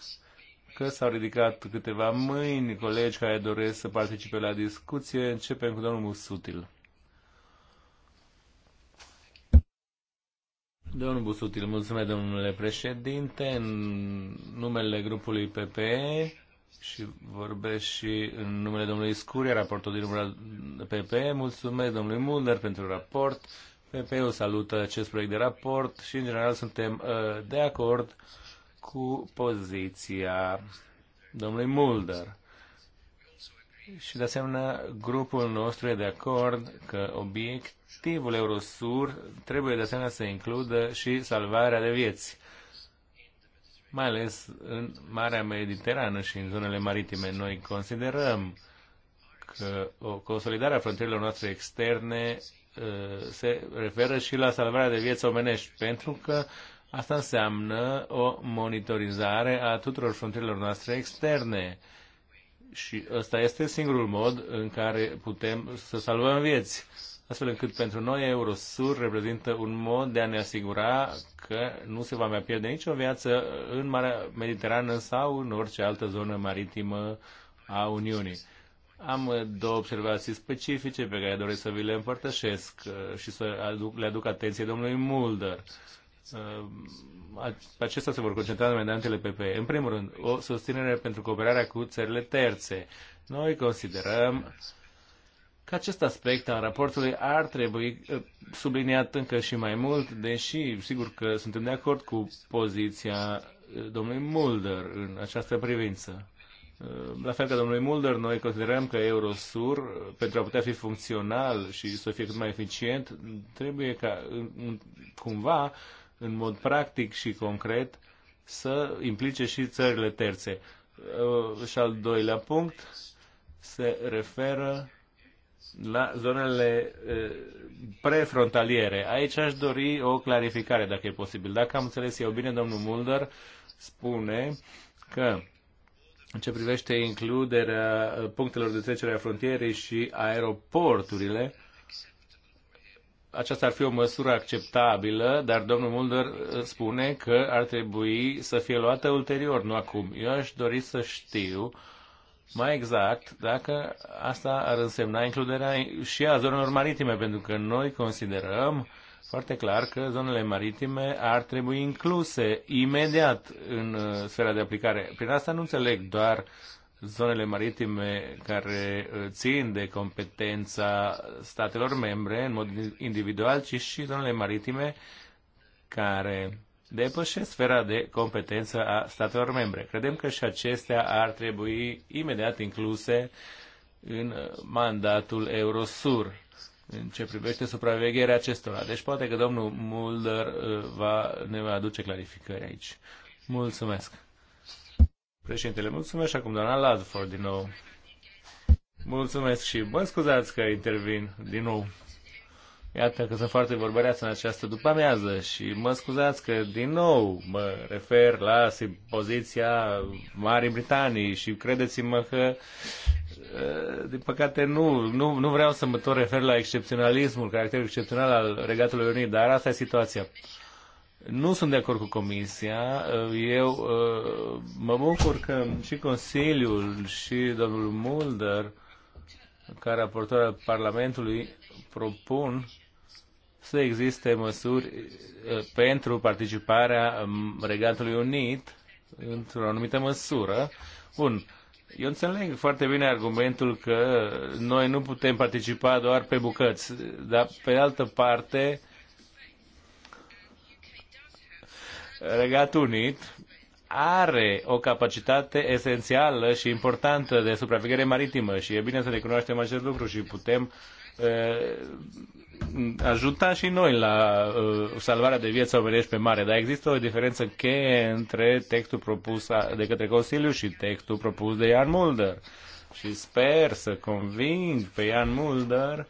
că s-au ridicat câteva mâini colegi care doresc să participe la discuție. Începem cu domnul Musutil. Domnul Busutil, mulțumesc, domnule președinte, în numele grupului PPE și vorbesc și în numele domnului Scuria, raportul din numărul PPE. Mulțumesc domnului Mulder pentru raport. PPE-ul salută acest proiect de raport și, în general, suntem uh, de acord cu poziția domnului Mulder. Și de asemenea, grupul nostru e de acord că obiectivul Eurosur trebuie de asemenea să includă și salvarea de vieți, mai ales în Marea Mediterană și în zonele maritime. Noi considerăm că o consolidare a frontierelor noastre externe uh, se referă și la salvarea de vieți omenești, pentru că asta înseamnă o monitorizare a tuturor frontierelor noastre externe și ăsta este singurul mod în care putem să salvăm vieți. Astfel încât pentru noi Eurosur reprezintă un mod de a ne asigura că nu se va mai pierde nicio viață în Marea Mediterană sau în orice altă zonă maritimă a Uniunii. Am două observații specifice pe care doresc să vi le împărtășesc uh, și să le aduc atenție domnului Mulder. Uh, acestea se vor concentra în amendamentele PP. În primul rând, o susținere pentru cooperarea cu țările terțe. Noi considerăm că acest aspect al raportului ar trebui uh, subliniat încă și mai mult, deși sigur că suntem de acord cu poziția uh, domnului Mulder în această privință. La fel ca domnului Mulder, noi considerăm că Eurosur, pentru a putea fi funcțional și să fie cât mai eficient, trebuie ca cumva în mod practic și concret să implice și țările terțe. Uh, și al doilea punct se referă la zonele uh, prefrontaliere. Aici aș dori o clarificare, dacă e posibil. Dacă am înțeles eu bine, domnul Mulder spune că în ce privește includerea punctelor de trecere a frontierei și aeroporturile, aceasta ar fi o măsură acceptabilă, dar domnul Mulder uh, spune că ar trebui să fie luată ulterior, nu acum. Eu aș dori să știu mai exact dacă asta ar însemna includerea și a zonelor maritime, pentru că noi considerăm foarte clar că zonele maritime ar trebui incluse imediat în uh, sfera de aplicare. Prin asta nu înțeleg doar uh, zonele maritime care uh, țin de competența statelor membre în mod individual, ci și zonele maritime care depășesc sfera de competență a statelor membre. Credem că și acestea ar trebui imediat incluse în uh, mandatul Eurosur în ce privește supravegherea acestora. Deci poate că domnul Mulder uh, va, ne va aduce clarificări aici. Mulțumesc! Președintele, mulțumesc și acum doamna Ladford din nou. Mulțumesc și mă scuzați că intervin din nou. Iată că sunt foarte vorbăreați în această după-amiază și mă scuzați că din nou mă refer la poziția Marii Britanii și credeți-mă că eh, din păcate nu, nu, nu vreau să mă tot refer la excepționalismul, caracterul excepțional al Regatului Unit, dar asta e situația. Nu sunt de acord cu Comisia. Eu uh, mă bucur că și Consiliul și domnul Mulder, ca raportor al Parlamentului, propun să existe măsuri uh, pentru participarea um, Regatului Unit într-o anumită măsură. Bun, eu înțeleg foarte bine argumentul că noi nu putem participa doar pe bucăți, dar pe altă parte Regatul Unit are o capacitate esențială și importantă de supraveghere maritimă și e bine să recunoaștem acest lucru și putem ajuta și noi la salvarea de vieți omenești pe mare, dar există o diferență cheie între textul propus de către Consiliu și textul propus de Ian Mulder. Și sper să conving pe Ian Mulder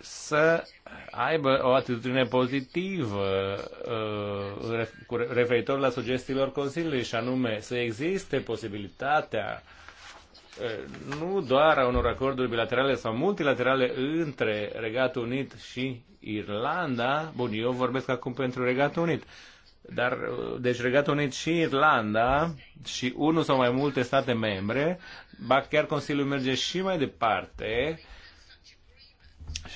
să aibă o atitudine pozitivă uh, referitor la sugestiilor Consiliului și anume să existe posibilitatea uh, nu doar a unor acorduri bilaterale sau multilaterale între Regatul Unit și Irlanda, bun, eu vorbesc acum pentru Regatul Unit, dar, uh, deci Regatul Unit și Irlanda și unul sau mai multe state membre, ba chiar Consiliul merge și mai departe, uh,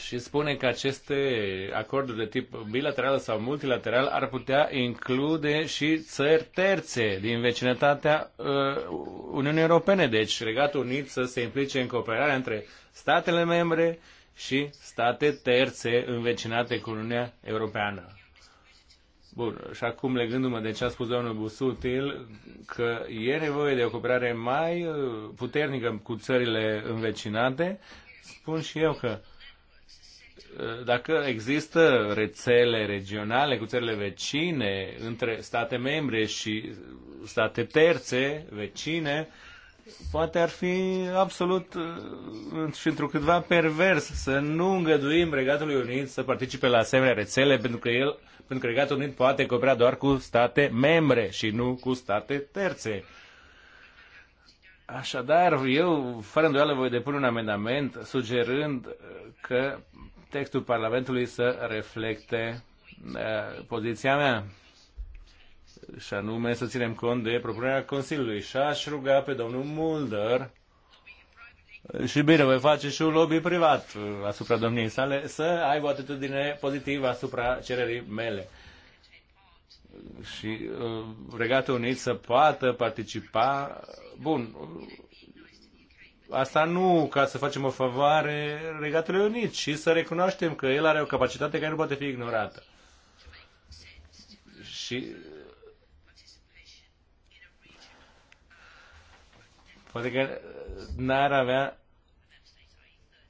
și spune că aceste acorduri de tip bilateral sau multilateral ar putea include și țări terțe din vecinătatea uh, Uniunii Europene. Deci Regatul Unit să se implice în cooperarea între statele membre și state terțe învecinate cu Uniunea Europeană. Bun, și acum legându-mă de ce a spus domnul Busutil, că e nevoie de o cooperare mai uh, puternică cu țările învecinate, spun și eu că dacă există rețele regionale cu țările vecine, între state membre și state terțe vecine, poate ar fi absolut uh, și întrucâtva pervers să nu îngăduim Regatului Unit să participe la asemenea rețele, pentru că el, pentru că Regatul Unit poate coopera doar cu state membre și nu cu state terțe. Așadar, eu, fără îndoială, voi depune un amendament sugerând uh, că textul Parlamentului să reflecte poziția mea și anume să ținem cont de propunerea Consiliului și aș ruga pe domnul Mulder și bine, voi face și un lobby privat asupra domniei sale să aibă o atitudine pozitivă asupra cererii mele și uh, Regatul Unit să poată participa. Bun, asta nu ca să facem o favoare Regatului Unit, ci să recunoaștem că el are o capacitate care nu poate fi ignorată. Și poate că n-ar avea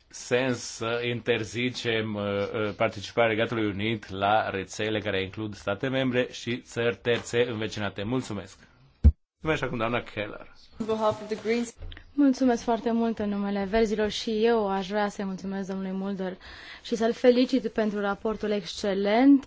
sens să interzicem uh, uh, participarea Regatului Unit la rețele care includ state membre și țări terțe învecinate. Mulțumesc! Mulțumesc acum, doamna Keller. Mulțumesc foarte mult în numele verzilor și eu aș vrea să-i mulțumesc domnului Mulder și să-l felicit pentru raportul excelent.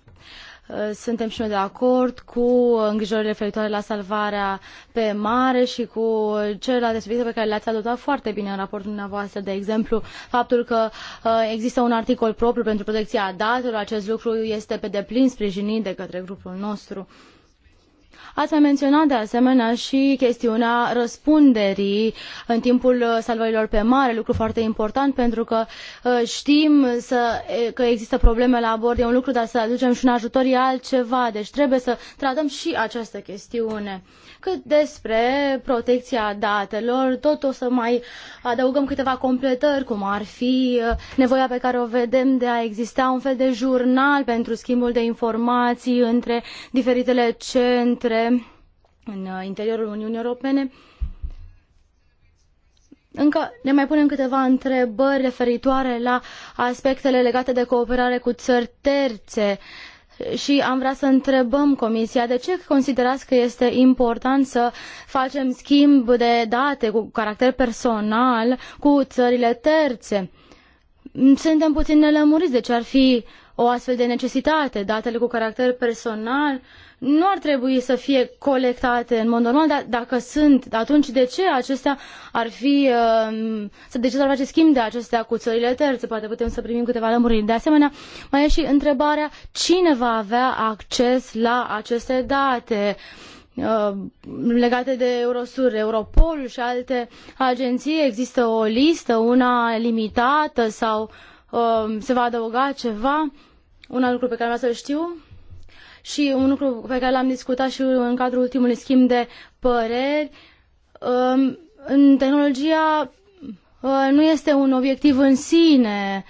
Uh, suntem și noi de acord cu îngrijorile referitoare la salvarea pe mare și cu celelalte subiecte pe care le-ați adoptat foarte bine în raportul dumneavoastră. De exemplu, faptul că uh, există un articol propriu pentru protecția datelor, acest lucru este pe deplin sprijinit de către grupul nostru. Ați mai menționat de asemenea și chestiunea răspunderii în timpul salvărilor pe mare, lucru foarte important pentru că ă, știm să, că există probleme la bord, e un lucru, dar să aducem și un ajutor e altceva, deci trebuie să tratăm și această chestiune. Cât despre protecția datelor, tot o să mai adăugăm câteva completări, cum ar fi ă, nevoia pe care o vedem de a exista un fel de jurnal pentru schimbul de informații între diferitele centre în uh, interiorul Uniunii Europene. Încă ne mai punem câteva întrebări referitoare la aspectele legate de cooperare cu țări terțe și am vrea să întrebăm Comisia de ce considerați că este important să facem schimb de date cu caracter personal cu țările terțe suntem puțin nelămuriți de deci ce ar fi o astfel de necesitate. Datele cu caracter personal nu ar trebui să fie colectate în mod normal, dar dacă sunt, atunci de ce acestea ar fi, um, să de ce s-ar face schimb de acestea cu țările terțe? Poate putem să primim câteva lămuriri. De asemenea, mai e și întrebarea cine va avea acces la aceste date. Uh, Uh, legate de Eurosur, Europol și alte agenții. Există o listă, una limitată sau uh, se va adăuga ceva? Un alt lucru pe care vreau să-l știu și un lucru pe care l-am discutat și în cadrul ultimului schimb de păreri. Uh, în tehnologia uh, nu este un obiectiv în sine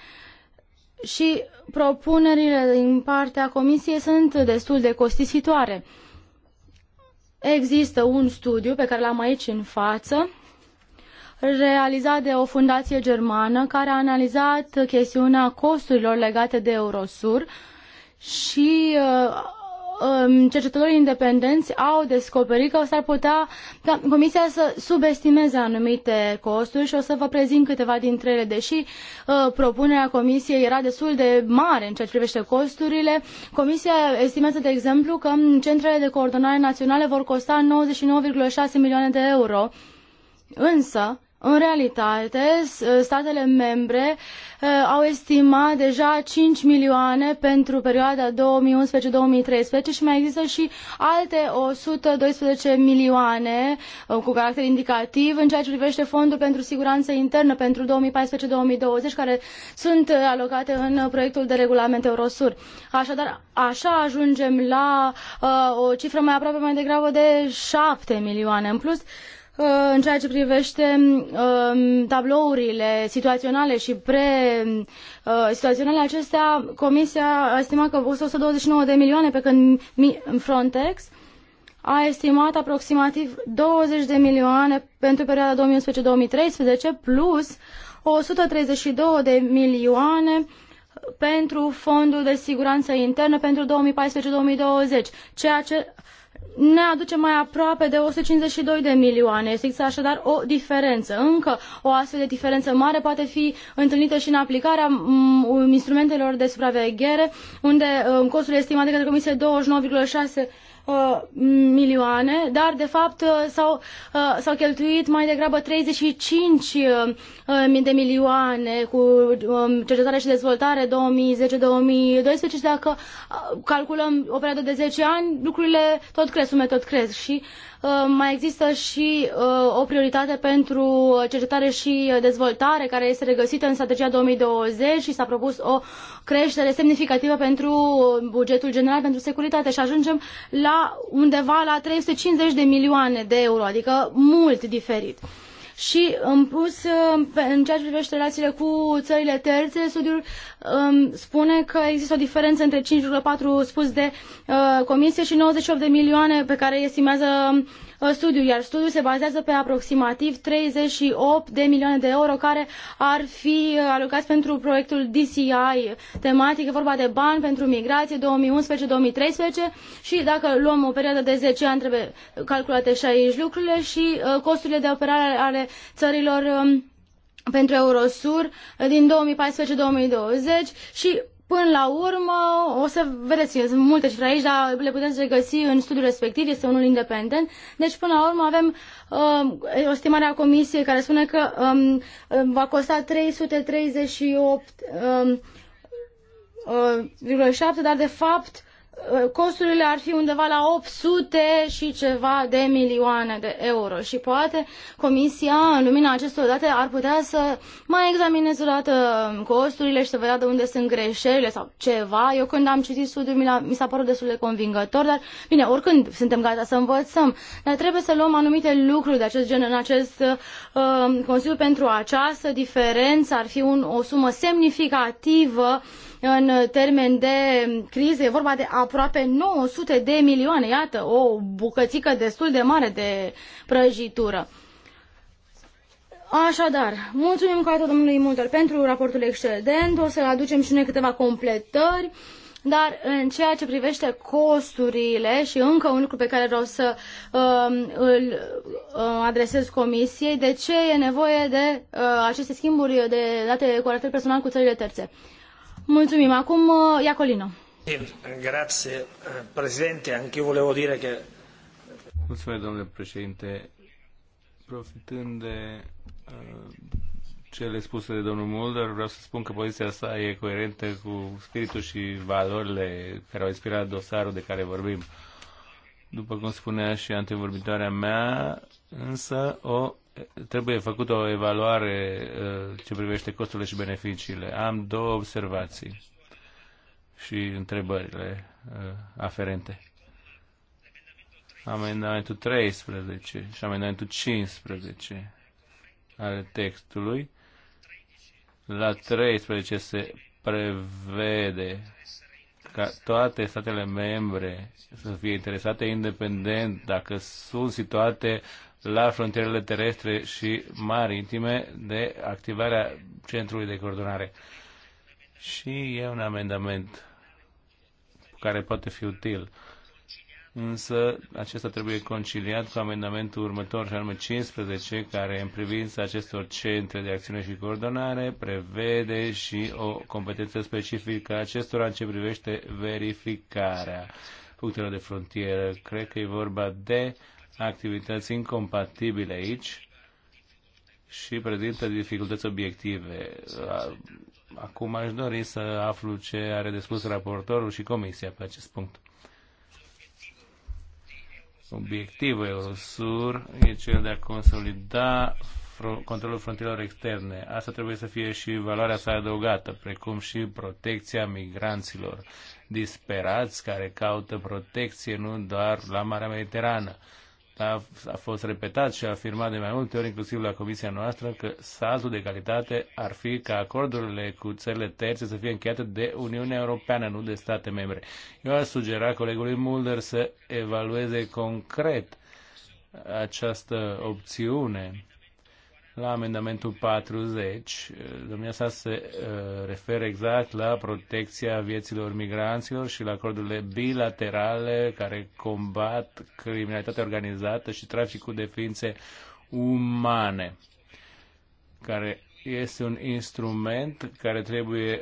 și propunerile din partea Comisiei sunt destul de costisitoare. Există un studiu pe care l-am aici în față, realizat de o fundație germană care a analizat chestiunea costurilor legate de Eurosur și uh, Um, cercetătorii independenți au descoperit că s-ar putea ca Comisia să subestimeze anumite costuri și o să vă prezint câteva dintre ele. Deși uh, propunerea Comisiei era destul de mare în ceea ce privește costurile, Comisia estimează, de exemplu, că centrele de coordonare naționale vor costa 99,6 milioane de euro. Însă, în realitate, ă, statele membre ă, au estimat deja 5 milioane pentru perioada 2011-2013 și mai există și alte 112 milioane ă, cu caracter indicativ în ceea ce privește fondul pentru siguranță internă pentru 2014-2020 care sunt alocate în proiectul de regulament Eurosur. Așadar, așa ajungem la o cifră mai aproape mai degrabă de 7 milioane. În plus, Uh, în ceea ce privește um, tablourile situaționale și pre-situaționale uh, acestea, Comisia a estimat că 129 de milioane, pe când Frontex a estimat aproximativ 20 de milioane pentru perioada 2011-2013, plus 132 de milioane pentru Fondul de Siguranță Internă pentru 2014-2020, ceea ce ne aduce mai aproape de 152 de milioane. Există așadar o diferență. Încă o astfel de diferență mare poate fi întâlnită și în aplicarea mm, instrumentelor de supraveghere, unde uh, costul estimat de către Comisie 29,6 uh, milioane, dar de fapt uh, s-au, uh, s-au cheltuit mai degrabă 35 uh, uh de milioane cu um, cercetare și dezvoltare 2010-2012 și dacă uh, calculăm o perioadă de 10 ani, lucrurile tot cresc, sume tot cresc și uh, Uh, mai există și uh, o prioritate pentru cercetare și dezvoltare care este regăsită în strategia 2020 și s-a propus o creștere semnificativă pentru bugetul general pentru securitate și ajungem la undeva la 350 de milioane de euro, adică mult diferit și, în plus, în ceea ce privește relațiile cu țările terțe, studiul um, spune că există o diferență între 5,4 spus de uh, comisie și 98 de milioane pe care estimează um, Uh, studiu, iar studiul se bazează pe aproximativ 38 de milioane de euro care ar fi alocați pentru proiectul DCI tematic, e vorba de bani pentru migrație 2011-2013 și dacă luăm o perioadă de 10 ani trebuie calculate și aici lucrurile și uh, costurile de operare ale țărilor um, pentru Eurosur din 2014-2020 și Până la urmă, o să vedeți, sunt multe cifre aici, dar le puteți regăsi în studiul respectiv, este unul independent. Deci, până la urmă, avem uh, o stimare a comisiei care spune că um, uh, va costa 338,7, um, uh, dar de fapt Eh, costurile ar fi undeva la 800 și ceva de milioane de euro și poate Comisia, în lumina acestor date, ar putea să mai examineze o dată eh, costurile și să vedea de unde sunt greșelile sau ceva. Eu când am citit studiul mi s-a părut destul de convingător, dar bine, oricând suntem gata să învățăm, dar trebuie să luăm anumite lucruri de acest gen în acest uh, eh, Consiliu pentru această diferență ar fi un, o sumă semnificativă uh, în termen de criză, e vorba de aproape 900 de milioane, iată, o bucățică destul de mare de prăjitură. Așadar, mulțumim încă atât domnului Multor pentru raportul excelent, o să aducem și noi câteva completări, dar în ceea ce privește costurile și încă un lucru pe care vreau să uh, îl uh, adresez comisiei, de ce e nevoie de uh, aceste schimburi de date cu caracter personal cu țările terțe? Uh, Mulțumim. Acum, uh, Iacolino. Grazie, eh, președinte. Anche volevo dire che... Mulțumesc, domnule președinte. Profitând de uh, cele spuse de domnul Mulder, vreau să spun că poziția sa e coerentă cu spiritul și valorile care au inspirat dosarul de care vorbim. După cum spunea și antevorbitoarea mea, însă o trebuie făcută o evaluare uh, ce privește costurile și beneficiile. Am două observații și întrebările uh, aferente. Amendamentul 13 și amendamentul 15 ale textului. La 13 se prevede ca toate statele membre să fie interesate independent dacă sunt situate la frontierele terestre și maritime de activarea Centrului de Coordonare. Și e un amendament care poate fi util. Însă acesta trebuie conciliat cu amendamentul următor, și anume 15, care în privința acestor centre de acțiune și coordonare prevede și o competență specifică acestora în ce privește verificarea punctelor de frontieră. Cred că e vorba de activități incompatibile aici și prezintă dificultăți obiective. Acum aș dori să aflu ce are de spus raportorul și comisia pe acest punct. Obiectivul Eurosur e cel de a consolida controlul frontierelor externe. Asta trebuie să fie și valoarea sa adăugată, precum și protecția migranților disperați care caută protecție nu doar la Marea Mediterană, a, a fost repetat și afirmat de mai multe ori, inclusiv la comisia noastră, că saltul de calitate ar fi ca acordurile cu țările terțe să fie încheiate de Uniunea Europeană, nu de state membre. Eu aș sugera colegului Mulder să evalueze concret această opțiune la amendamentul 40, domnia sa se uh, referă exact la protecția vieților migranților și la acordurile bilaterale care combat criminalitatea organizată și traficul de ființe umane care este un instrument care trebuie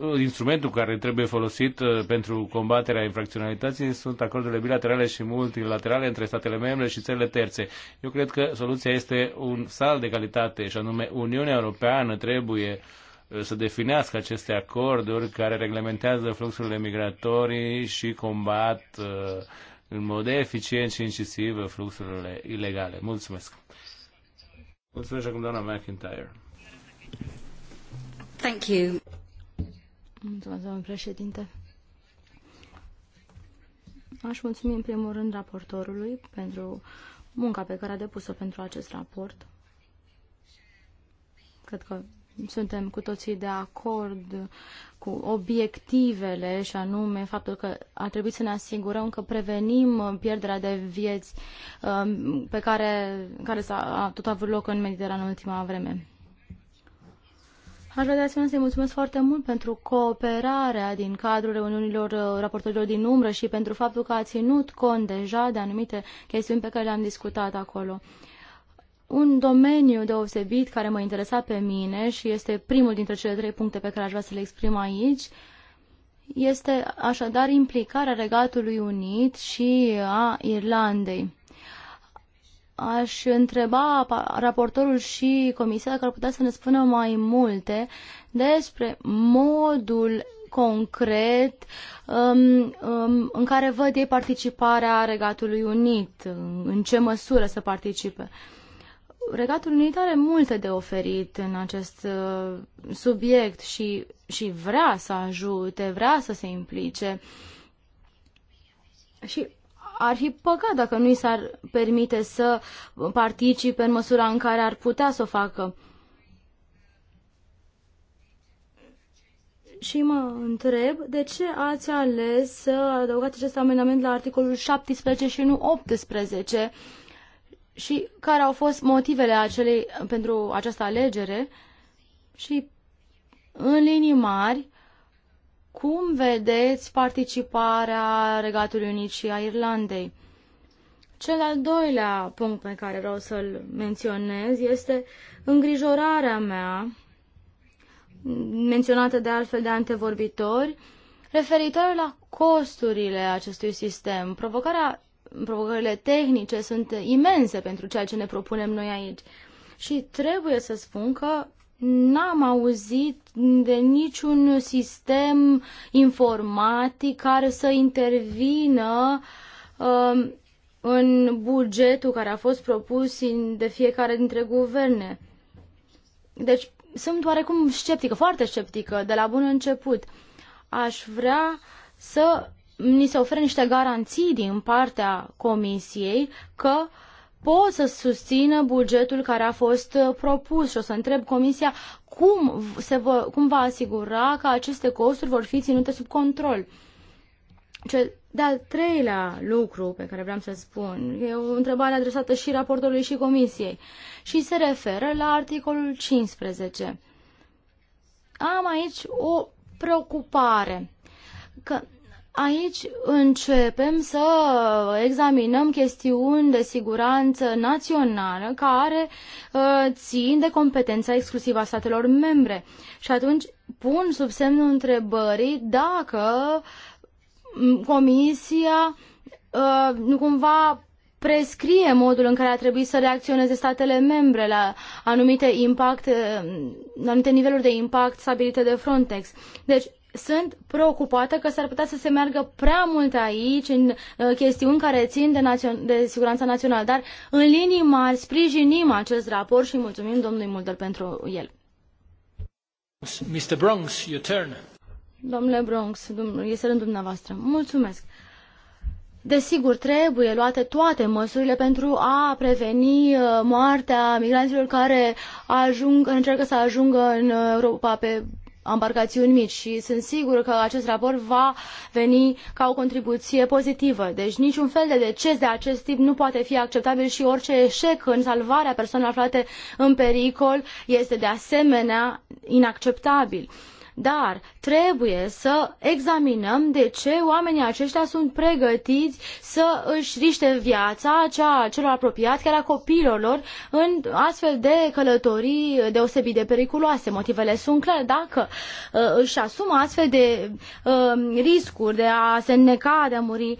uh, instrumentul care trebuie folosit uh, pentru combaterea infracționalității sunt acordurile bilaterale și multilaterale între statele membre și țările terțe. Eu cred că soluția este un sal de calitate și anume Uniunea Europeană trebuie uh, să definească aceste acorduri care reglementează fluxurile migratorii și combat uh, în mod eficient și incisiv fluxurile ilegale. Mulțumesc! Mulțumesc acum doamna McIntyre. Thank you. Mulțumesc, doamnă președinte. Aș mulțumi în primul rând raportorului pentru munca pe care a depus-o pentru acest raport. Cred că suntem cu toții de acord cu obiectivele și anume faptul că ar trebui să ne asigurăm că prevenim uh, pierderea de vieți um, pe care, care s-a tot avut loc în Mediterană în ultima vreme. Aș vrea de asemenea să-i mulțumesc foarte mult pentru cooperarea din cadrul reuniunilor uh, raportorilor din umbră și pentru faptul că a ținut cont deja de anumite chestiuni pe care le-am discutat acolo un domeniu deosebit care mă interesa pe mine și este primul dintre cele trei puncte pe care aș vrea să le exprim aici, este așadar implicarea Regatului Unit și a Irlandei. Aș întreba raportorul și comisia dacă ar putea să ne spună mai multe despre modul concret um, um, în care văd ei participarea Regatului Unit, în ce măsură să participe. Uh, Regatul Unit are multe de oferit în acest uh, subiect și, și vrea să ajute, vrea să se implice. Și ar fi păcat dacă nu i s-ar permite să participe în măsura în care ar putea să o facă. Și mă întreb de ce ați ales să adăugați acest amendament la articolul 17 și nu 18 și care au fost motivele acelei, pentru această alegere și, în linii mari, cum vedeți participarea Regatului Unit și a Irlandei? Cel al doilea punct pe care vreau să-l menționez este îngrijorarea mea, menționată de altfel de antevorbitori, referitoare la costurile acestui sistem. Provocarea provocările tehnice sunt imense pentru ceea ce ne propunem noi aici. Și trebuie să spun că n-am auzit de niciun sistem informatic care să intervină uh, în bugetul care a fost propus de fiecare dintre guverne. Deci sunt oarecum sceptică, foarte sceptică, de la bun început. Aș vrea să ni se oferă niște garanții din partea Comisiei că pot să susțină bugetul care a fost propus și o să întreb Comisia cum, se vă, cum va asigura că aceste costuri vor fi ținute sub control. Ce, de-al treilea lucru pe care vreau să spun e o întrebare adresată și raportului și Comisiei și se referă la articolul 15. Am aici o preocupare că Aici începem să examinăm chestiuni de siguranță națională care uh, țin de competența exclusivă a statelor membre. Și atunci pun sub semnul întrebării dacă mm, Comisia uh, nu cumva prescrie modul în care ar trebui să reacționeze statele membre la anumite impact, uh, la anumite niveluri de impact stabilite de Frontex. Deci, sunt preocupată că s-ar putea să se meargă prea mult aici în uh, chestiuni care țin de, națio- de siguranța națională, dar în linii mari sprijinim acest raport și mulțumim domnului Mulder pentru el. Mr. Bronx, your turn. Domnule Bronx, domnul, este rândul dumneavoastră. Mulțumesc. Desigur, trebuie luate toate măsurile pentru a preveni uh, moartea migranților care ajung, încearcă să ajungă în Europa pe embarcațiuni mici și sunt sigură că acest raport va veni ca o contribuție pozitivă. Deci niciun fel de deces de acest tip nu poate fi acceptabil și orice eșec în salvarea persoanelor aflate în pericol este de asemenea inacceptabil. Uh, dar trebuie să examinăm de ce oamenii aceștia sunt pregătiți să își riște viața, cea a celor apropiați, chiar a copiilor lor, în astfel de călătorii deosebit de periculoase. Motivele sunt clare. Dacă uh, își asumă astfel de uh, riscuri de a se înneca, de a muri,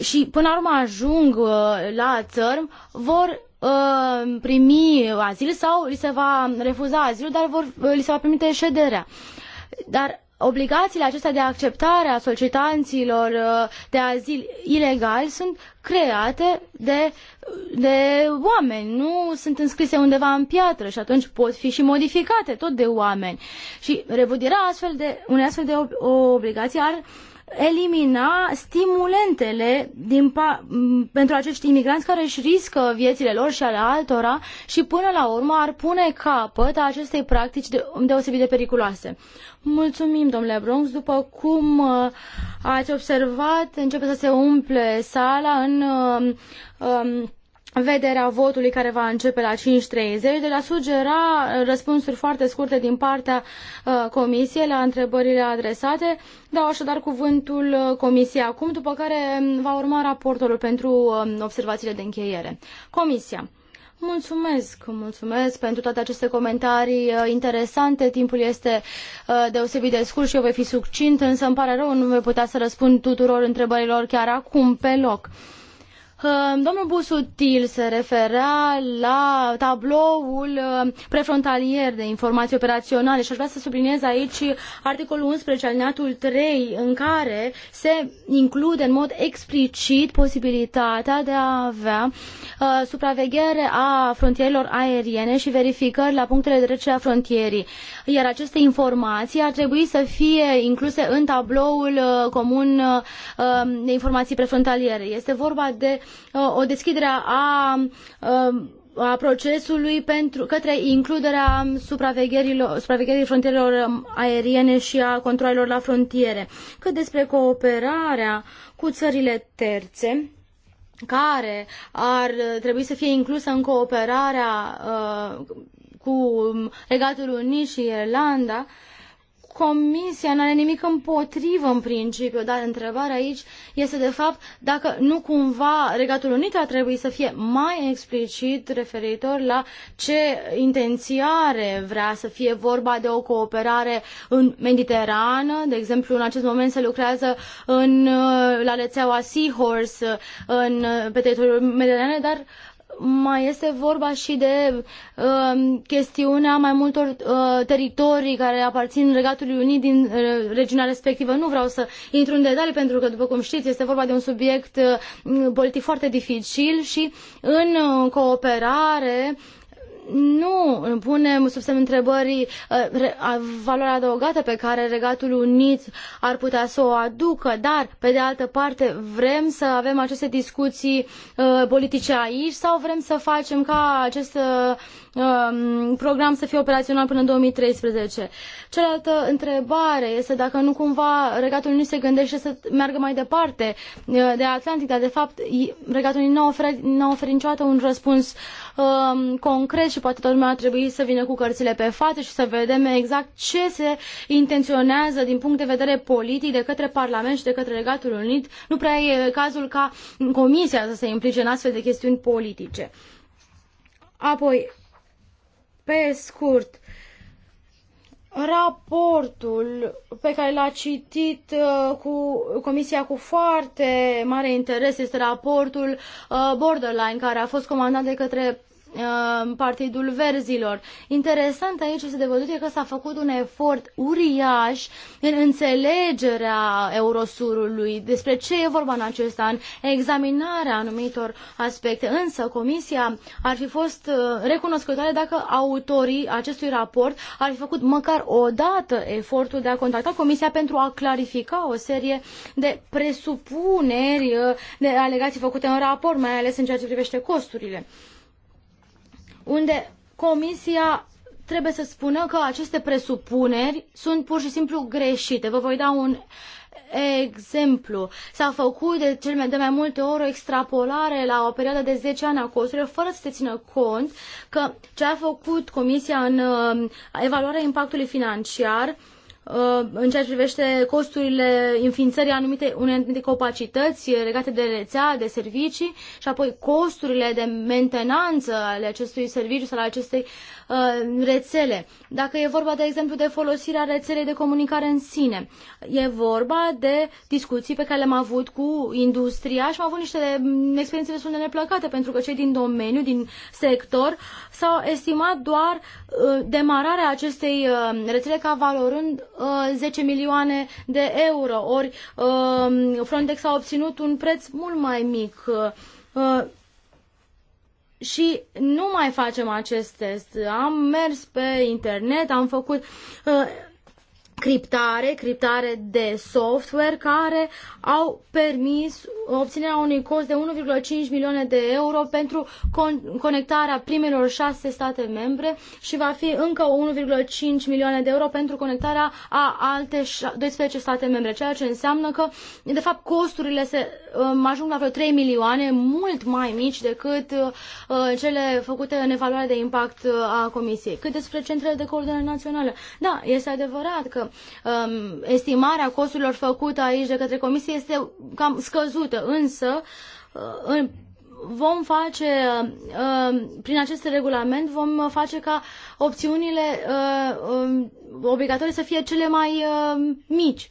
și până la urmă ajung uh, la țărm, vor uh, primi azil sau li se va refuza azilul, dar vor, li se va permite șederea. Uh, dar obligațiile acestea de acceptare a solicitanților uh, de azil ilegal sunt create de, de oameni, nu sunt înscrise undeva în piatră și atunci pot fi și modificate tot de oameni. Și rebudirea astfel de, unei astfel de obligații ar elimina stimulentele din pa- pentru acești imigranți care își riscă viețile lor și ale altora și până la urmă ar pune capăt a acestei practici de- deosebit de periculoase. Mulțumim, domnule Bronx. După cum uh, ați observat, începe să se umple sala în uh, um, vederea votului care va începe la 5.30, de la sugera uh, răspunsuri foarte scurte din partea uh, comisiei la întrebările adresate. Dau așadar cuvântul uh, comisiei acum, după care um, va urma raportorul pentru um, observațiile de încheiere. Comisia. Mulțumesc, mulțumesc pentru toate aceste comentarii interesante. Timpul este deosebit de scurt și eu voi fi succint, însă îmi pare rău, nu voi putea să răspund tuturor întrebărilor chiar acum, pe loc. Domnul Busutil se referea la tabloul uh, prefrontalier de informații operaționale și aș vrea să subliniez aici articolul 11 alineatul 3 în care se include în mod explicit posibilitatea de a avea uh, supraveghere a frontierelor aeriene și verificări la punctele de trecere a frontierii. Iar aceste informații ar trebui să fie incluse în tabloul uh, comun de informații prefrontaliere. Este vorba de o deschidere a, a procesului pentru, către includerea supravegherii frontierelor aeriene și a controlelor la frontiere. Cât despre cooperarea cu țările terțe, care ar trebui să fie inclusă în cooperarea uh, cu Regatul Unit și Irlanda, uh, Comisia nu are nimic împotrivă în principiu, dar întrebarea aici este de fapt dacă nu cumva Regatul Unit ar trebui să fie mai explicit referitor la ce intențiare vrea să fie vorba de o cooperare în Mediterană. De exemplu, în acest moment se lucrează în, la rețeaua Seahorse în, pe teritoriul Mediteranei, dar mai este vorba și de uh, chestiunea mai multor uh, teritorii care aparțin Regatului Unit din uh, regiunea respectivă. Nu vreau să intru în detalii pentru că, după cum știți, este vorba de un subiect uh, politic foarte dificil și în uh, cooperare nu punem sub semn întrebării uh, valoarea adăugată pe care Regatul Unit ar putea să o aducă, dar, pe de altă parte, vrem să avem aceste discuții uh, politice aici sau vrem să facem ca acest uh, Um, program să fie operațional până în 2013. Cealaltă întrebare este dacă nu cumva Regatul Unit se gândește să meargă mai departe uh, de Atlantic, dar de fapt Regatul Unit nu oferă, nu oferă niciodată un răspuns um, concret și poate toată lumea ar trebui să vină cu cărțile pe față și să vedem exact ce se intenționează din punct de vedere politic de către Parlament și de către Regatul Unit. Nu prea e cazul ca Comisia să se implice în astfel de chestiuni politice. Apoi, pe scurt, raportul pe care l-a citit uh, cu comisia cu foarte mare interes este raportul uh, Borderline, care a fost comandat de către Uh, Partidul Verzilor. Interesant aici este de văzut că s-a făcut un efort uriaș în înțelegerea Eurosurului, despre ce e vorba în acest an, examinarea anumitor aspecte. Însă Comisia ar fi fost uh, recunoscătoare dacă autorii acestui raport ar fi făcut măcar o dată efortul de a contacta Comisia pentru a clarifica o serie de presupuneri uh, de alegații făcute în raport, mai ales în ceea ce privește costurile unde Comisia trebuie să spună că aceste presupuneri sunt pur și simplu greșite. Vă voi da un exemplu. S-a făcut de, cel mai, de mai multe ori o extrapolare la o perioadă de 10 ani a costurilor, fără să se țină cont că ce a făcut Comisia în uh, evaluarea impactului financiar uh, Uh, în ceea ce privește costurile înființării anumite, unei anumite capacități legate de rețea, de servicii și apoi costurile de mentenanță ale acestui serviciu sau ale acestei uh, rețele. Dacă e vorba, de exemplu, de folosirea rețelei de comunicare în sine, e vorba de discuții pe care le-am avut cu industria și am avut niște experiențe destul de neplăcate pentru că cei din domeniu, din sector, s-au estimat doar uh, demararea acestei uh, rețele ca valorând 10 uh, milioane de euro, ori um, Frontex a obținut un preț mult mai mic. Uh, și nu mai facem acest test. Am mers pe internet, am făcut uh, criptare, criptare de software care au permis obținerea unui cost de 1,5 milioane de euro pentru con- conectarea primelor șase state membre și va fi încă 1,5 milioane de euro pentru conectarea a alte 12 state membre, ceea ce înseamnă că, de fapt, costurile se um, ajung la vreo 3 milioane, mult mai mici decât uh, cele făcute în evaluarea de impact uh, a Comisiei. Cât despre centrele de coordonare naționale, da, este adevărat că um, estimarea costurilor făcută aici de către comisie este cam scăzută, însă uh, în vom face, uh, prin acest regulament, vom face ca opțiunile uh, um, obligatorii să fie cele mai mici.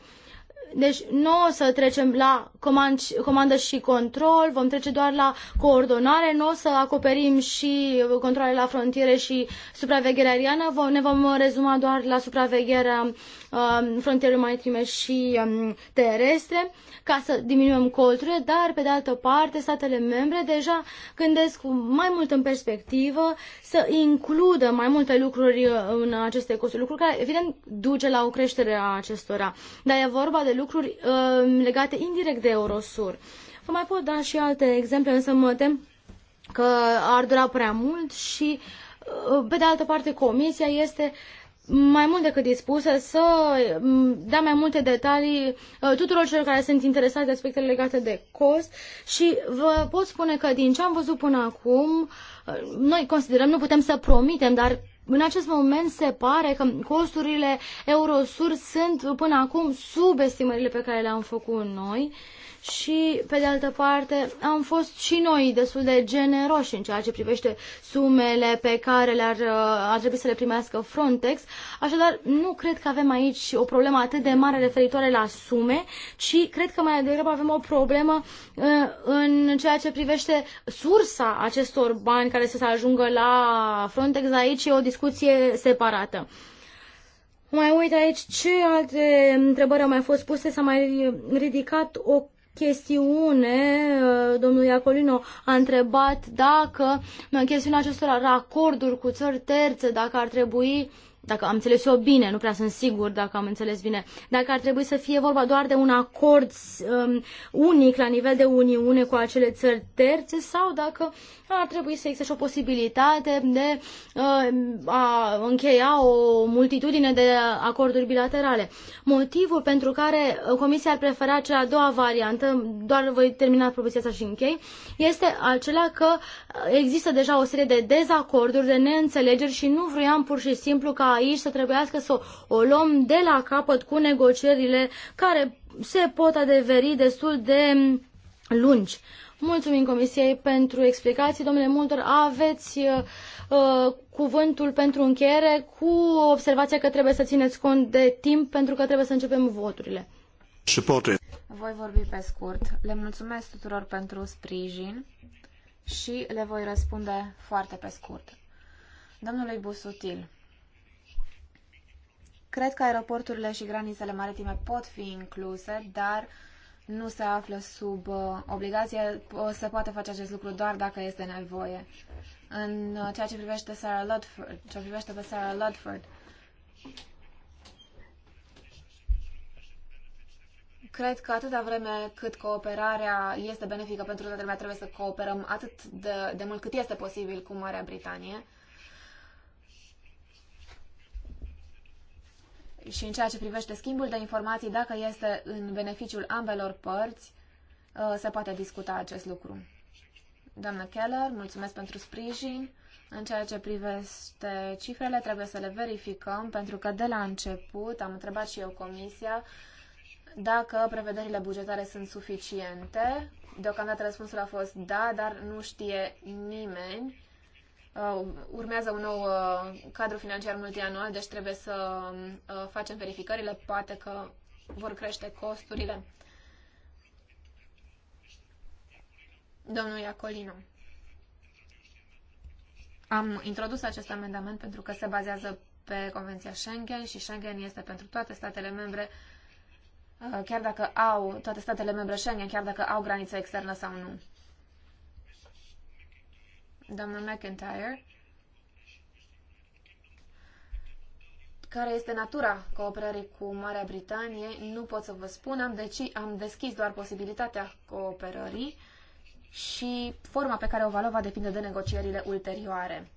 Deci nu o să trecem la comand, comandă și control, vom trece doar la coordonare, nu o să acoperim și controle la frontiere și supravegherea aeriană, vom, ne vom rezuma doar la supravegherea um, frontierei maritime și um, terestre, ca să diminuăm costurile, dar pe de altă parte statele membre deja gândesc mai mult în perspectivă să includă mai multe lucruri uh, în aceste costuri, lucruri care evident duce la o creștere a acestora. Dar e vorba de lucruri lucruri uh, legate indirect de Eurosur. Vă mai pot da și alte exemple, însă mă tem că ar dura prea mult și, uh, pe de altă parte, Comisia este mai mult decât dispusă să um, dea mai multe detalii uh, tuturor celor care sunt interesați de aspectele legate de cost și vă pot spune că din ce am văzut până acum, uh, noi considerăm, nu putem să promitem, dar în acest moment se pare că costurile Eurosur sunt până acum sub estimările pe care le-am făcut noi și, pe de altă parte, am fost și noi destul de generoși în ceea ce privește sumele pe care le-ar uh, ar trebui să le primească Frontex. Așadar, nu cred că avem aici o problemă atât de mare referitoare la sume, ci cred că mai degrabă avem o problemă uh, în ceea ce privește sursa acestor bani care să se ajungă la Frontex. Aici e o discuție separată. Mai uit aici ce alte întrebări au mai fost puse. S-a mai ridicat o chestiune, uh, domnul Iacolino a întrebat dacă în uh, chestiunea acestor racorduri cu țări terțe, dacă ar trebui uh, dacă am înțeles eu bine, nu prea sunt sigur dacă am înțeles bine, dacă ar trebui să fie vorba doar de un acord um, unic la nivel de Uniune cu acele țări terțe sau dacă ar trebui să existe și o posibilitate de uh, a încheia o multitudine de acorduri bilaterale. Motivul pentru care Comisia ar prefera cea a doua variantă, doar voi termina propoziția asta și închei, este acela că există deja o serie de dezacorduri, de neînțelegeri și nu vroiam pur și simplu ca aici să trebuiască să o luăm de la capăt cu negocierile care se pot adeveri destul de lungi. Mulțumim Comisiei pentru explicații. Domnule Multor, aveți uh, uh cuvântul pentru încheiere cu observația că trebuie să țineți cont de timp pentru că trebuie să începem voturile. Voi vorbi pe scurt. Le mulțumesc tuturor pentru sprijin și le voi răspunde foarte pe scurt. Domnului Busutil, Cred că aeroporturile și granițele maritime pot fi incluse, dar nu se află sub uh, obligație. Se poate face acest lucru doar dacă este nevoie. În uh, ceea ce privește Sarah Ludford, ce privește pe Sarah Ludford, Cred că atâta vreme cât cooperarea este benefică pentru toată lumea, trebuie să cooperăm atât de, de mult cât este posibil cu Marea Britanie. și în ceea ce privește schimbul de informații, dacă este în beneficiul ambelor părți, uh, se poate discuta acest lucru. Doamna Keller, mulțumesc pentru sprijin. În ceea ce privește cifrele, trebuie să le verificăm, pentru că de la început am întrebat și eu comisia dacă prevederile bugetare sunt suficiente. Deocamdată răspunsul a fost da, dar nu știe nimeni Uh, urmează un nou uh, cadru financiar multianual, deci trebuie să uh, facem verificările, poate că vor crește costurile. Domnul Iacolino. Am introdus acest amendament pentru că se bazează pe Convenția Schengen și Schengen este pentru toate statele membre, chiar dacă au, toate statele membre Schengen, chiar dacă au graniță externă sau nu doamna McIntyre, care este natura cooperării cu Marea Britanie, nu pot să vă spun, am, deci, am deschis doar posibilitatea cooperării și forma pe care o va lua va depinde de negocierile ulterioare.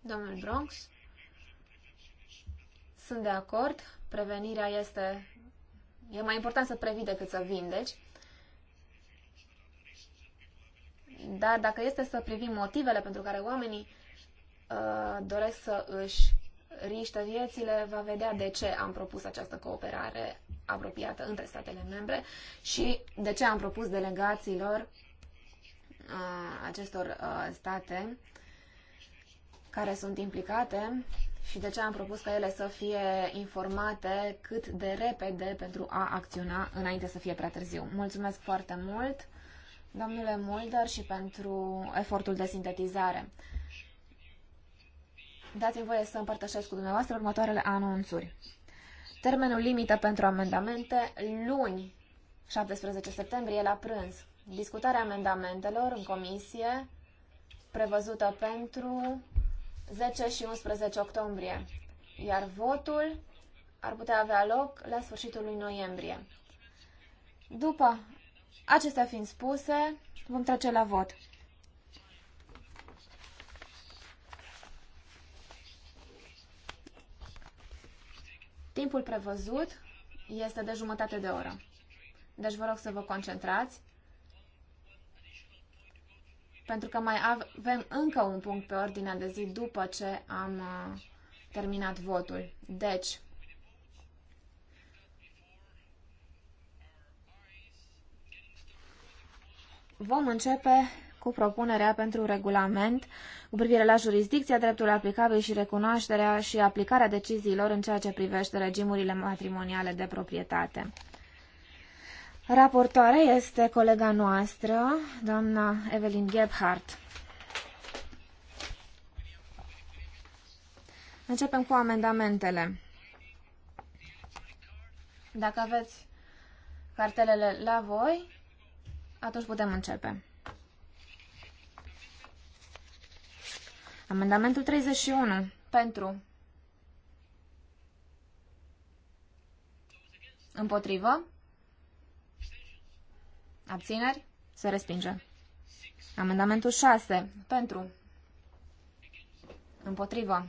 Domnul Bronx, sunt de acord, prevenirea este... E mai important să previi decât să vindeci. Dar dacă este să privim motivele pentru care oamenii uh, doresc să își riște viețile, va vedea de ce am propus această cooperare apropiată între statele membre și de ce am propus delegațiilor uh, acestor uh, state care sunt implicate și de ce am propus ca ele să fie informate cât de repede pentru a acționa înainte să fie prea târziu. Mulțumesc foarte mult! domnule Mulder, și pentru efortul de sintetizare. Dați-mi voie să împărtășesc cu dumneavoastră următoarele anunțuri. Termenul limită pentru amendamente, luni, 17 septembrie, la prânz. Discutarea amendamentelor în comisie, prevăzută pentru 10 și 11 octombrie, iar votul ar putea avea loc la sfârșitul lui noiembrie. După Acestea fiind spuse, vom trece la vot. Timpul prevăzut este de jumătate de oră. Deci vă rog să vă concentrați, pentru că mai avem încă un punct pe ordinea de zi după ce am uh, terminat votul. Deci, Vom începe cu propunerea pentru regulament cu privire la jurisdicția, dreptul aplicabil și recunoașterea și aplicarea deciziilor în ceea ce privește regimurile matrimoniale de proprietate. Raportoarea este colega noastră, doamna Evelyn Gebhardt. Începem cu amendamentele. Dacă aveți cartelele la voi, atunci putem începe. Amendamentul 31. Pentru. Împotrivă. Abțineri. Se respinge. Amendamentul 6. Pentru. Împotrivă.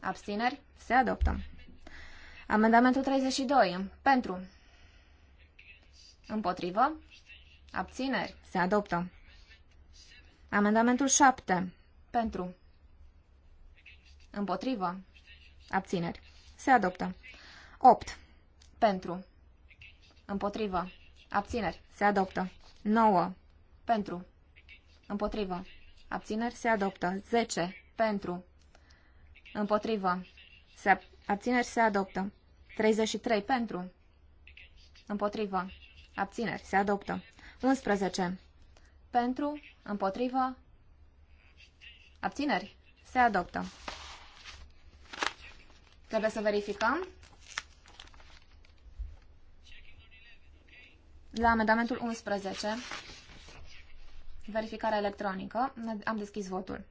Abțineri. Se adoptă. Amendamentul 32. Pentru. Împotrivă. Abțineri. Se adoptă. Amendamentul 7. Pentru. Împotrivă. Abțineri. Se adoptă. 8. Pentru. Împotrivă. Abțineri. Se adoptă. 9. Pentru. Împotrivă. Abțineri. Se adoptă. 10. Pentru. Împotrivă. Se abțineri. Se adoptă. 33. Pentru. Împotrivă. Abțineri. Se adoptă. 11. Pentru, împotrivă, abțineri, se adoptă. Trebuie să verificăm. La amendamentul 11, verificare electronică, am deschis votul.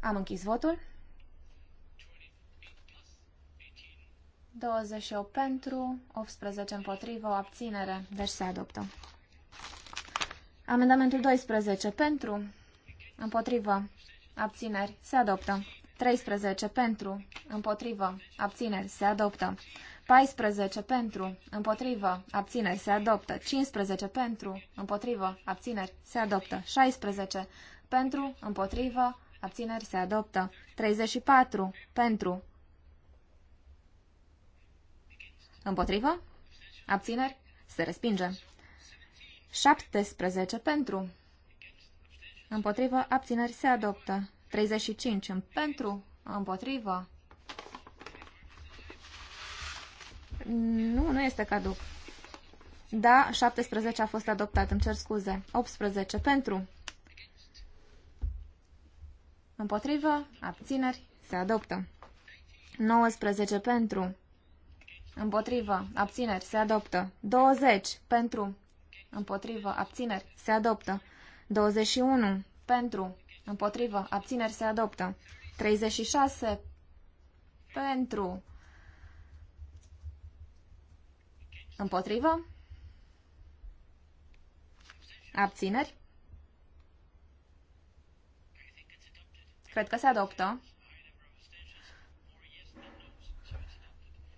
Am închis votul. 28 pentru, 18 împotrivă, o abținere, deci se adoptă. Amendamentul 12 pentru, împotrivă, abțineri, se adoptă. 13 pentru, împotrivă, abțineri, se adoptă. 14 pentru, împotrivă, abțineri, se adoptă. 15 pentru, împotrivă, abțineri, se adoptă. 16 pentru, împotrivă, abțineri, se adoptă. 34 pentru, Împotrivă? Abțineri? Se respinge. 17 pentru. Împotrivă, abțineri se adoptă. 35 pentru, împotrivă. Nu, nu este caduc. Da, 17 a fost adoptat, îmi cer scuze. 18 pentru. Împotrivă, abțineri, se adoptă. 19 pentru. Împotrivă. Abțineri. Se adoptă. 20. Pentru. Împotrivă. Abțineri. Se adoptă. 21. Pentru. Împotrivă. Abțineri. Se adoptă. 36. Pentru. Împotrivă. Abțineri. Cred că se adoptă.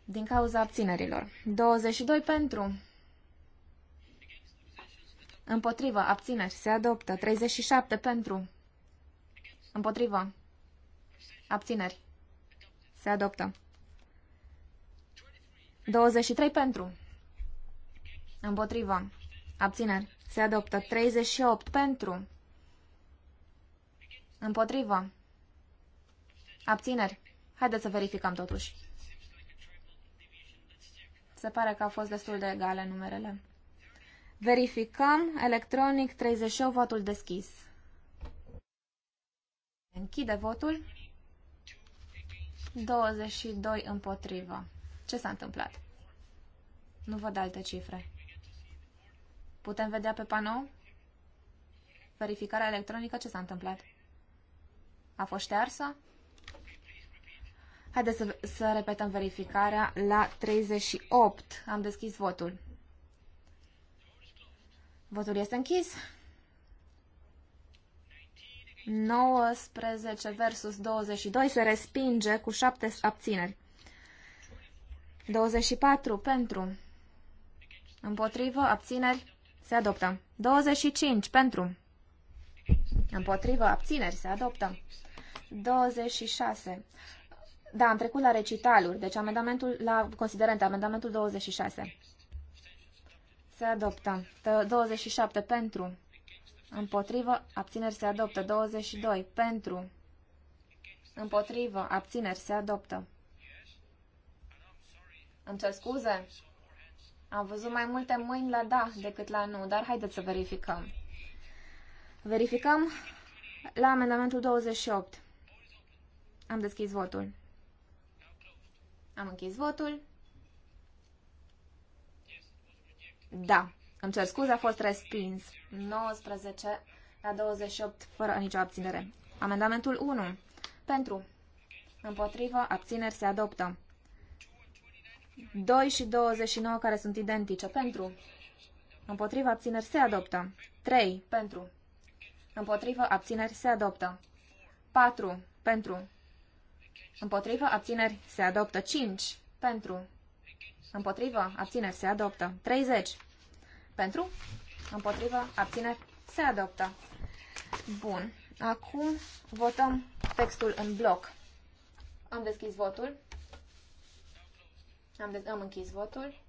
din cauza abținerilor. 22 pentru. Împotrivă, abțineri, se adoptă. 37 pentru. Împotrivă, abțineri, se adoptă. 23 pentru. Împotrivă, abțineri, se adoptă. 38 pentru. Împotrivă, abțineri. Haideți să verificăm totuși. Se pare că au fost destul de egale numerele. Verificăm electronic 38 votul deschis. Închide votul. 22 împotrivă. Ce s-a întâmplat? Nu văd alte cifre. Putem vedea pe panou? Verificarea electronică ce s-a întâmplat? A fost ștearsă? Haideți să, să repetăm verificarea la 38. Am deschis votul. Votul este închis. 19 versus 22 se respinge cu 7 abțineri. 24 pentru. Împotrivă, abțineri, se adoptă. 25 pentru. Împotrivă, abțineri, se adoptă. 26 da, am trecut la recitaluri, deci amendamentul, la considerente, amendamentul 26. Se adoptă. 27 pentru. Împotrivă, abțineri se adoptă. 22 pentru. Împotrivă, abțineri se adoptă. Îmi cer scuze? Am văzut mai multe mâini la da decât la nu, dar haideți să verificăm. Verificăm la amendamentul 28. Am deschis votul. Am închis votul. Da, îmi cer scuze, a fost respins. 19 la 28 fără nicio abținere. Amendamentul 1. Pentru. Împotrivă, abțineri se adoptă. 2 și 29 care sunt identice. Pentru. Împotrivă, abțineri se adoptă. 3. Pentru. Împotrivă, abțineri se adoptă. 4. Pentru. Împotrivă, abțineri, se adoptă. 5. Pentru. Împotrivă, abțineri, se adoptă. 30. Pentru. Împotrivă, abțineri, se adoptă. Bun. Acum votăm textul în bloc. Am deschis votul. Am, de- am închis votul.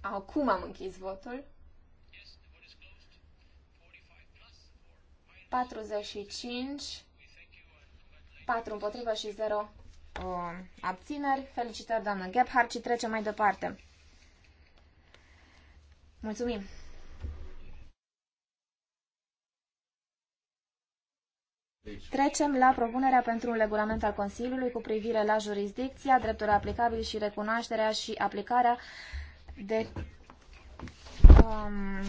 Acum am închis votul. 45, 4 împotrivă și 0 uh, abțineri. Felicitări, doamnă Gebhardt, și trecem mai departe. Mulțumim! Trecem la propunerea pentru un regulament al Consiliului cu privire la jurisdicția, drepturile aplicabile și recunoașterea și aplicarea de um,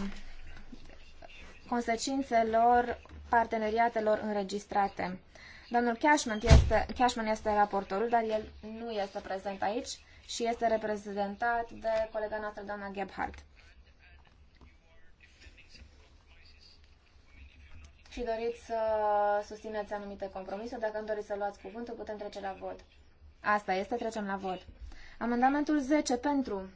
consecințelor parteneriatelor înregistrate. Domnul Cashman este, Cashman este raportorul, dar el nu este prezent aici și este reprezentat de colega noastră, doamna Gebhardt. Și doriți să susțineți anumite compromisuri, dacă îmi doriți să luați cuvântul, putem trece la vot. Asta este, trecem la vot. Amendamentul 10 pentru.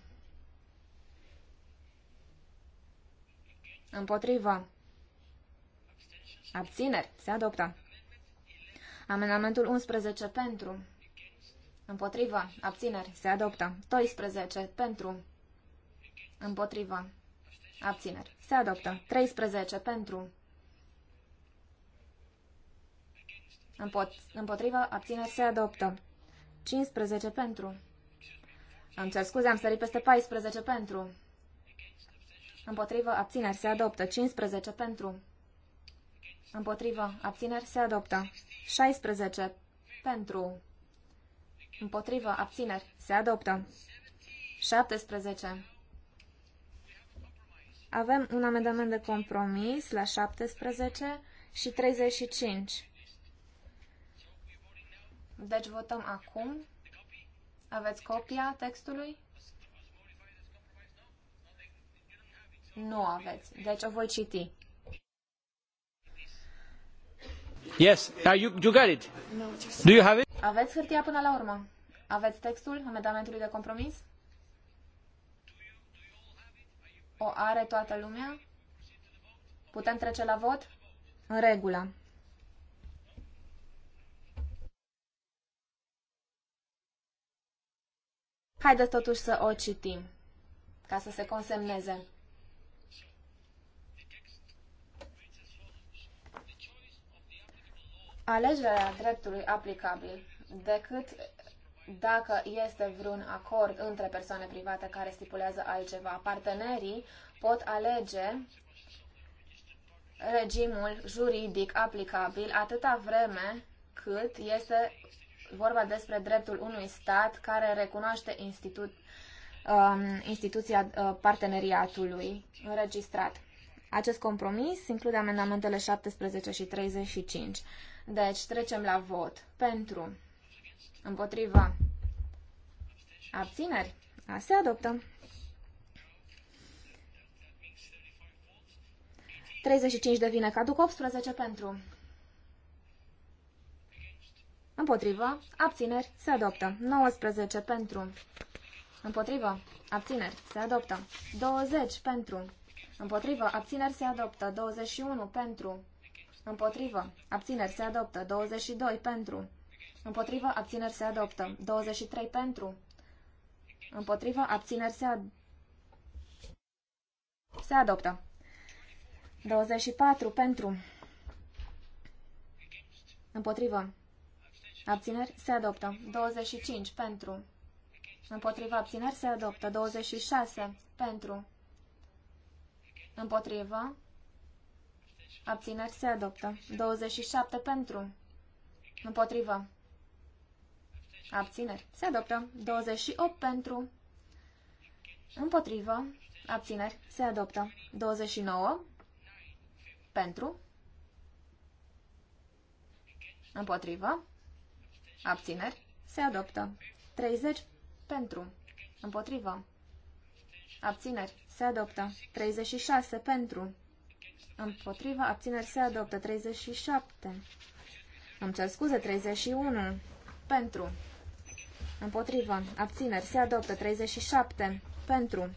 Împotrivă. Abțineri. Se adoptă. Amendamentul 11 pentru. Împotrivă. Abțineri. Se adoptă. 12 pentru. Împotrivă. Abțineri. Se adoptă. 13 pentru. Împotrivă. Abțineri. Se adoptă. 15 pentru. Am cer scuze, am sărit peste 14 pentru. Împotrivă. Abțineri. Se adoptă. 15 pentru. Împotrivă. Abțineri se adoptă. 16. Pentru. Împotrivă. Abțineri se adoptă. 17. Avem un amendament de compromis la 17 și 35. Deci votăm acum. Aveți copia textului? Nu aveți. Deci o voi citi. Yes, uh, you, you got it. Do you have it? Aveți hârtia până la urmă. Aveți textul amendamentului de compromis? O are toată lumea? Putem trece la vot? În regulă. Haideți totuși să o citim, ca să se consemneze. alegerea dreptului aplicabil decât dacă este vreun acord între persoane private care stipulează altceva. Partenerii pot alege regimul juridic aplicabil atâta vreme cât este vorba despre dreptul unui stat care recunoaște institu- um, instituția uh, parteneriatului înregistrat. Acest compromis include amendamentele 17 și 35. Deci, trecem la vot. Pentru, împotriva, abțineri, a, se adoptă. 35 devine caduc, 18 pentru. Împotriva. abțineri, se adoptă. 19 pentru. Împotrivă, abțineri, se adoptă. 20 pentru. Împotrivă, abțineri, se adoptă. 21 pentru. Împotrivă. Abțineri se adoptă. 22 pentru. Împotrivă. Abțineri se adoptă. 23 pentru. Împotrivă. Abțineri se, ad... se adoptă. 24 pentru. Împotrivă. Abțineri se adoptă. 25 pentru. Împotrivă abțineri se adoptă. 26 pentru. Împotrivă Abțineri se adoptă. 27 pentru. Împotrivă. Abțineri. Se adoptă. 28 pentru. Împotrivă. Abțineri. Se adoptă. 29 pentru. Împotrivă. Abțineri. Se adoptă. 30 pentru. Împotrivă. Abțineri. Se adoptă. 36 pentru. Împotriva abțineri se adoptă 37. Îmi cer scuze, 31. Pentru. Împotriva abțineri se adoptă 37. Pentru.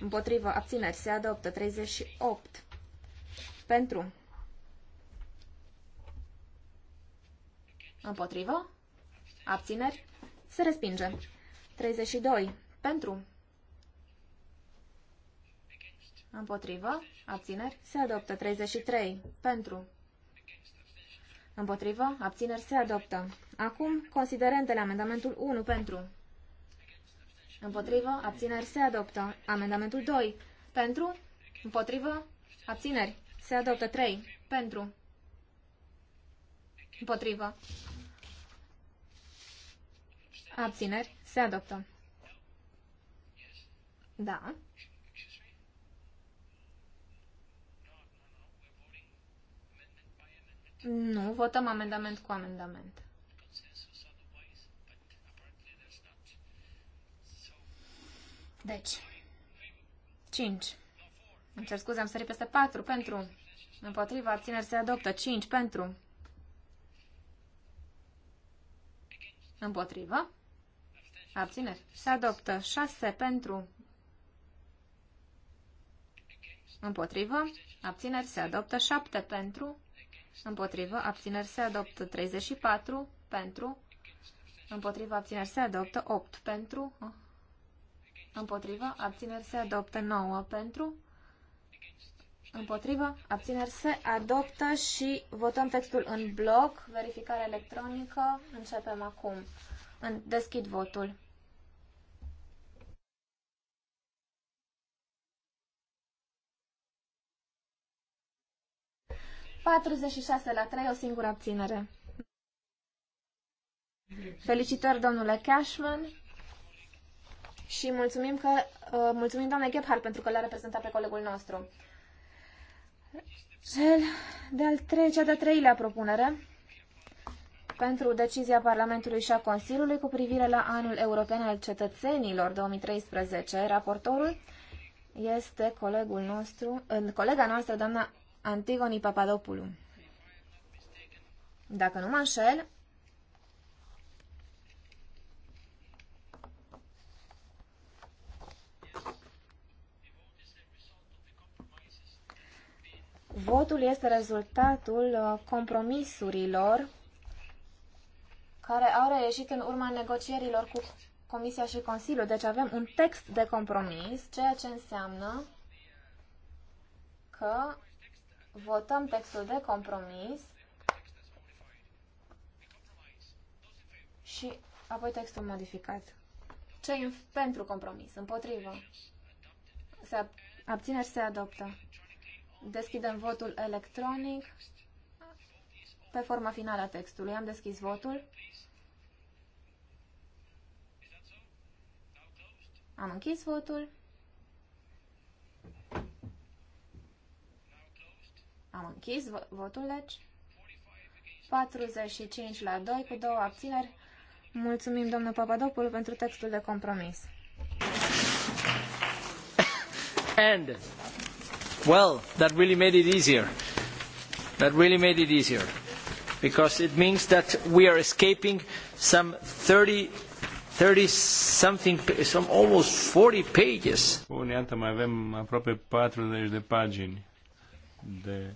Împotriva abțineri se adoptă 38. Pentru. Împotriva. Abțineri? Se respinge. 32. Pentru. Împotrivă. Abțineri. Se adoptă. 33. Pentru. Împotrivă. Abțineri. Se adoptă. Acum, considerentele. Amendamentul 1. Pentru. Împotrivă. Abțineri. Se adoptă. Amendamentul 2. Pentru. Împotrivă. Abțineri. Se adoptă. 3. Pentru. Împotrivă. Abțineri. Se adoptă. Da. Nu, votăm amendament cu amendament. Deci, 5. Îmi cer scuze, am sărit peste 4. Pentru. Împotriva, abțineri se adoptă. 5. Pentru. Împotriva. Abțineri. Se adoptă. 6. Pentru. Împotrivă. Abțineri. Se adoptă. 7. Pentru. Împotrivă. Abțineri se adoptă 34 pentru. Împotrivă. Abțineri se adoptă 8 pentru. Împotrivă. Abțineri se adoptă 9 pentru. Împotrivă. Abțineri se adoptă și votăm textul în bloc. Verificare electronică. Începem acum. Deschid votul. 46 la 3, o singură abținere. Felicitări, domnule Cashman. Și mulțumim că uh, mulțumim doamnei Gebhardt pentru că l-a reprezentat pe colegul nostru. Cel de-al trei, cea de-a treilea propunere pentru decizia Parlamentului și a Consiliului cu privire la anul european al cetățenilor 2013. Raportorul este colegul nostru, colega noastră, doamna Antigoni Papadopoulou. Dacă nu mă înșel, Votul este rezultatul uh, compromisurilor care au reieșit în urma negocierilor cu Comisia și Consiliul. Deci avem un text de compromis, ceea ce înseamnă că Votăm textul de compromis și apoi textul modificat. Ce pentru compromis? Împotrivă. Se abține și se adoptă. Deschidem votul electronic pe forma finală a textului. Am deschis votul. Am închis votul. Am închis votul, deci. 45 la 2 cu două abțineri. Mulțumim, domnul Papadopoulou, pentru textul de compromis. And, well, that really made it easier. That really made it easier. Because it means that we are escaping some 30 30 something, some almost 40 pages. Bun, iată, mai avem aproape 40 de pagini de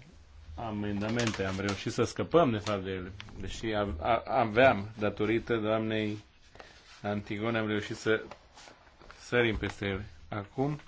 amendamente. Am reușit să scăpăm, de fapt, de ele. Deși aveam, datorită doamnei Antigone, am reușit să sărim peste ele. Acum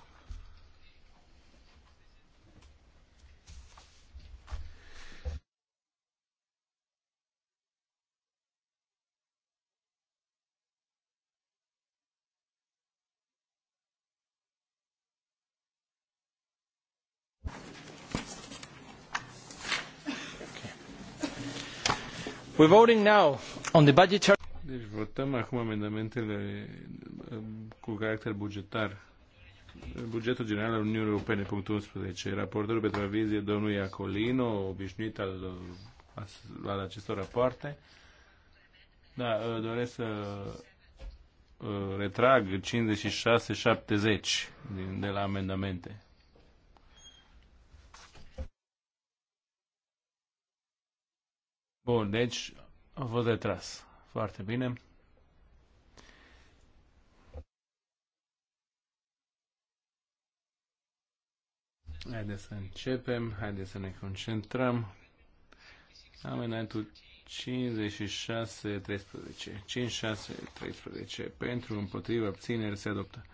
We're voting now on the budgetary... Deci votăm acum amendamentele um, cu caracter bugetar. Bugetul general al Uniunii Europene, punctul 11. Raportorul pentru avizie, domnul Iacolino, obișnuit al, al acestor rapoarte. Da, uh, doresc să uh, retrag 56-70 de la amendamente. Bun, deci a fost retras. Foarte bine. Haideți să începem, haideți să ne concentrăm. Am Amendatul 56, 13. 56, 13. Pentru, împotriva, abțineri, se adoptă.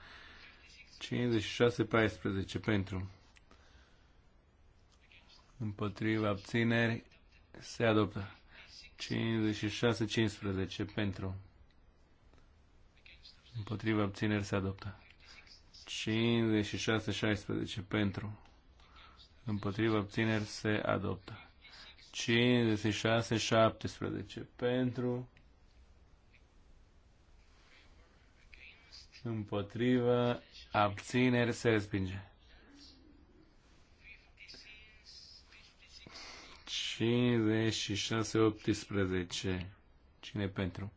56, 14. Pentru. Împotriva, abțineri, se adoptă. 56-15 pentru. Împotriva abțineri se adoptă. 56-16 pentru. Împotriva abțineri se adoptă. 56-17 pentru. Împotriva abțineri se respinge. 56-17. 56, 18. Cine pentru?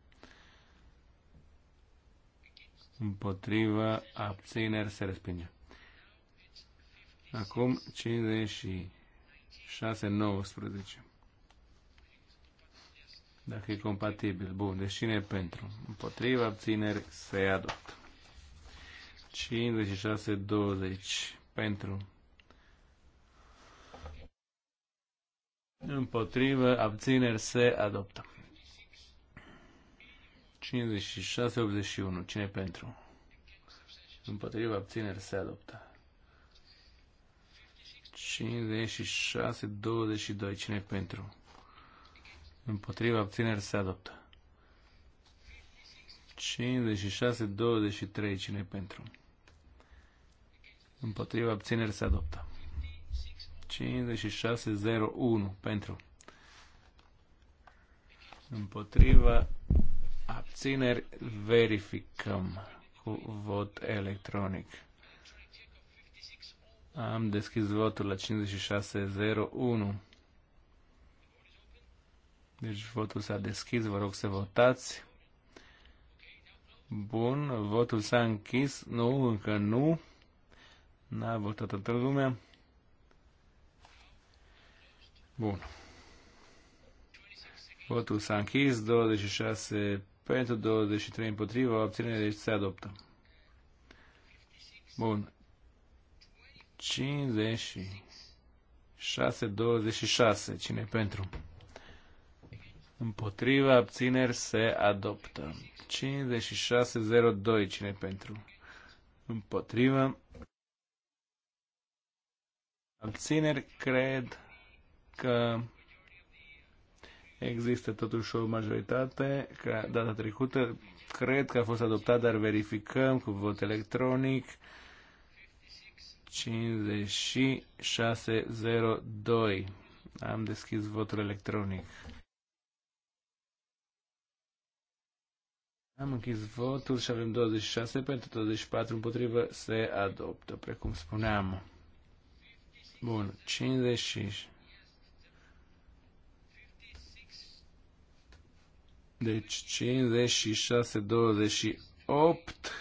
Împotriva, abțineri, se respinge. Acum 56, 19. Dacă e compatibil. Bun, deci cine e pentru? Împotriva, abțineri, se adoptă. 56, 20. Pentru Împotrivă, abțineri, se adoptă. 56-81. Cine pentru? Împotrivă, abțineri, se adoptă. 56-22. Cine pentru? Împotrivă, abțineri, se adoptă. 56-23. Cine pentru? Împotrivă, abțineri, se adoptă. 5601 pentru. Împotriva abțineri verificăm cu vot electronic. Am deschis votul la 5601. Deci votul s-a deschis, vă rog să votați. Bun, votul s-a închis. Nu, încă nu. N-a votat toată lumea. Bun. Votul s-a închis, 26 pentru, 23 împotriva, Obținerea deci se adoptă. Bun. 56, 26. Cine pentru? Împotriva, abțineri, se adoptă. 56, 02. Cine pentru? Împotriva. Abțineri, cred că există totuși o majoritate, că data trecută cred că a fost adoptat, dar verificăm cu vot electronic 5602. Am deschis votul electronic. Am închis votul și avem 26 pentru 24 împotrivă. Se adoptă, precum spuneam. Bun, 56. Deci 56, 28,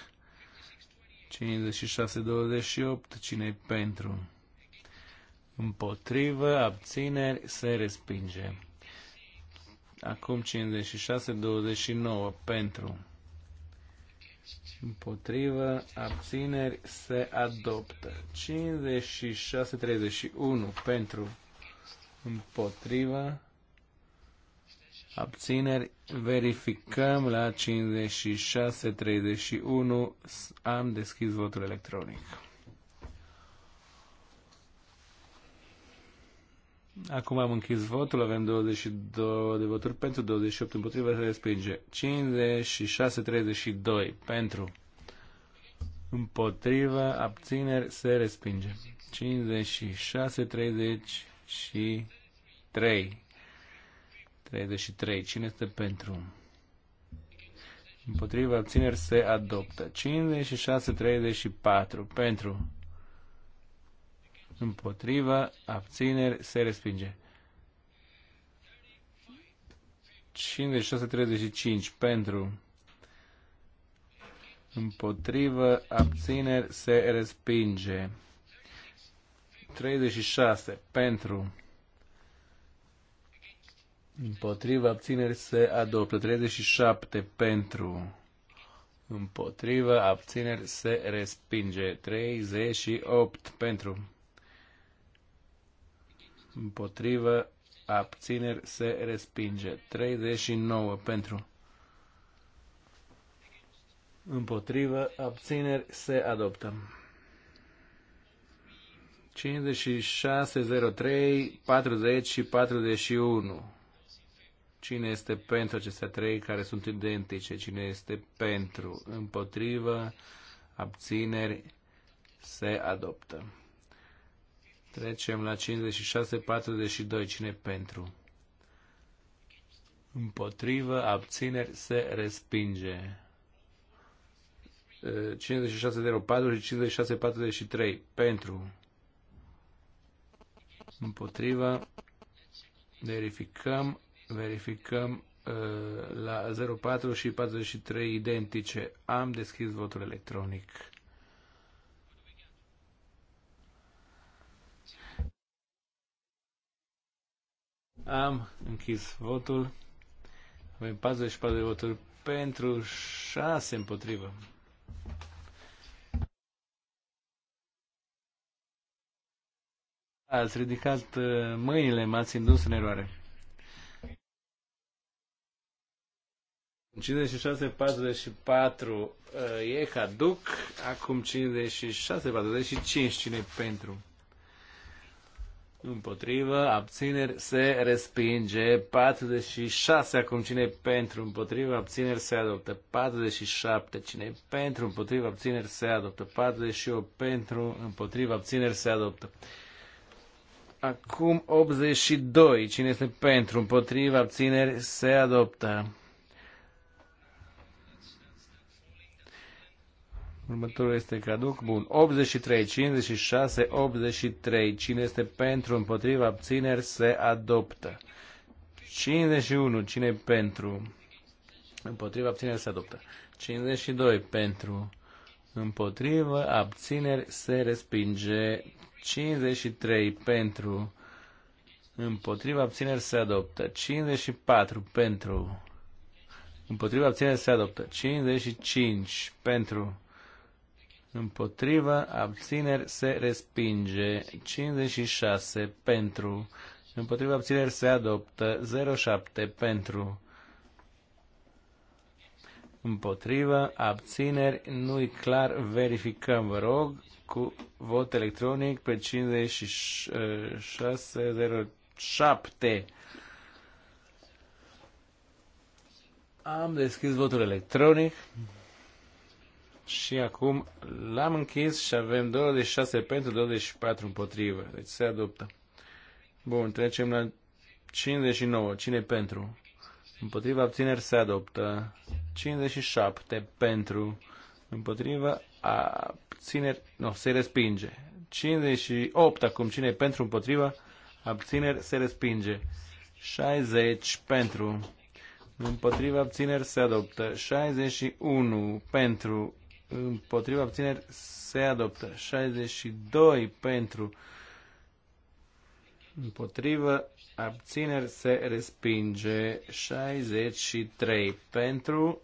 56, 28, cine e pentru? Împotrivă, abțineri, se respinge. Acum 56, 29, pentru. Împotrivă, abțineri, se adoptă. 56, 31, pentru. Împotrivă, abțineri, verificăm la 5631. am deschis votul electronic. Acum am închis votul, avem 22 de voturi pentru, 28 împotriva, se respinge. 5632 pentru, împotriva, abțineri, se respinge. 5633. 33. Cine este pentru? Împotriva abțineri se adoptă. 56-34. Pentru. Împotriva abțineri se respinge. 56-35. Pentru. Împotrivă, abțineri, se respinge. 36. Pentru. Împotriva abțineri se adoptă. 37 pentru. Împotriva abțineri se respinge. 38 pentru. Împotriva abțineri se respinge. 39 pentru. Împotriva abțineri se adoptă. 56, 03, 40 și 41. Cine este pentru acestea trei care sunt identice? Cine este pentru? Împotrivă? Abțineri? Se adoptă. Trecem la 56-42. Cine pentru? Împotrivă, abțineri, se respinge. 56-04 și 56-43. Pentru. Împotrivă. Verificăm verificăm uh, la 04 și 43 identice. Am deschis votul electronic. Am închis votul. Avem 44 de voturi pentru 6 împotrivă. Ați ridicat uh, mâinile, m-ați indus în eroare. 5644 uh, e caduc, acum 56-45 cine pentru? Împotrivă, abțineri se respinge. 46 acum cine pentru, împotrivă, abțineri se adoptă. 47 cine pentru, împotrivă, abțineri se adoptă. 48 pentru, împotrivă, abțineri se adoptă. Acum 82 cine este pentru, împotrivă, abțineri se adoptă. Următorul este caduc. Bun. 83, 56, 83. Cine este pentru, împotriva, abțineri, se adoptă. 51. Cine pentru? Împotriva, abțineri, se adoptă. 52. Pentru. împotriva abțineri, se respinge. 53. Pentru. Împotriva, abțineri, se adoptă. 54. Pentru. Împotriva, abțineri, se adoptă. 55. Pentru împotriva, abțineri, se respinge. 56 pentru, împotriva, abțineri, se adoptă. 07 pentru, împotriva, abțineri, nu-i clar, verificăm, vă rog, cu vot electronic pe 5607. Am deschis votul electronic. Și acum l-am închis și avem 26 pentru, 24 împotrivă. Deci se adoptă. Bun, trecem la 59. Cine pentru? Împotriva abțineri se adoptă. 57 pentru. Împotriva abțineri. Nu, se respinge. 58 acum. Cine pentru? Împotriva abțineri se respinge. 60 pentru. Împotriva abțineri se adoptă. 61 pentru împotriva abțineri se adoptă. 62 pentru împotrivă abțineri se respinge. 63 pentru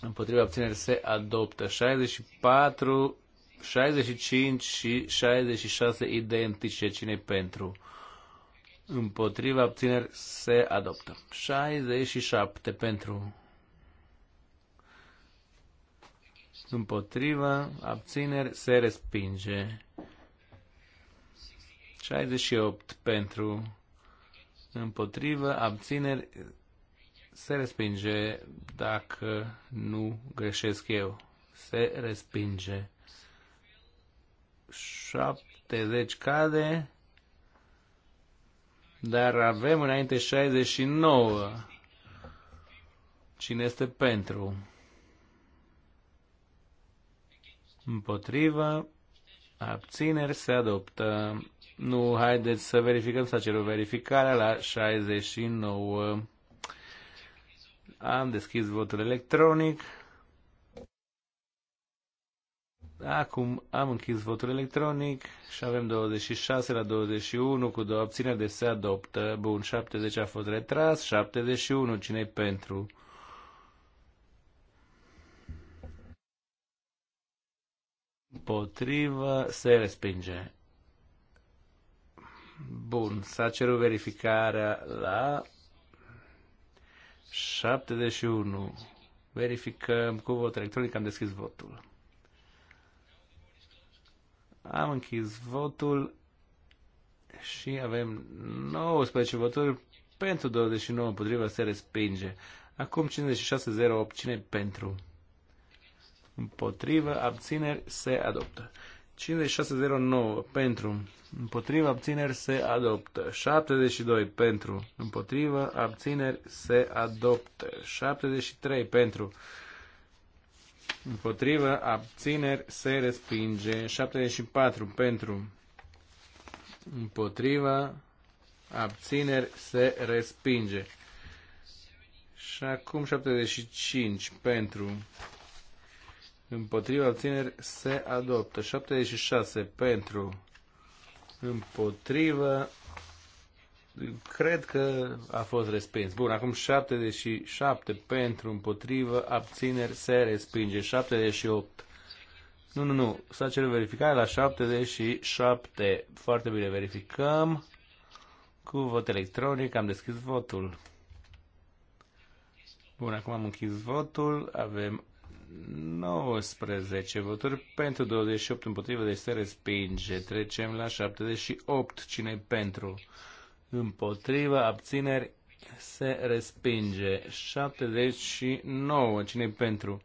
împotriva abțineri se adoptă. 64 65 și 66 identice cine pentru împotriva abțineri se adoptă. 67 pentru împotriva, abțineri, se respinge. 68 pentru, împotriva, abțineri, se respinge, dacă nu greșesc eu. Se respinge. 70 cade, dar avem înainte 69. Cine este pentru? împotrivă, abțineri se adoptă. Nu, haideți să verificăm, să cerut verificarea la 69. Am deschis votul electronic. Acum am închis votul electronic și avem 26 la 21 cu două abțineri de se adoptă. Bun, 70 a fost retras, 71 cine pentru? Împotrivă se respinge. Bun, s-a cerut verificarea la 71. Verificăm cu vot electronic, am deschis votul. Am închis votul și avem 19 voturi pentru 29 împotriva se respinge. Acum 56-08, cine pentru? împotrivă, abțineri, se adoptă. 5609 pentru, împotrivă, abțineri, se adoptă. 72 pentru, împotrivă, abțineri, se adoptă. 73 pentru, împotrivă, abțineri, se respinge. 74 pentru, împotrivă, abțineri, se respinge. Și acum 75 pentru împotriva abțineri se adoptă. 76 pentru împotriva cred că a fost respins. Bun, acum 77 pentru împotrivă, abțineri se respinge. 78. Nu, nu, nu. S-a cerut verificare la 77. Foarte bine, verificăm. Cu vot electronic am deschis votul. Bun, acum am închis votul. Avem 19 voturi pentru 28 împotrivă, deci se respinge. Trecem la 78. Cine pentru? Împotrivă, abțineri, se respinge. 79. Cine pentru?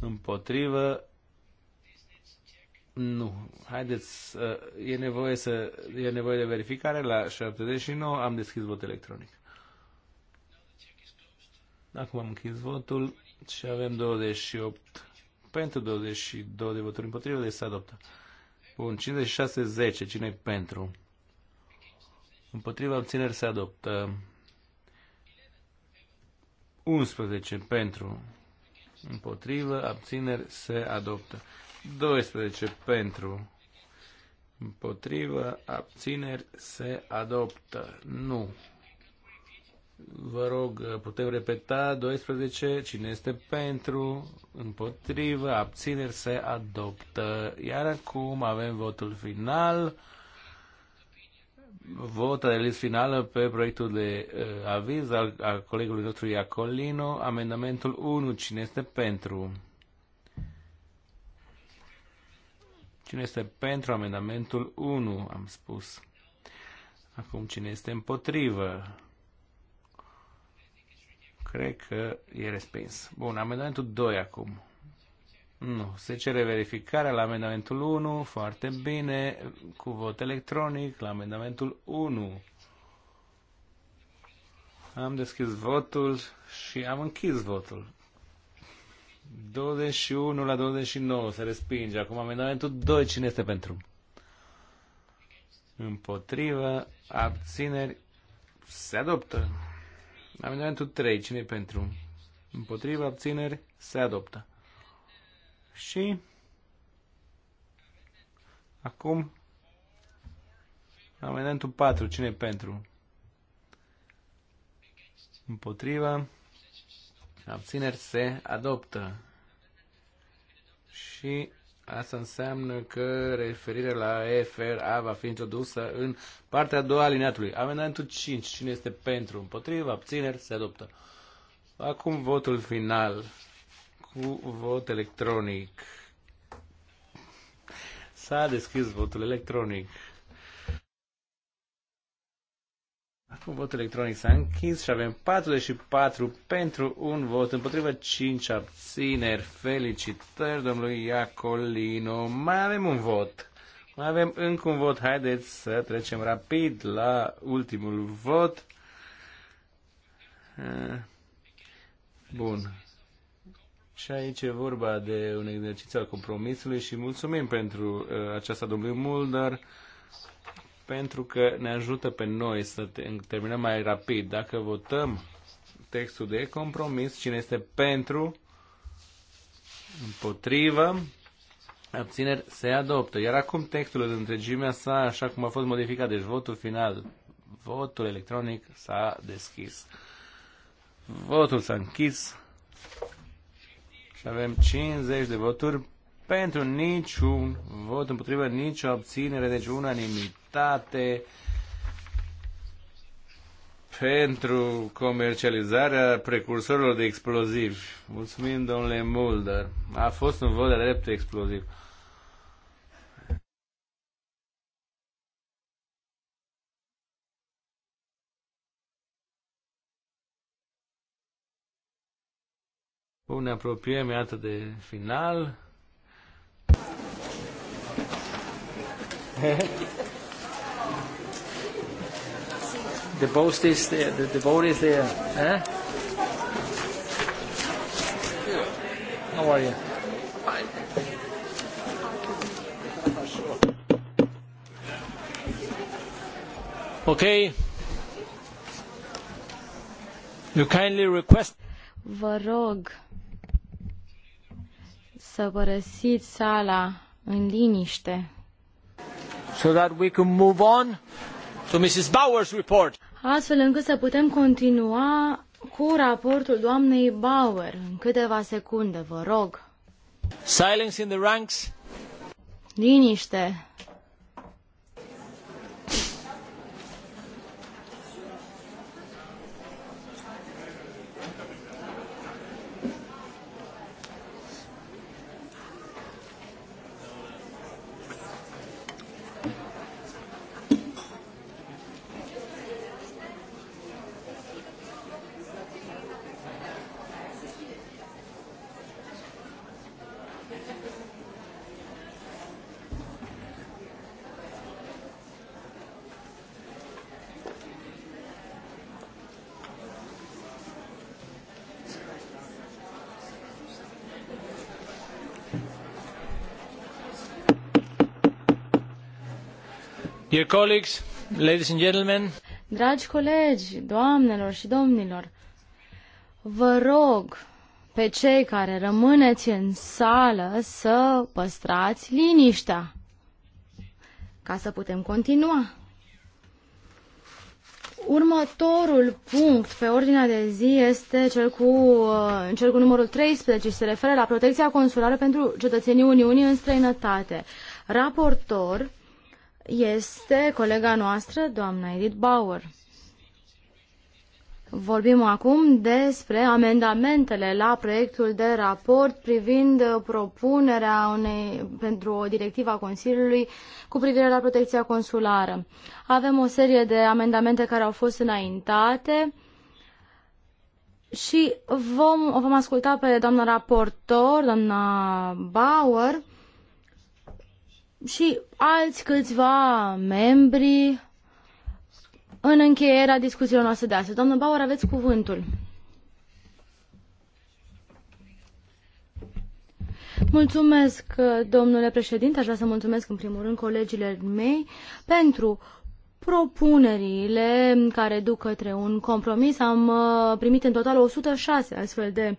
Împotrivă, nu. Haideți, uh, e nevoie, să, e nevoie de verificare la 79. Am deschis vot electronic. Acum am închis votul și avem 28 pentru, 22 de voturi împotrivă, deci se adoptă. Bun, 56-10, cine pentru? Împotriva obțineri se adoptă. 11 pentru. Împotrivă, abțineri se adoptă. 12 pentru. Împotrivă, abțineri se adoptă. Nu. Vă rog, putem repeta 12. Cine este pentru, împotrivă, abțineri se adoptă. Iar acum avem votul final. Vot list finală pe proiectul de uh, aviz al, al colegului nostru Iacolino. Amendamentul 1. Cine este pentru? Cine este pentru amendamentul 1? Am spus. Acum cine este împotrivă? Cred că e respins. Bun, amendamentul 2 acum. Nu, se cere verificarea la amendamentul 1, foarte bine, cu vot electronic, la amendamentul 1. Am deschis votul și am închis votul. 21 la 29 se respinge. Acum amendamentul 2, cine este pentru? Împotrivă, abțineri, se adoptă. Amendamentul 3. cine pentru? Împotriva abțineri se adoptă. Și acum amendamentul 4. cine pentru? Împotriva abțineri se adoptă. Și Asta înseamnă că referirea la FRA va fi introdusă în partea a doua alineatului. Amendamentul 5. Cine este pentru? Împotriva? Abțineri? Se adoptă. Acum votul final cu vot electronic. S-a deschis votul electronic. Acum votul electronic s-a închis și avem 44 pentru un vot împotriva 5 abțineri. Felicitări domnului Iacolino. Mai avem un vot. Mai avem încă un vot. Haideți să trecem rapid la ultimul vot. Eh, bun. Și aici e vorba de un exercițiu al compromisului și mulțumim pentru eh, aceasta domnului Mulder pentru că ne ajută pe noi să terminăm mai rapid. Dacă votăm textul de compromis, cine este pentru, împotrivă, abțineri, se adoptă. Iar acum textul în întregimea sa, așa cum a fost modificat, deci votul final, votul electronic s-a deschis. Votul s-a închis și avem 50 de voturi pentru niciun vot împotrivă, nicio obținere, deci unanimitate pentru comercializarea precursorilor de explozivi. Mulțumim, domnule Mulder. A fost un vot de drept exploziv. Bun, ne apropiem, iată, de final. the boast is there. The, the boat is there. Eh? How are you? Fine. Okay. You kindly request. Vă rog să părăsiți sala în liniște so that we can move on to Mrs. Bauer's report. Astfel încât să putem continua cu raportul doamnei Bauer în câteva secunde, vă rog. Silence in the ranks. Liniște Dear colleagues, ladies and gentlemen. Dragi colegi, doamnelor și domnilor, vă rog pe cei care rămâneți în sală să păstrați liniștea ca să putem continua. Următorul punct pe ordinea de zi este cel cu, uh, cel cu numărul 13 și se referă la protecția consulară pentru cetățenii Uniunii în străinătate. Raportor este colega noastră, doamna Edith Bauer. Vorbim acum despre amendamentele la proiectul de raport privind propunerea unei, pentru o directivă a Consiliului cu privire la protecția consulară. Avem o serie de amendamente care au fost înaintate și vom, vom asculta pe doamna raportor, doamna Bauer, și alți câțiva membri în încheierea discuțiilor noastre de astăzi. Doamnă Bauer, aveți cuvântul. Mulțumesc, domnule președinte. Aș vrea să mulțumesc în primul rând colegilor mei pentru propunerile care duc către un compromis. Am uh, primit în total 106 astfel de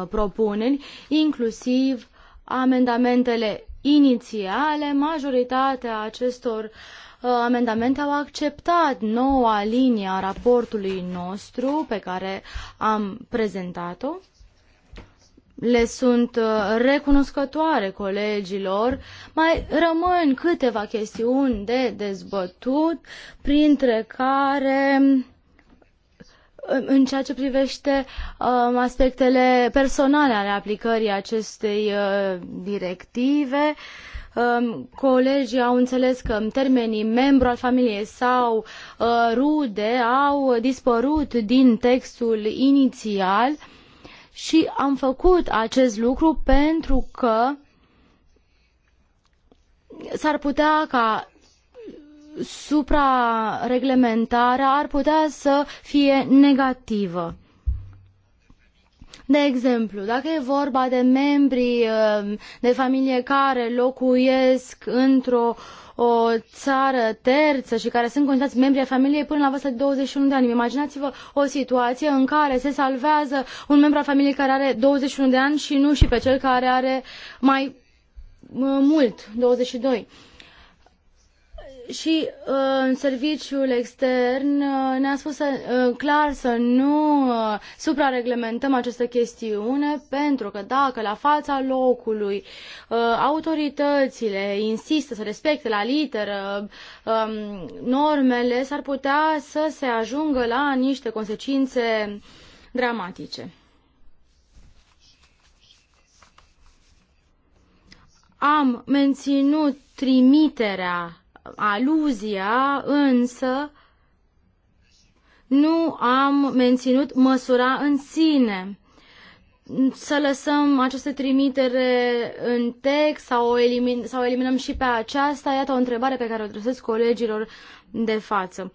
uh, propuneri, inclusiv amendamentele inițiale, majoritatea acestor uh, amendamente au acceptat noua linie a raportului nostru pe care am prezentat-o. Le sunt uh, recunoscătoare colegilor. Mai rămân câteva chestiuni de dezbătut, printre care în ceea ce privește um, aspectele personale ale aplicării acestei uh, directive, um, colegii au înțeles că termenii membru al familiei sau uh, rude au dispărut din textul inițial și am făcut acest lucru pentru că s-ar putea ca suprareglementarea ar putea să fie negativă. De exemplu, dacă e vorba de membrii um, de familie care locuiesc într-o o țară terță și care sunt considerați membri ai familiei până la vârsta de 21 de ani. Imaginați-vă o situație în care se salvează un membru al familiei care are 21 de ani și nu și pe cel care are mai uh, mult, 22 și uh, în serviciul extern uh, ne-a spus uh, clar să nu uh, suprareglementăm această chestiune, pentru că dacă la fața locului uh, autoritățile insistă să respecte la literă uh, normele, s-ar putea să se ajungă la niște consecințe dramatice. Am menținut trimiterea aluzia, însă nu am menținut măsura în sine. Să lăsăm această trimitere în text sau o, elimin, sau o eliminăm și pe aceasta, iată o întrebare pe care o adresez colegilor de față.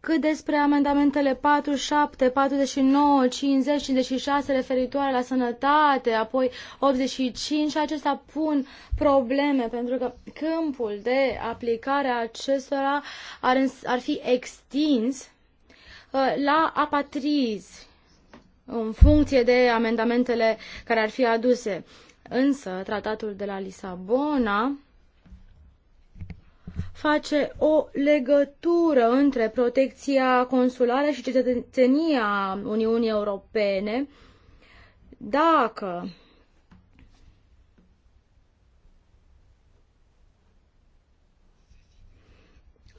Cât despre amendamentele 7, 49, 50, 56 referitoare la sănătate, apoi 85, acestea pun probleme pentru că câmpul de aplicare a acestora ar, ar fi extins uh, la apatrizi în funcție de amendamentele care ar fi aduse. Însă, tratatul de la Lisabona face o legătură între protecția consulară și cetățenia Uniunii Europene dacă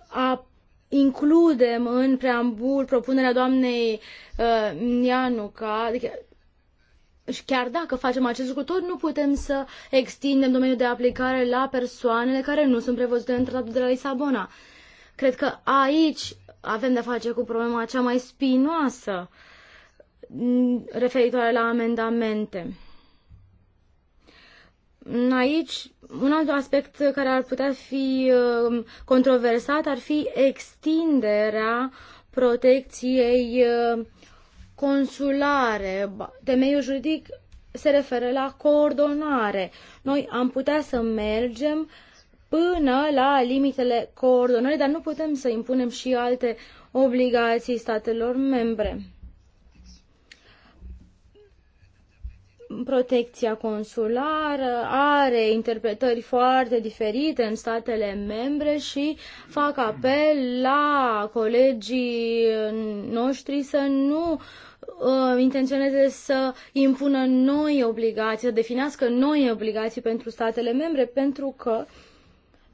a includem în preambul propunerea doamnei uh, Nianuca, adică și chiar dacă facem acest lucru, tot nu putem să extindem domeniul de aplicare la persoanele care nu sunt prevăzute în tratatul de la Lisabona. Cred că aici avem de-a face cu problema cea mai spinoasă mm, referitoare la amendamente. Aici, un alt aspect care ar putea fi uh, controversat ar fi extinderea protecției uh, consulare, temeiul juridic se referă la coordonare. Noi am putea să mergem până la limitele coordonării, dar nu putem să impunem și alte obligații statelor membre. Protecția consulară are interpretări foarte diferite în statele membre și fac apel la colegii noștri să nu uh, Uh, intenționeze să impună noi obligații, să definească noi obligații pentru statele membre, pentru că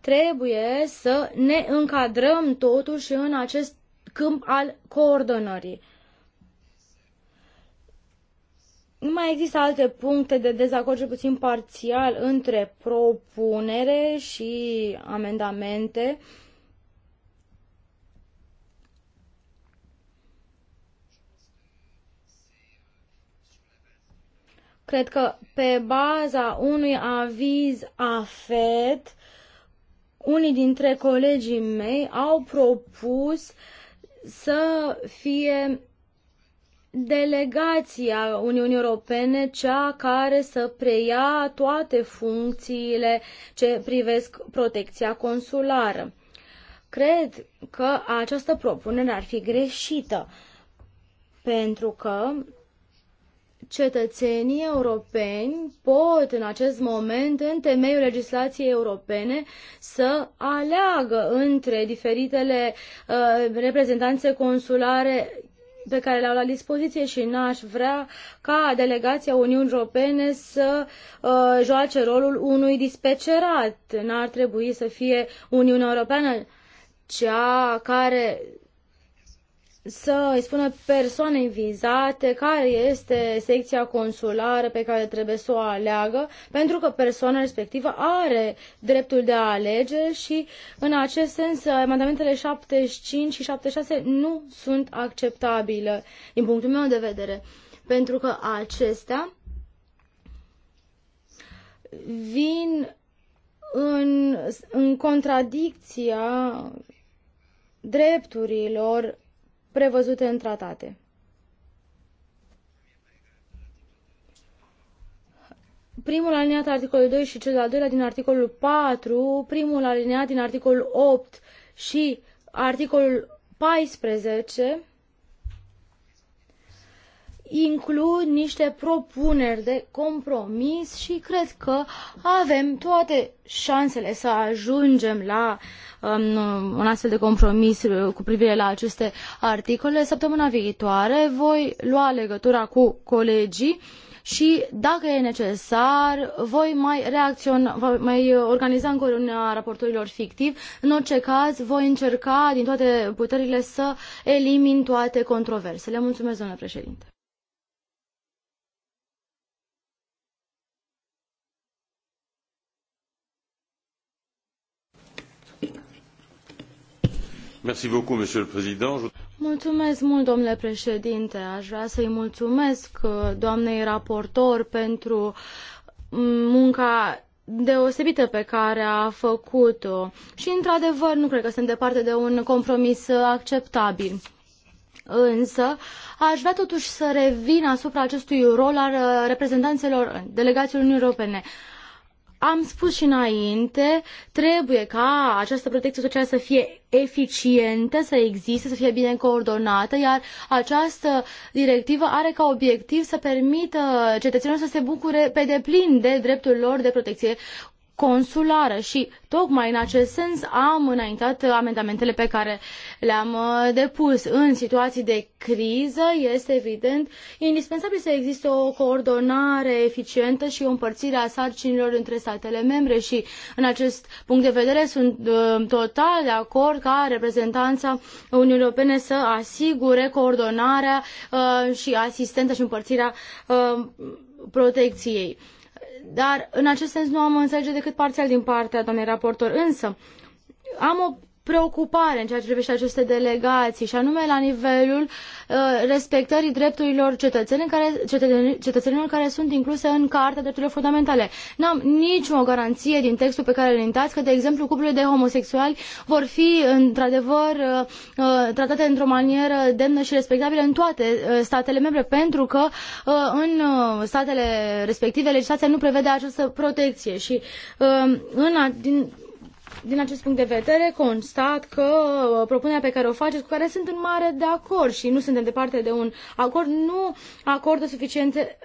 trebuie să ne încadrăm totuși în acest câmp al coordonării. Nu Mai există alte puncte de dezacord, cel puțin parțial, între propunere și amendamente. Uh, Cred că pe baza unui aviz AFET, unii dintre colegii mei au propus să fie delegația Uniunii Europene cea care să preia toate funcțiile ce privesc protecția consulară. Cred că această propunere ar fi greșită, pentru că cetățenii europeni pot în acest moment, în temeiul legislației europene, să aleagă între diferitele uh, reprezentanțe consulare pe care le-au la dispoziție și n-aș vrea ca delegația Uniunii Europene să uh, joace rolul unui dispecerat. N-ar trebui să fie Uniunea Europeană cea care să îi spună persoanei vizate care este secția consulară pe care trebuie să o aleagă, pentru că persoana respectivă are dreptul de a alege și în acest sens amendamentele 75 și 76 nu sunt acceptabile din punctul meu de vedere, pentru că acestea vin în, în contradicția drepturilor prevăzute în tratate. primul alineat articolul 2 și cel al doilea din articolul 4, primul alineat din articolul 8 și articolul 14 includ niște propuneri de compromis și cred că avem toate șansele să ajungem la um, un astfel de compromis uh, cu privire la aceste articole. Săptămâna viitoare voi lua legătura cu colegii și dacă e necesar voi mai reacționa, voi mai organiza încă un raportorilor fictiv. În orice caz voi încerca din toate puterile să elimin toate controversele. Mulțumesc, domnule președinte. Mulțumesc domnule președinte. Aș vrea să-i mulțumesc uh, doamnei raportor pentru mm, munca deosebită pe care a făcut-o. Și, într-adevăr, nu cred că sunt departe de un compromis acceptabil. Însă, aș vrea totuși să revin asupra acestui rol al uh, reprezentanțelor uh, delegațiilor Uniunii Europene. Am spus și înainte, trebuie ca această protecție socială să fie eficientă, să existe, să fie bine coordonată, iar această directivă are ca obiectiv să permită cetățenilor să se bucure pe deplin de dreptul lor de protecție consulară și tocmai în acest sens am înaintat amendamentele pe care le-am uh, depus. În situații de criză este evident indispensabil să existe o coordonare eficientă și o împărțire a sarcinilor între statele membre și în acest punct de vedere sunt uh, total de acord ca reprezentanța Uniunii Europene să asigure coordonarea uh, și asistența și împărțirea protecției dar în acest sens nu am înțelege decât parțial din partea doamnei raportor. Însă am o preocupare în ceea ce privește aceste delegații și anume la nivelul uh, respectării drepturilor cetățenilor care, cetățenilor, cetățenilor care sunt incluse în Cartea Drepturilor Fundamentale. N-am nicio garanție din textul pe care îl intați că, de exemplu, cuplurile de homosexuali vor fi, într-adevăr, uh, uh tratate într-o manieră demnă și respectabilă în toate uh, statele membre, pentru că uh, în uh, statele respective legislația nu prevede această protecție și în, din, din acest punct de vedere, constat că uh, propunerea pe care o faceți, cu care sunt în mare de acord și nu suntem departe de un acord, nu acordă suficiente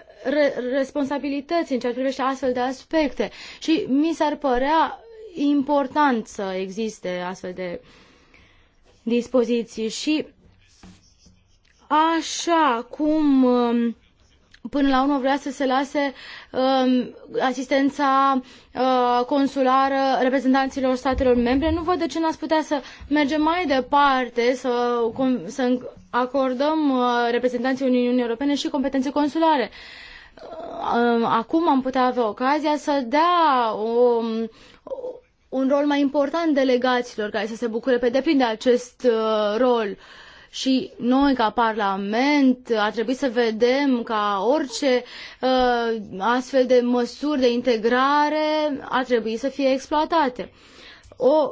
responsabilități în ceea ce privește astfel de aspecte. Și mi s-ar părea important să existe astfel de dispoziții și așa cum um, până la urmă vrea să se lase uh, asistența uh, consulară reprezentanților statelor membre. Nu văd de ce n-ați putea să mergem mai departe, să, cum, să acordăm uh, reprezentanții Uniunii Europene și competențe consulare. Uh, acum am putea avea ocazia să dea o, um, un rol mai important delegaților care să se bucure pe deplin de acest uh, rol. Uh, și noi ca Parlament ar trebui să vedem ca orice uh, astfel de măsuri de integrare ar trebui să fie exploatate o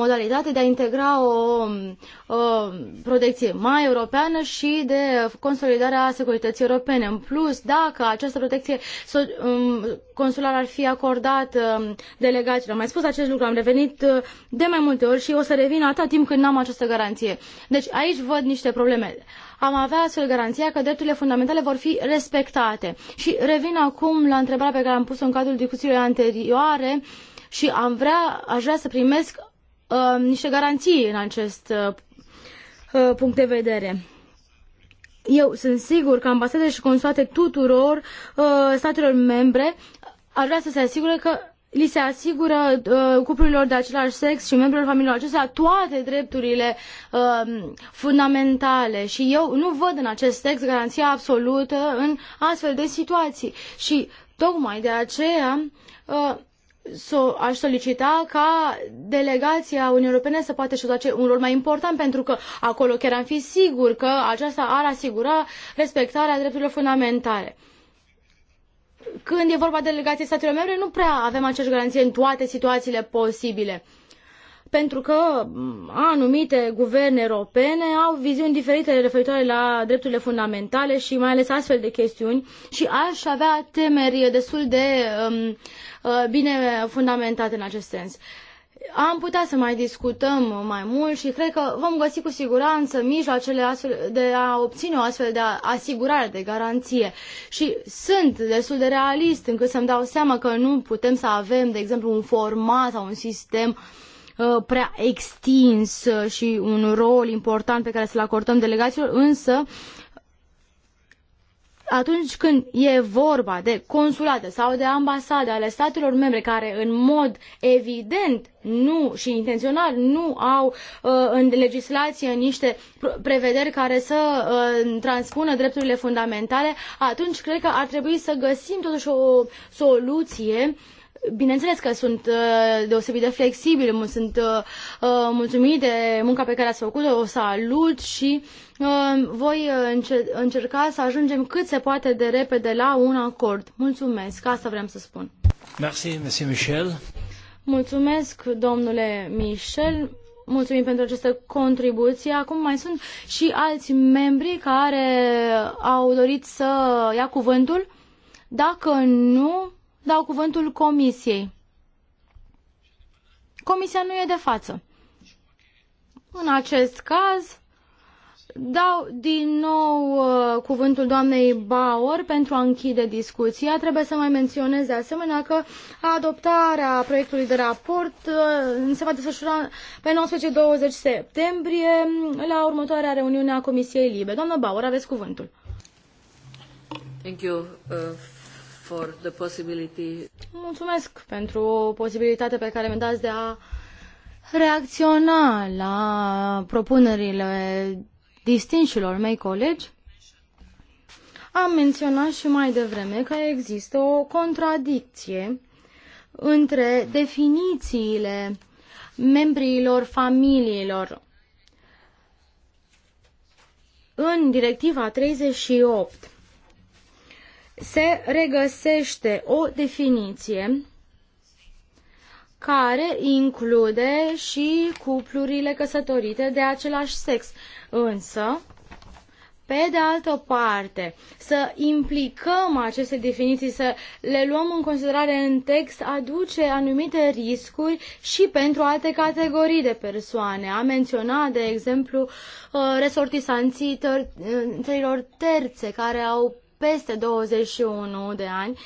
modalitate de a integra o, o protecție mai europeană și de consolidarea securității europene. În plus, dacă această protecție um, consulară ar fi acordată um, delegaților, am mai spus acest lucru, am revenit uh, de mai multe ori și o să revin atâta timp când n-am această garanție. Deci aici văd niște probleme am avea astfel garanția că drepturile fundamentale vor fi respectate. Și revin acum la întrebarea pe care am pus-o în cadrul discuțiilor anterioare și am vrea, aș vrea să primesc uh, niște garanții în acest uh, uh, punct de vedere. Eu sunt sigur că ambasadele și consulate tuturor uh, statelor membre ar vrea să se asigure că li se asigură uh, cuplurilor de același sex și membrilor familiilor acestea toate drepturile uh, fundamentale și eu nu văd în acest text garanția absolută în astfel de situații și tocmai de aceea uh, so, aș solicita ca delegația Uniunii Europene să poată joace un rol mai important, pentru că acolo chiar am fi sigur că aceasta ar asigura respectarea drepturilor fundamentale. Când e vorba de delegații statelor membre, nu prea avem aceeași garanție în toate situațiile posibile pentru că anumite guverne europene au viziuni diferite referitoare la drepturile fundamentale și mai ales astfel de chestiuni și aș avea temeri destul de um, uh, bine fundamentate în acest sens. Am putea să mai discutăm mai mult și cred că vom găsi cu siguranță mijloacele astfel de a obține o astfel de asigurare, de garanție. Și sunt destul de realist încât să-mi dau seama că nu putem să avem, de exemplu, un format sau un sistem uh, Uh, prea extins uh, și un rol important pe care să-l acordăm delegațiilor, însă atunci când e vorba de consulate sau de ambasade ale statelor membre care în mod evident nu și intențional nu au uh, în legislație niște prevederi care să transpună drepturile fundamentale, atunci cred că ar trebui să găsim totuși o soluție uh, Bineînțeles că sunt uh, deosebit de flexibil, sunt uh, uh, mulțumit de munca pe care ați făcut-o, o salut și voi încerca să ajungem cât se poate de repede la un acord. Mulțumesc, asta vreau să spun. Merci, merci Michel. Mulțumesc, domnule Michel. Mulțumim pentru această contribuție. Acum mai sunt și alți membri care au dorit să ia cuvântul. Dacă nu, dau cuvântul comisiei. Comisia nu e de față. În acest caz, dau din nou uh, cuvântul doamnei Bauer pentru a închide discuția. Trebuie să mai menționez de asemenea că adoptarea proiectului de raport uh, se va desfășura pe 19-20 septembrie la următoarea reuniune a Comisiei Libe. Doamna Bauer, aveți cuvântul. Thank you, uh, for the possibility. Mulțumesc pentru posibilitatea pe care mi dați de a reacționa la propunerile distinșilor mei colegi. Am menționat și mai devreme că există o contradicție între definițiile membrilor familiilor. În directiva 38 se regăsește o definiție care include și cuplurile căsătorite de același sex. Însă, pe de altă parte, să implicăm aceste definiții, să le luăm în considerare în text, aduce anumite riscuri și pentru alte categorii de persoane. Am menționat, de exemplu, uh, resortisanții țărilor uh, terțe care au peste 21 de ani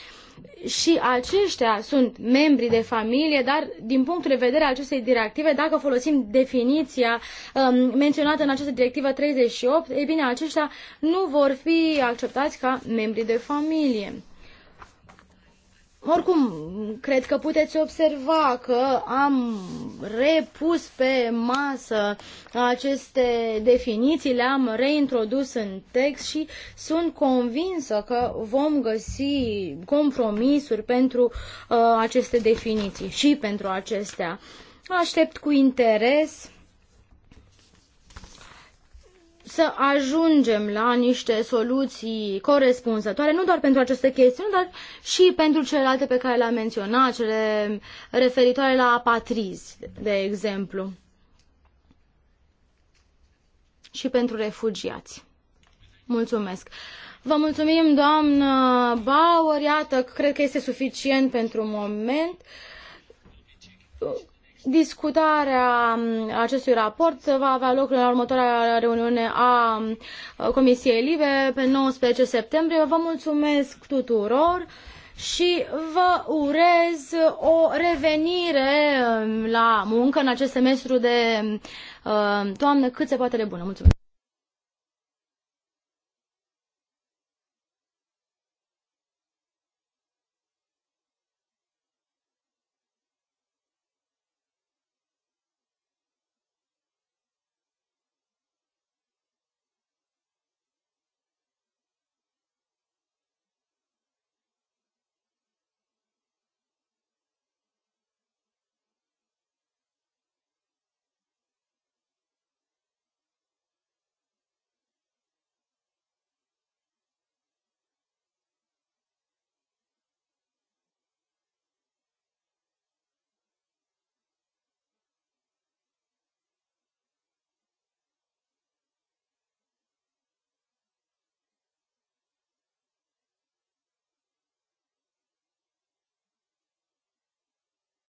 și aceștia sunt membri de familie, dar din punctul de vedere al acestei directive, dacă folosim definiția um, menționată în această directivă 38, ei bine, aceștia nu vor fi acceptați ca membri de familie. Oricum, cred că puteți observa că am repus pe masă aceste definiții, le-am reintrodus în text și sunt convinsă că vom găsi compromisuri pentru uh, aceste definiții și pentru acestea. Aștept cu interes să ajungem la niște soluții corespunzătoare, nu doar pentru aceste chestiuni, dar și pentru celelalte pe care le-am menționat, cele referitoare la apatrizi, de exemplu, și pentru refugiați. Mulțumesc! Vă mulțumim, doamnă Bauer, iată, cred că este suficient pentru moment Discutarea um, acestui raport va avea loc la următoarea reuniune a um, Comisiei Live pe 19 septembrie. Vă mulțumesc tuturor și vă urez o revenire um, la muncă în acest semestru de toamnă cât se poate de bună. Mulțumesc!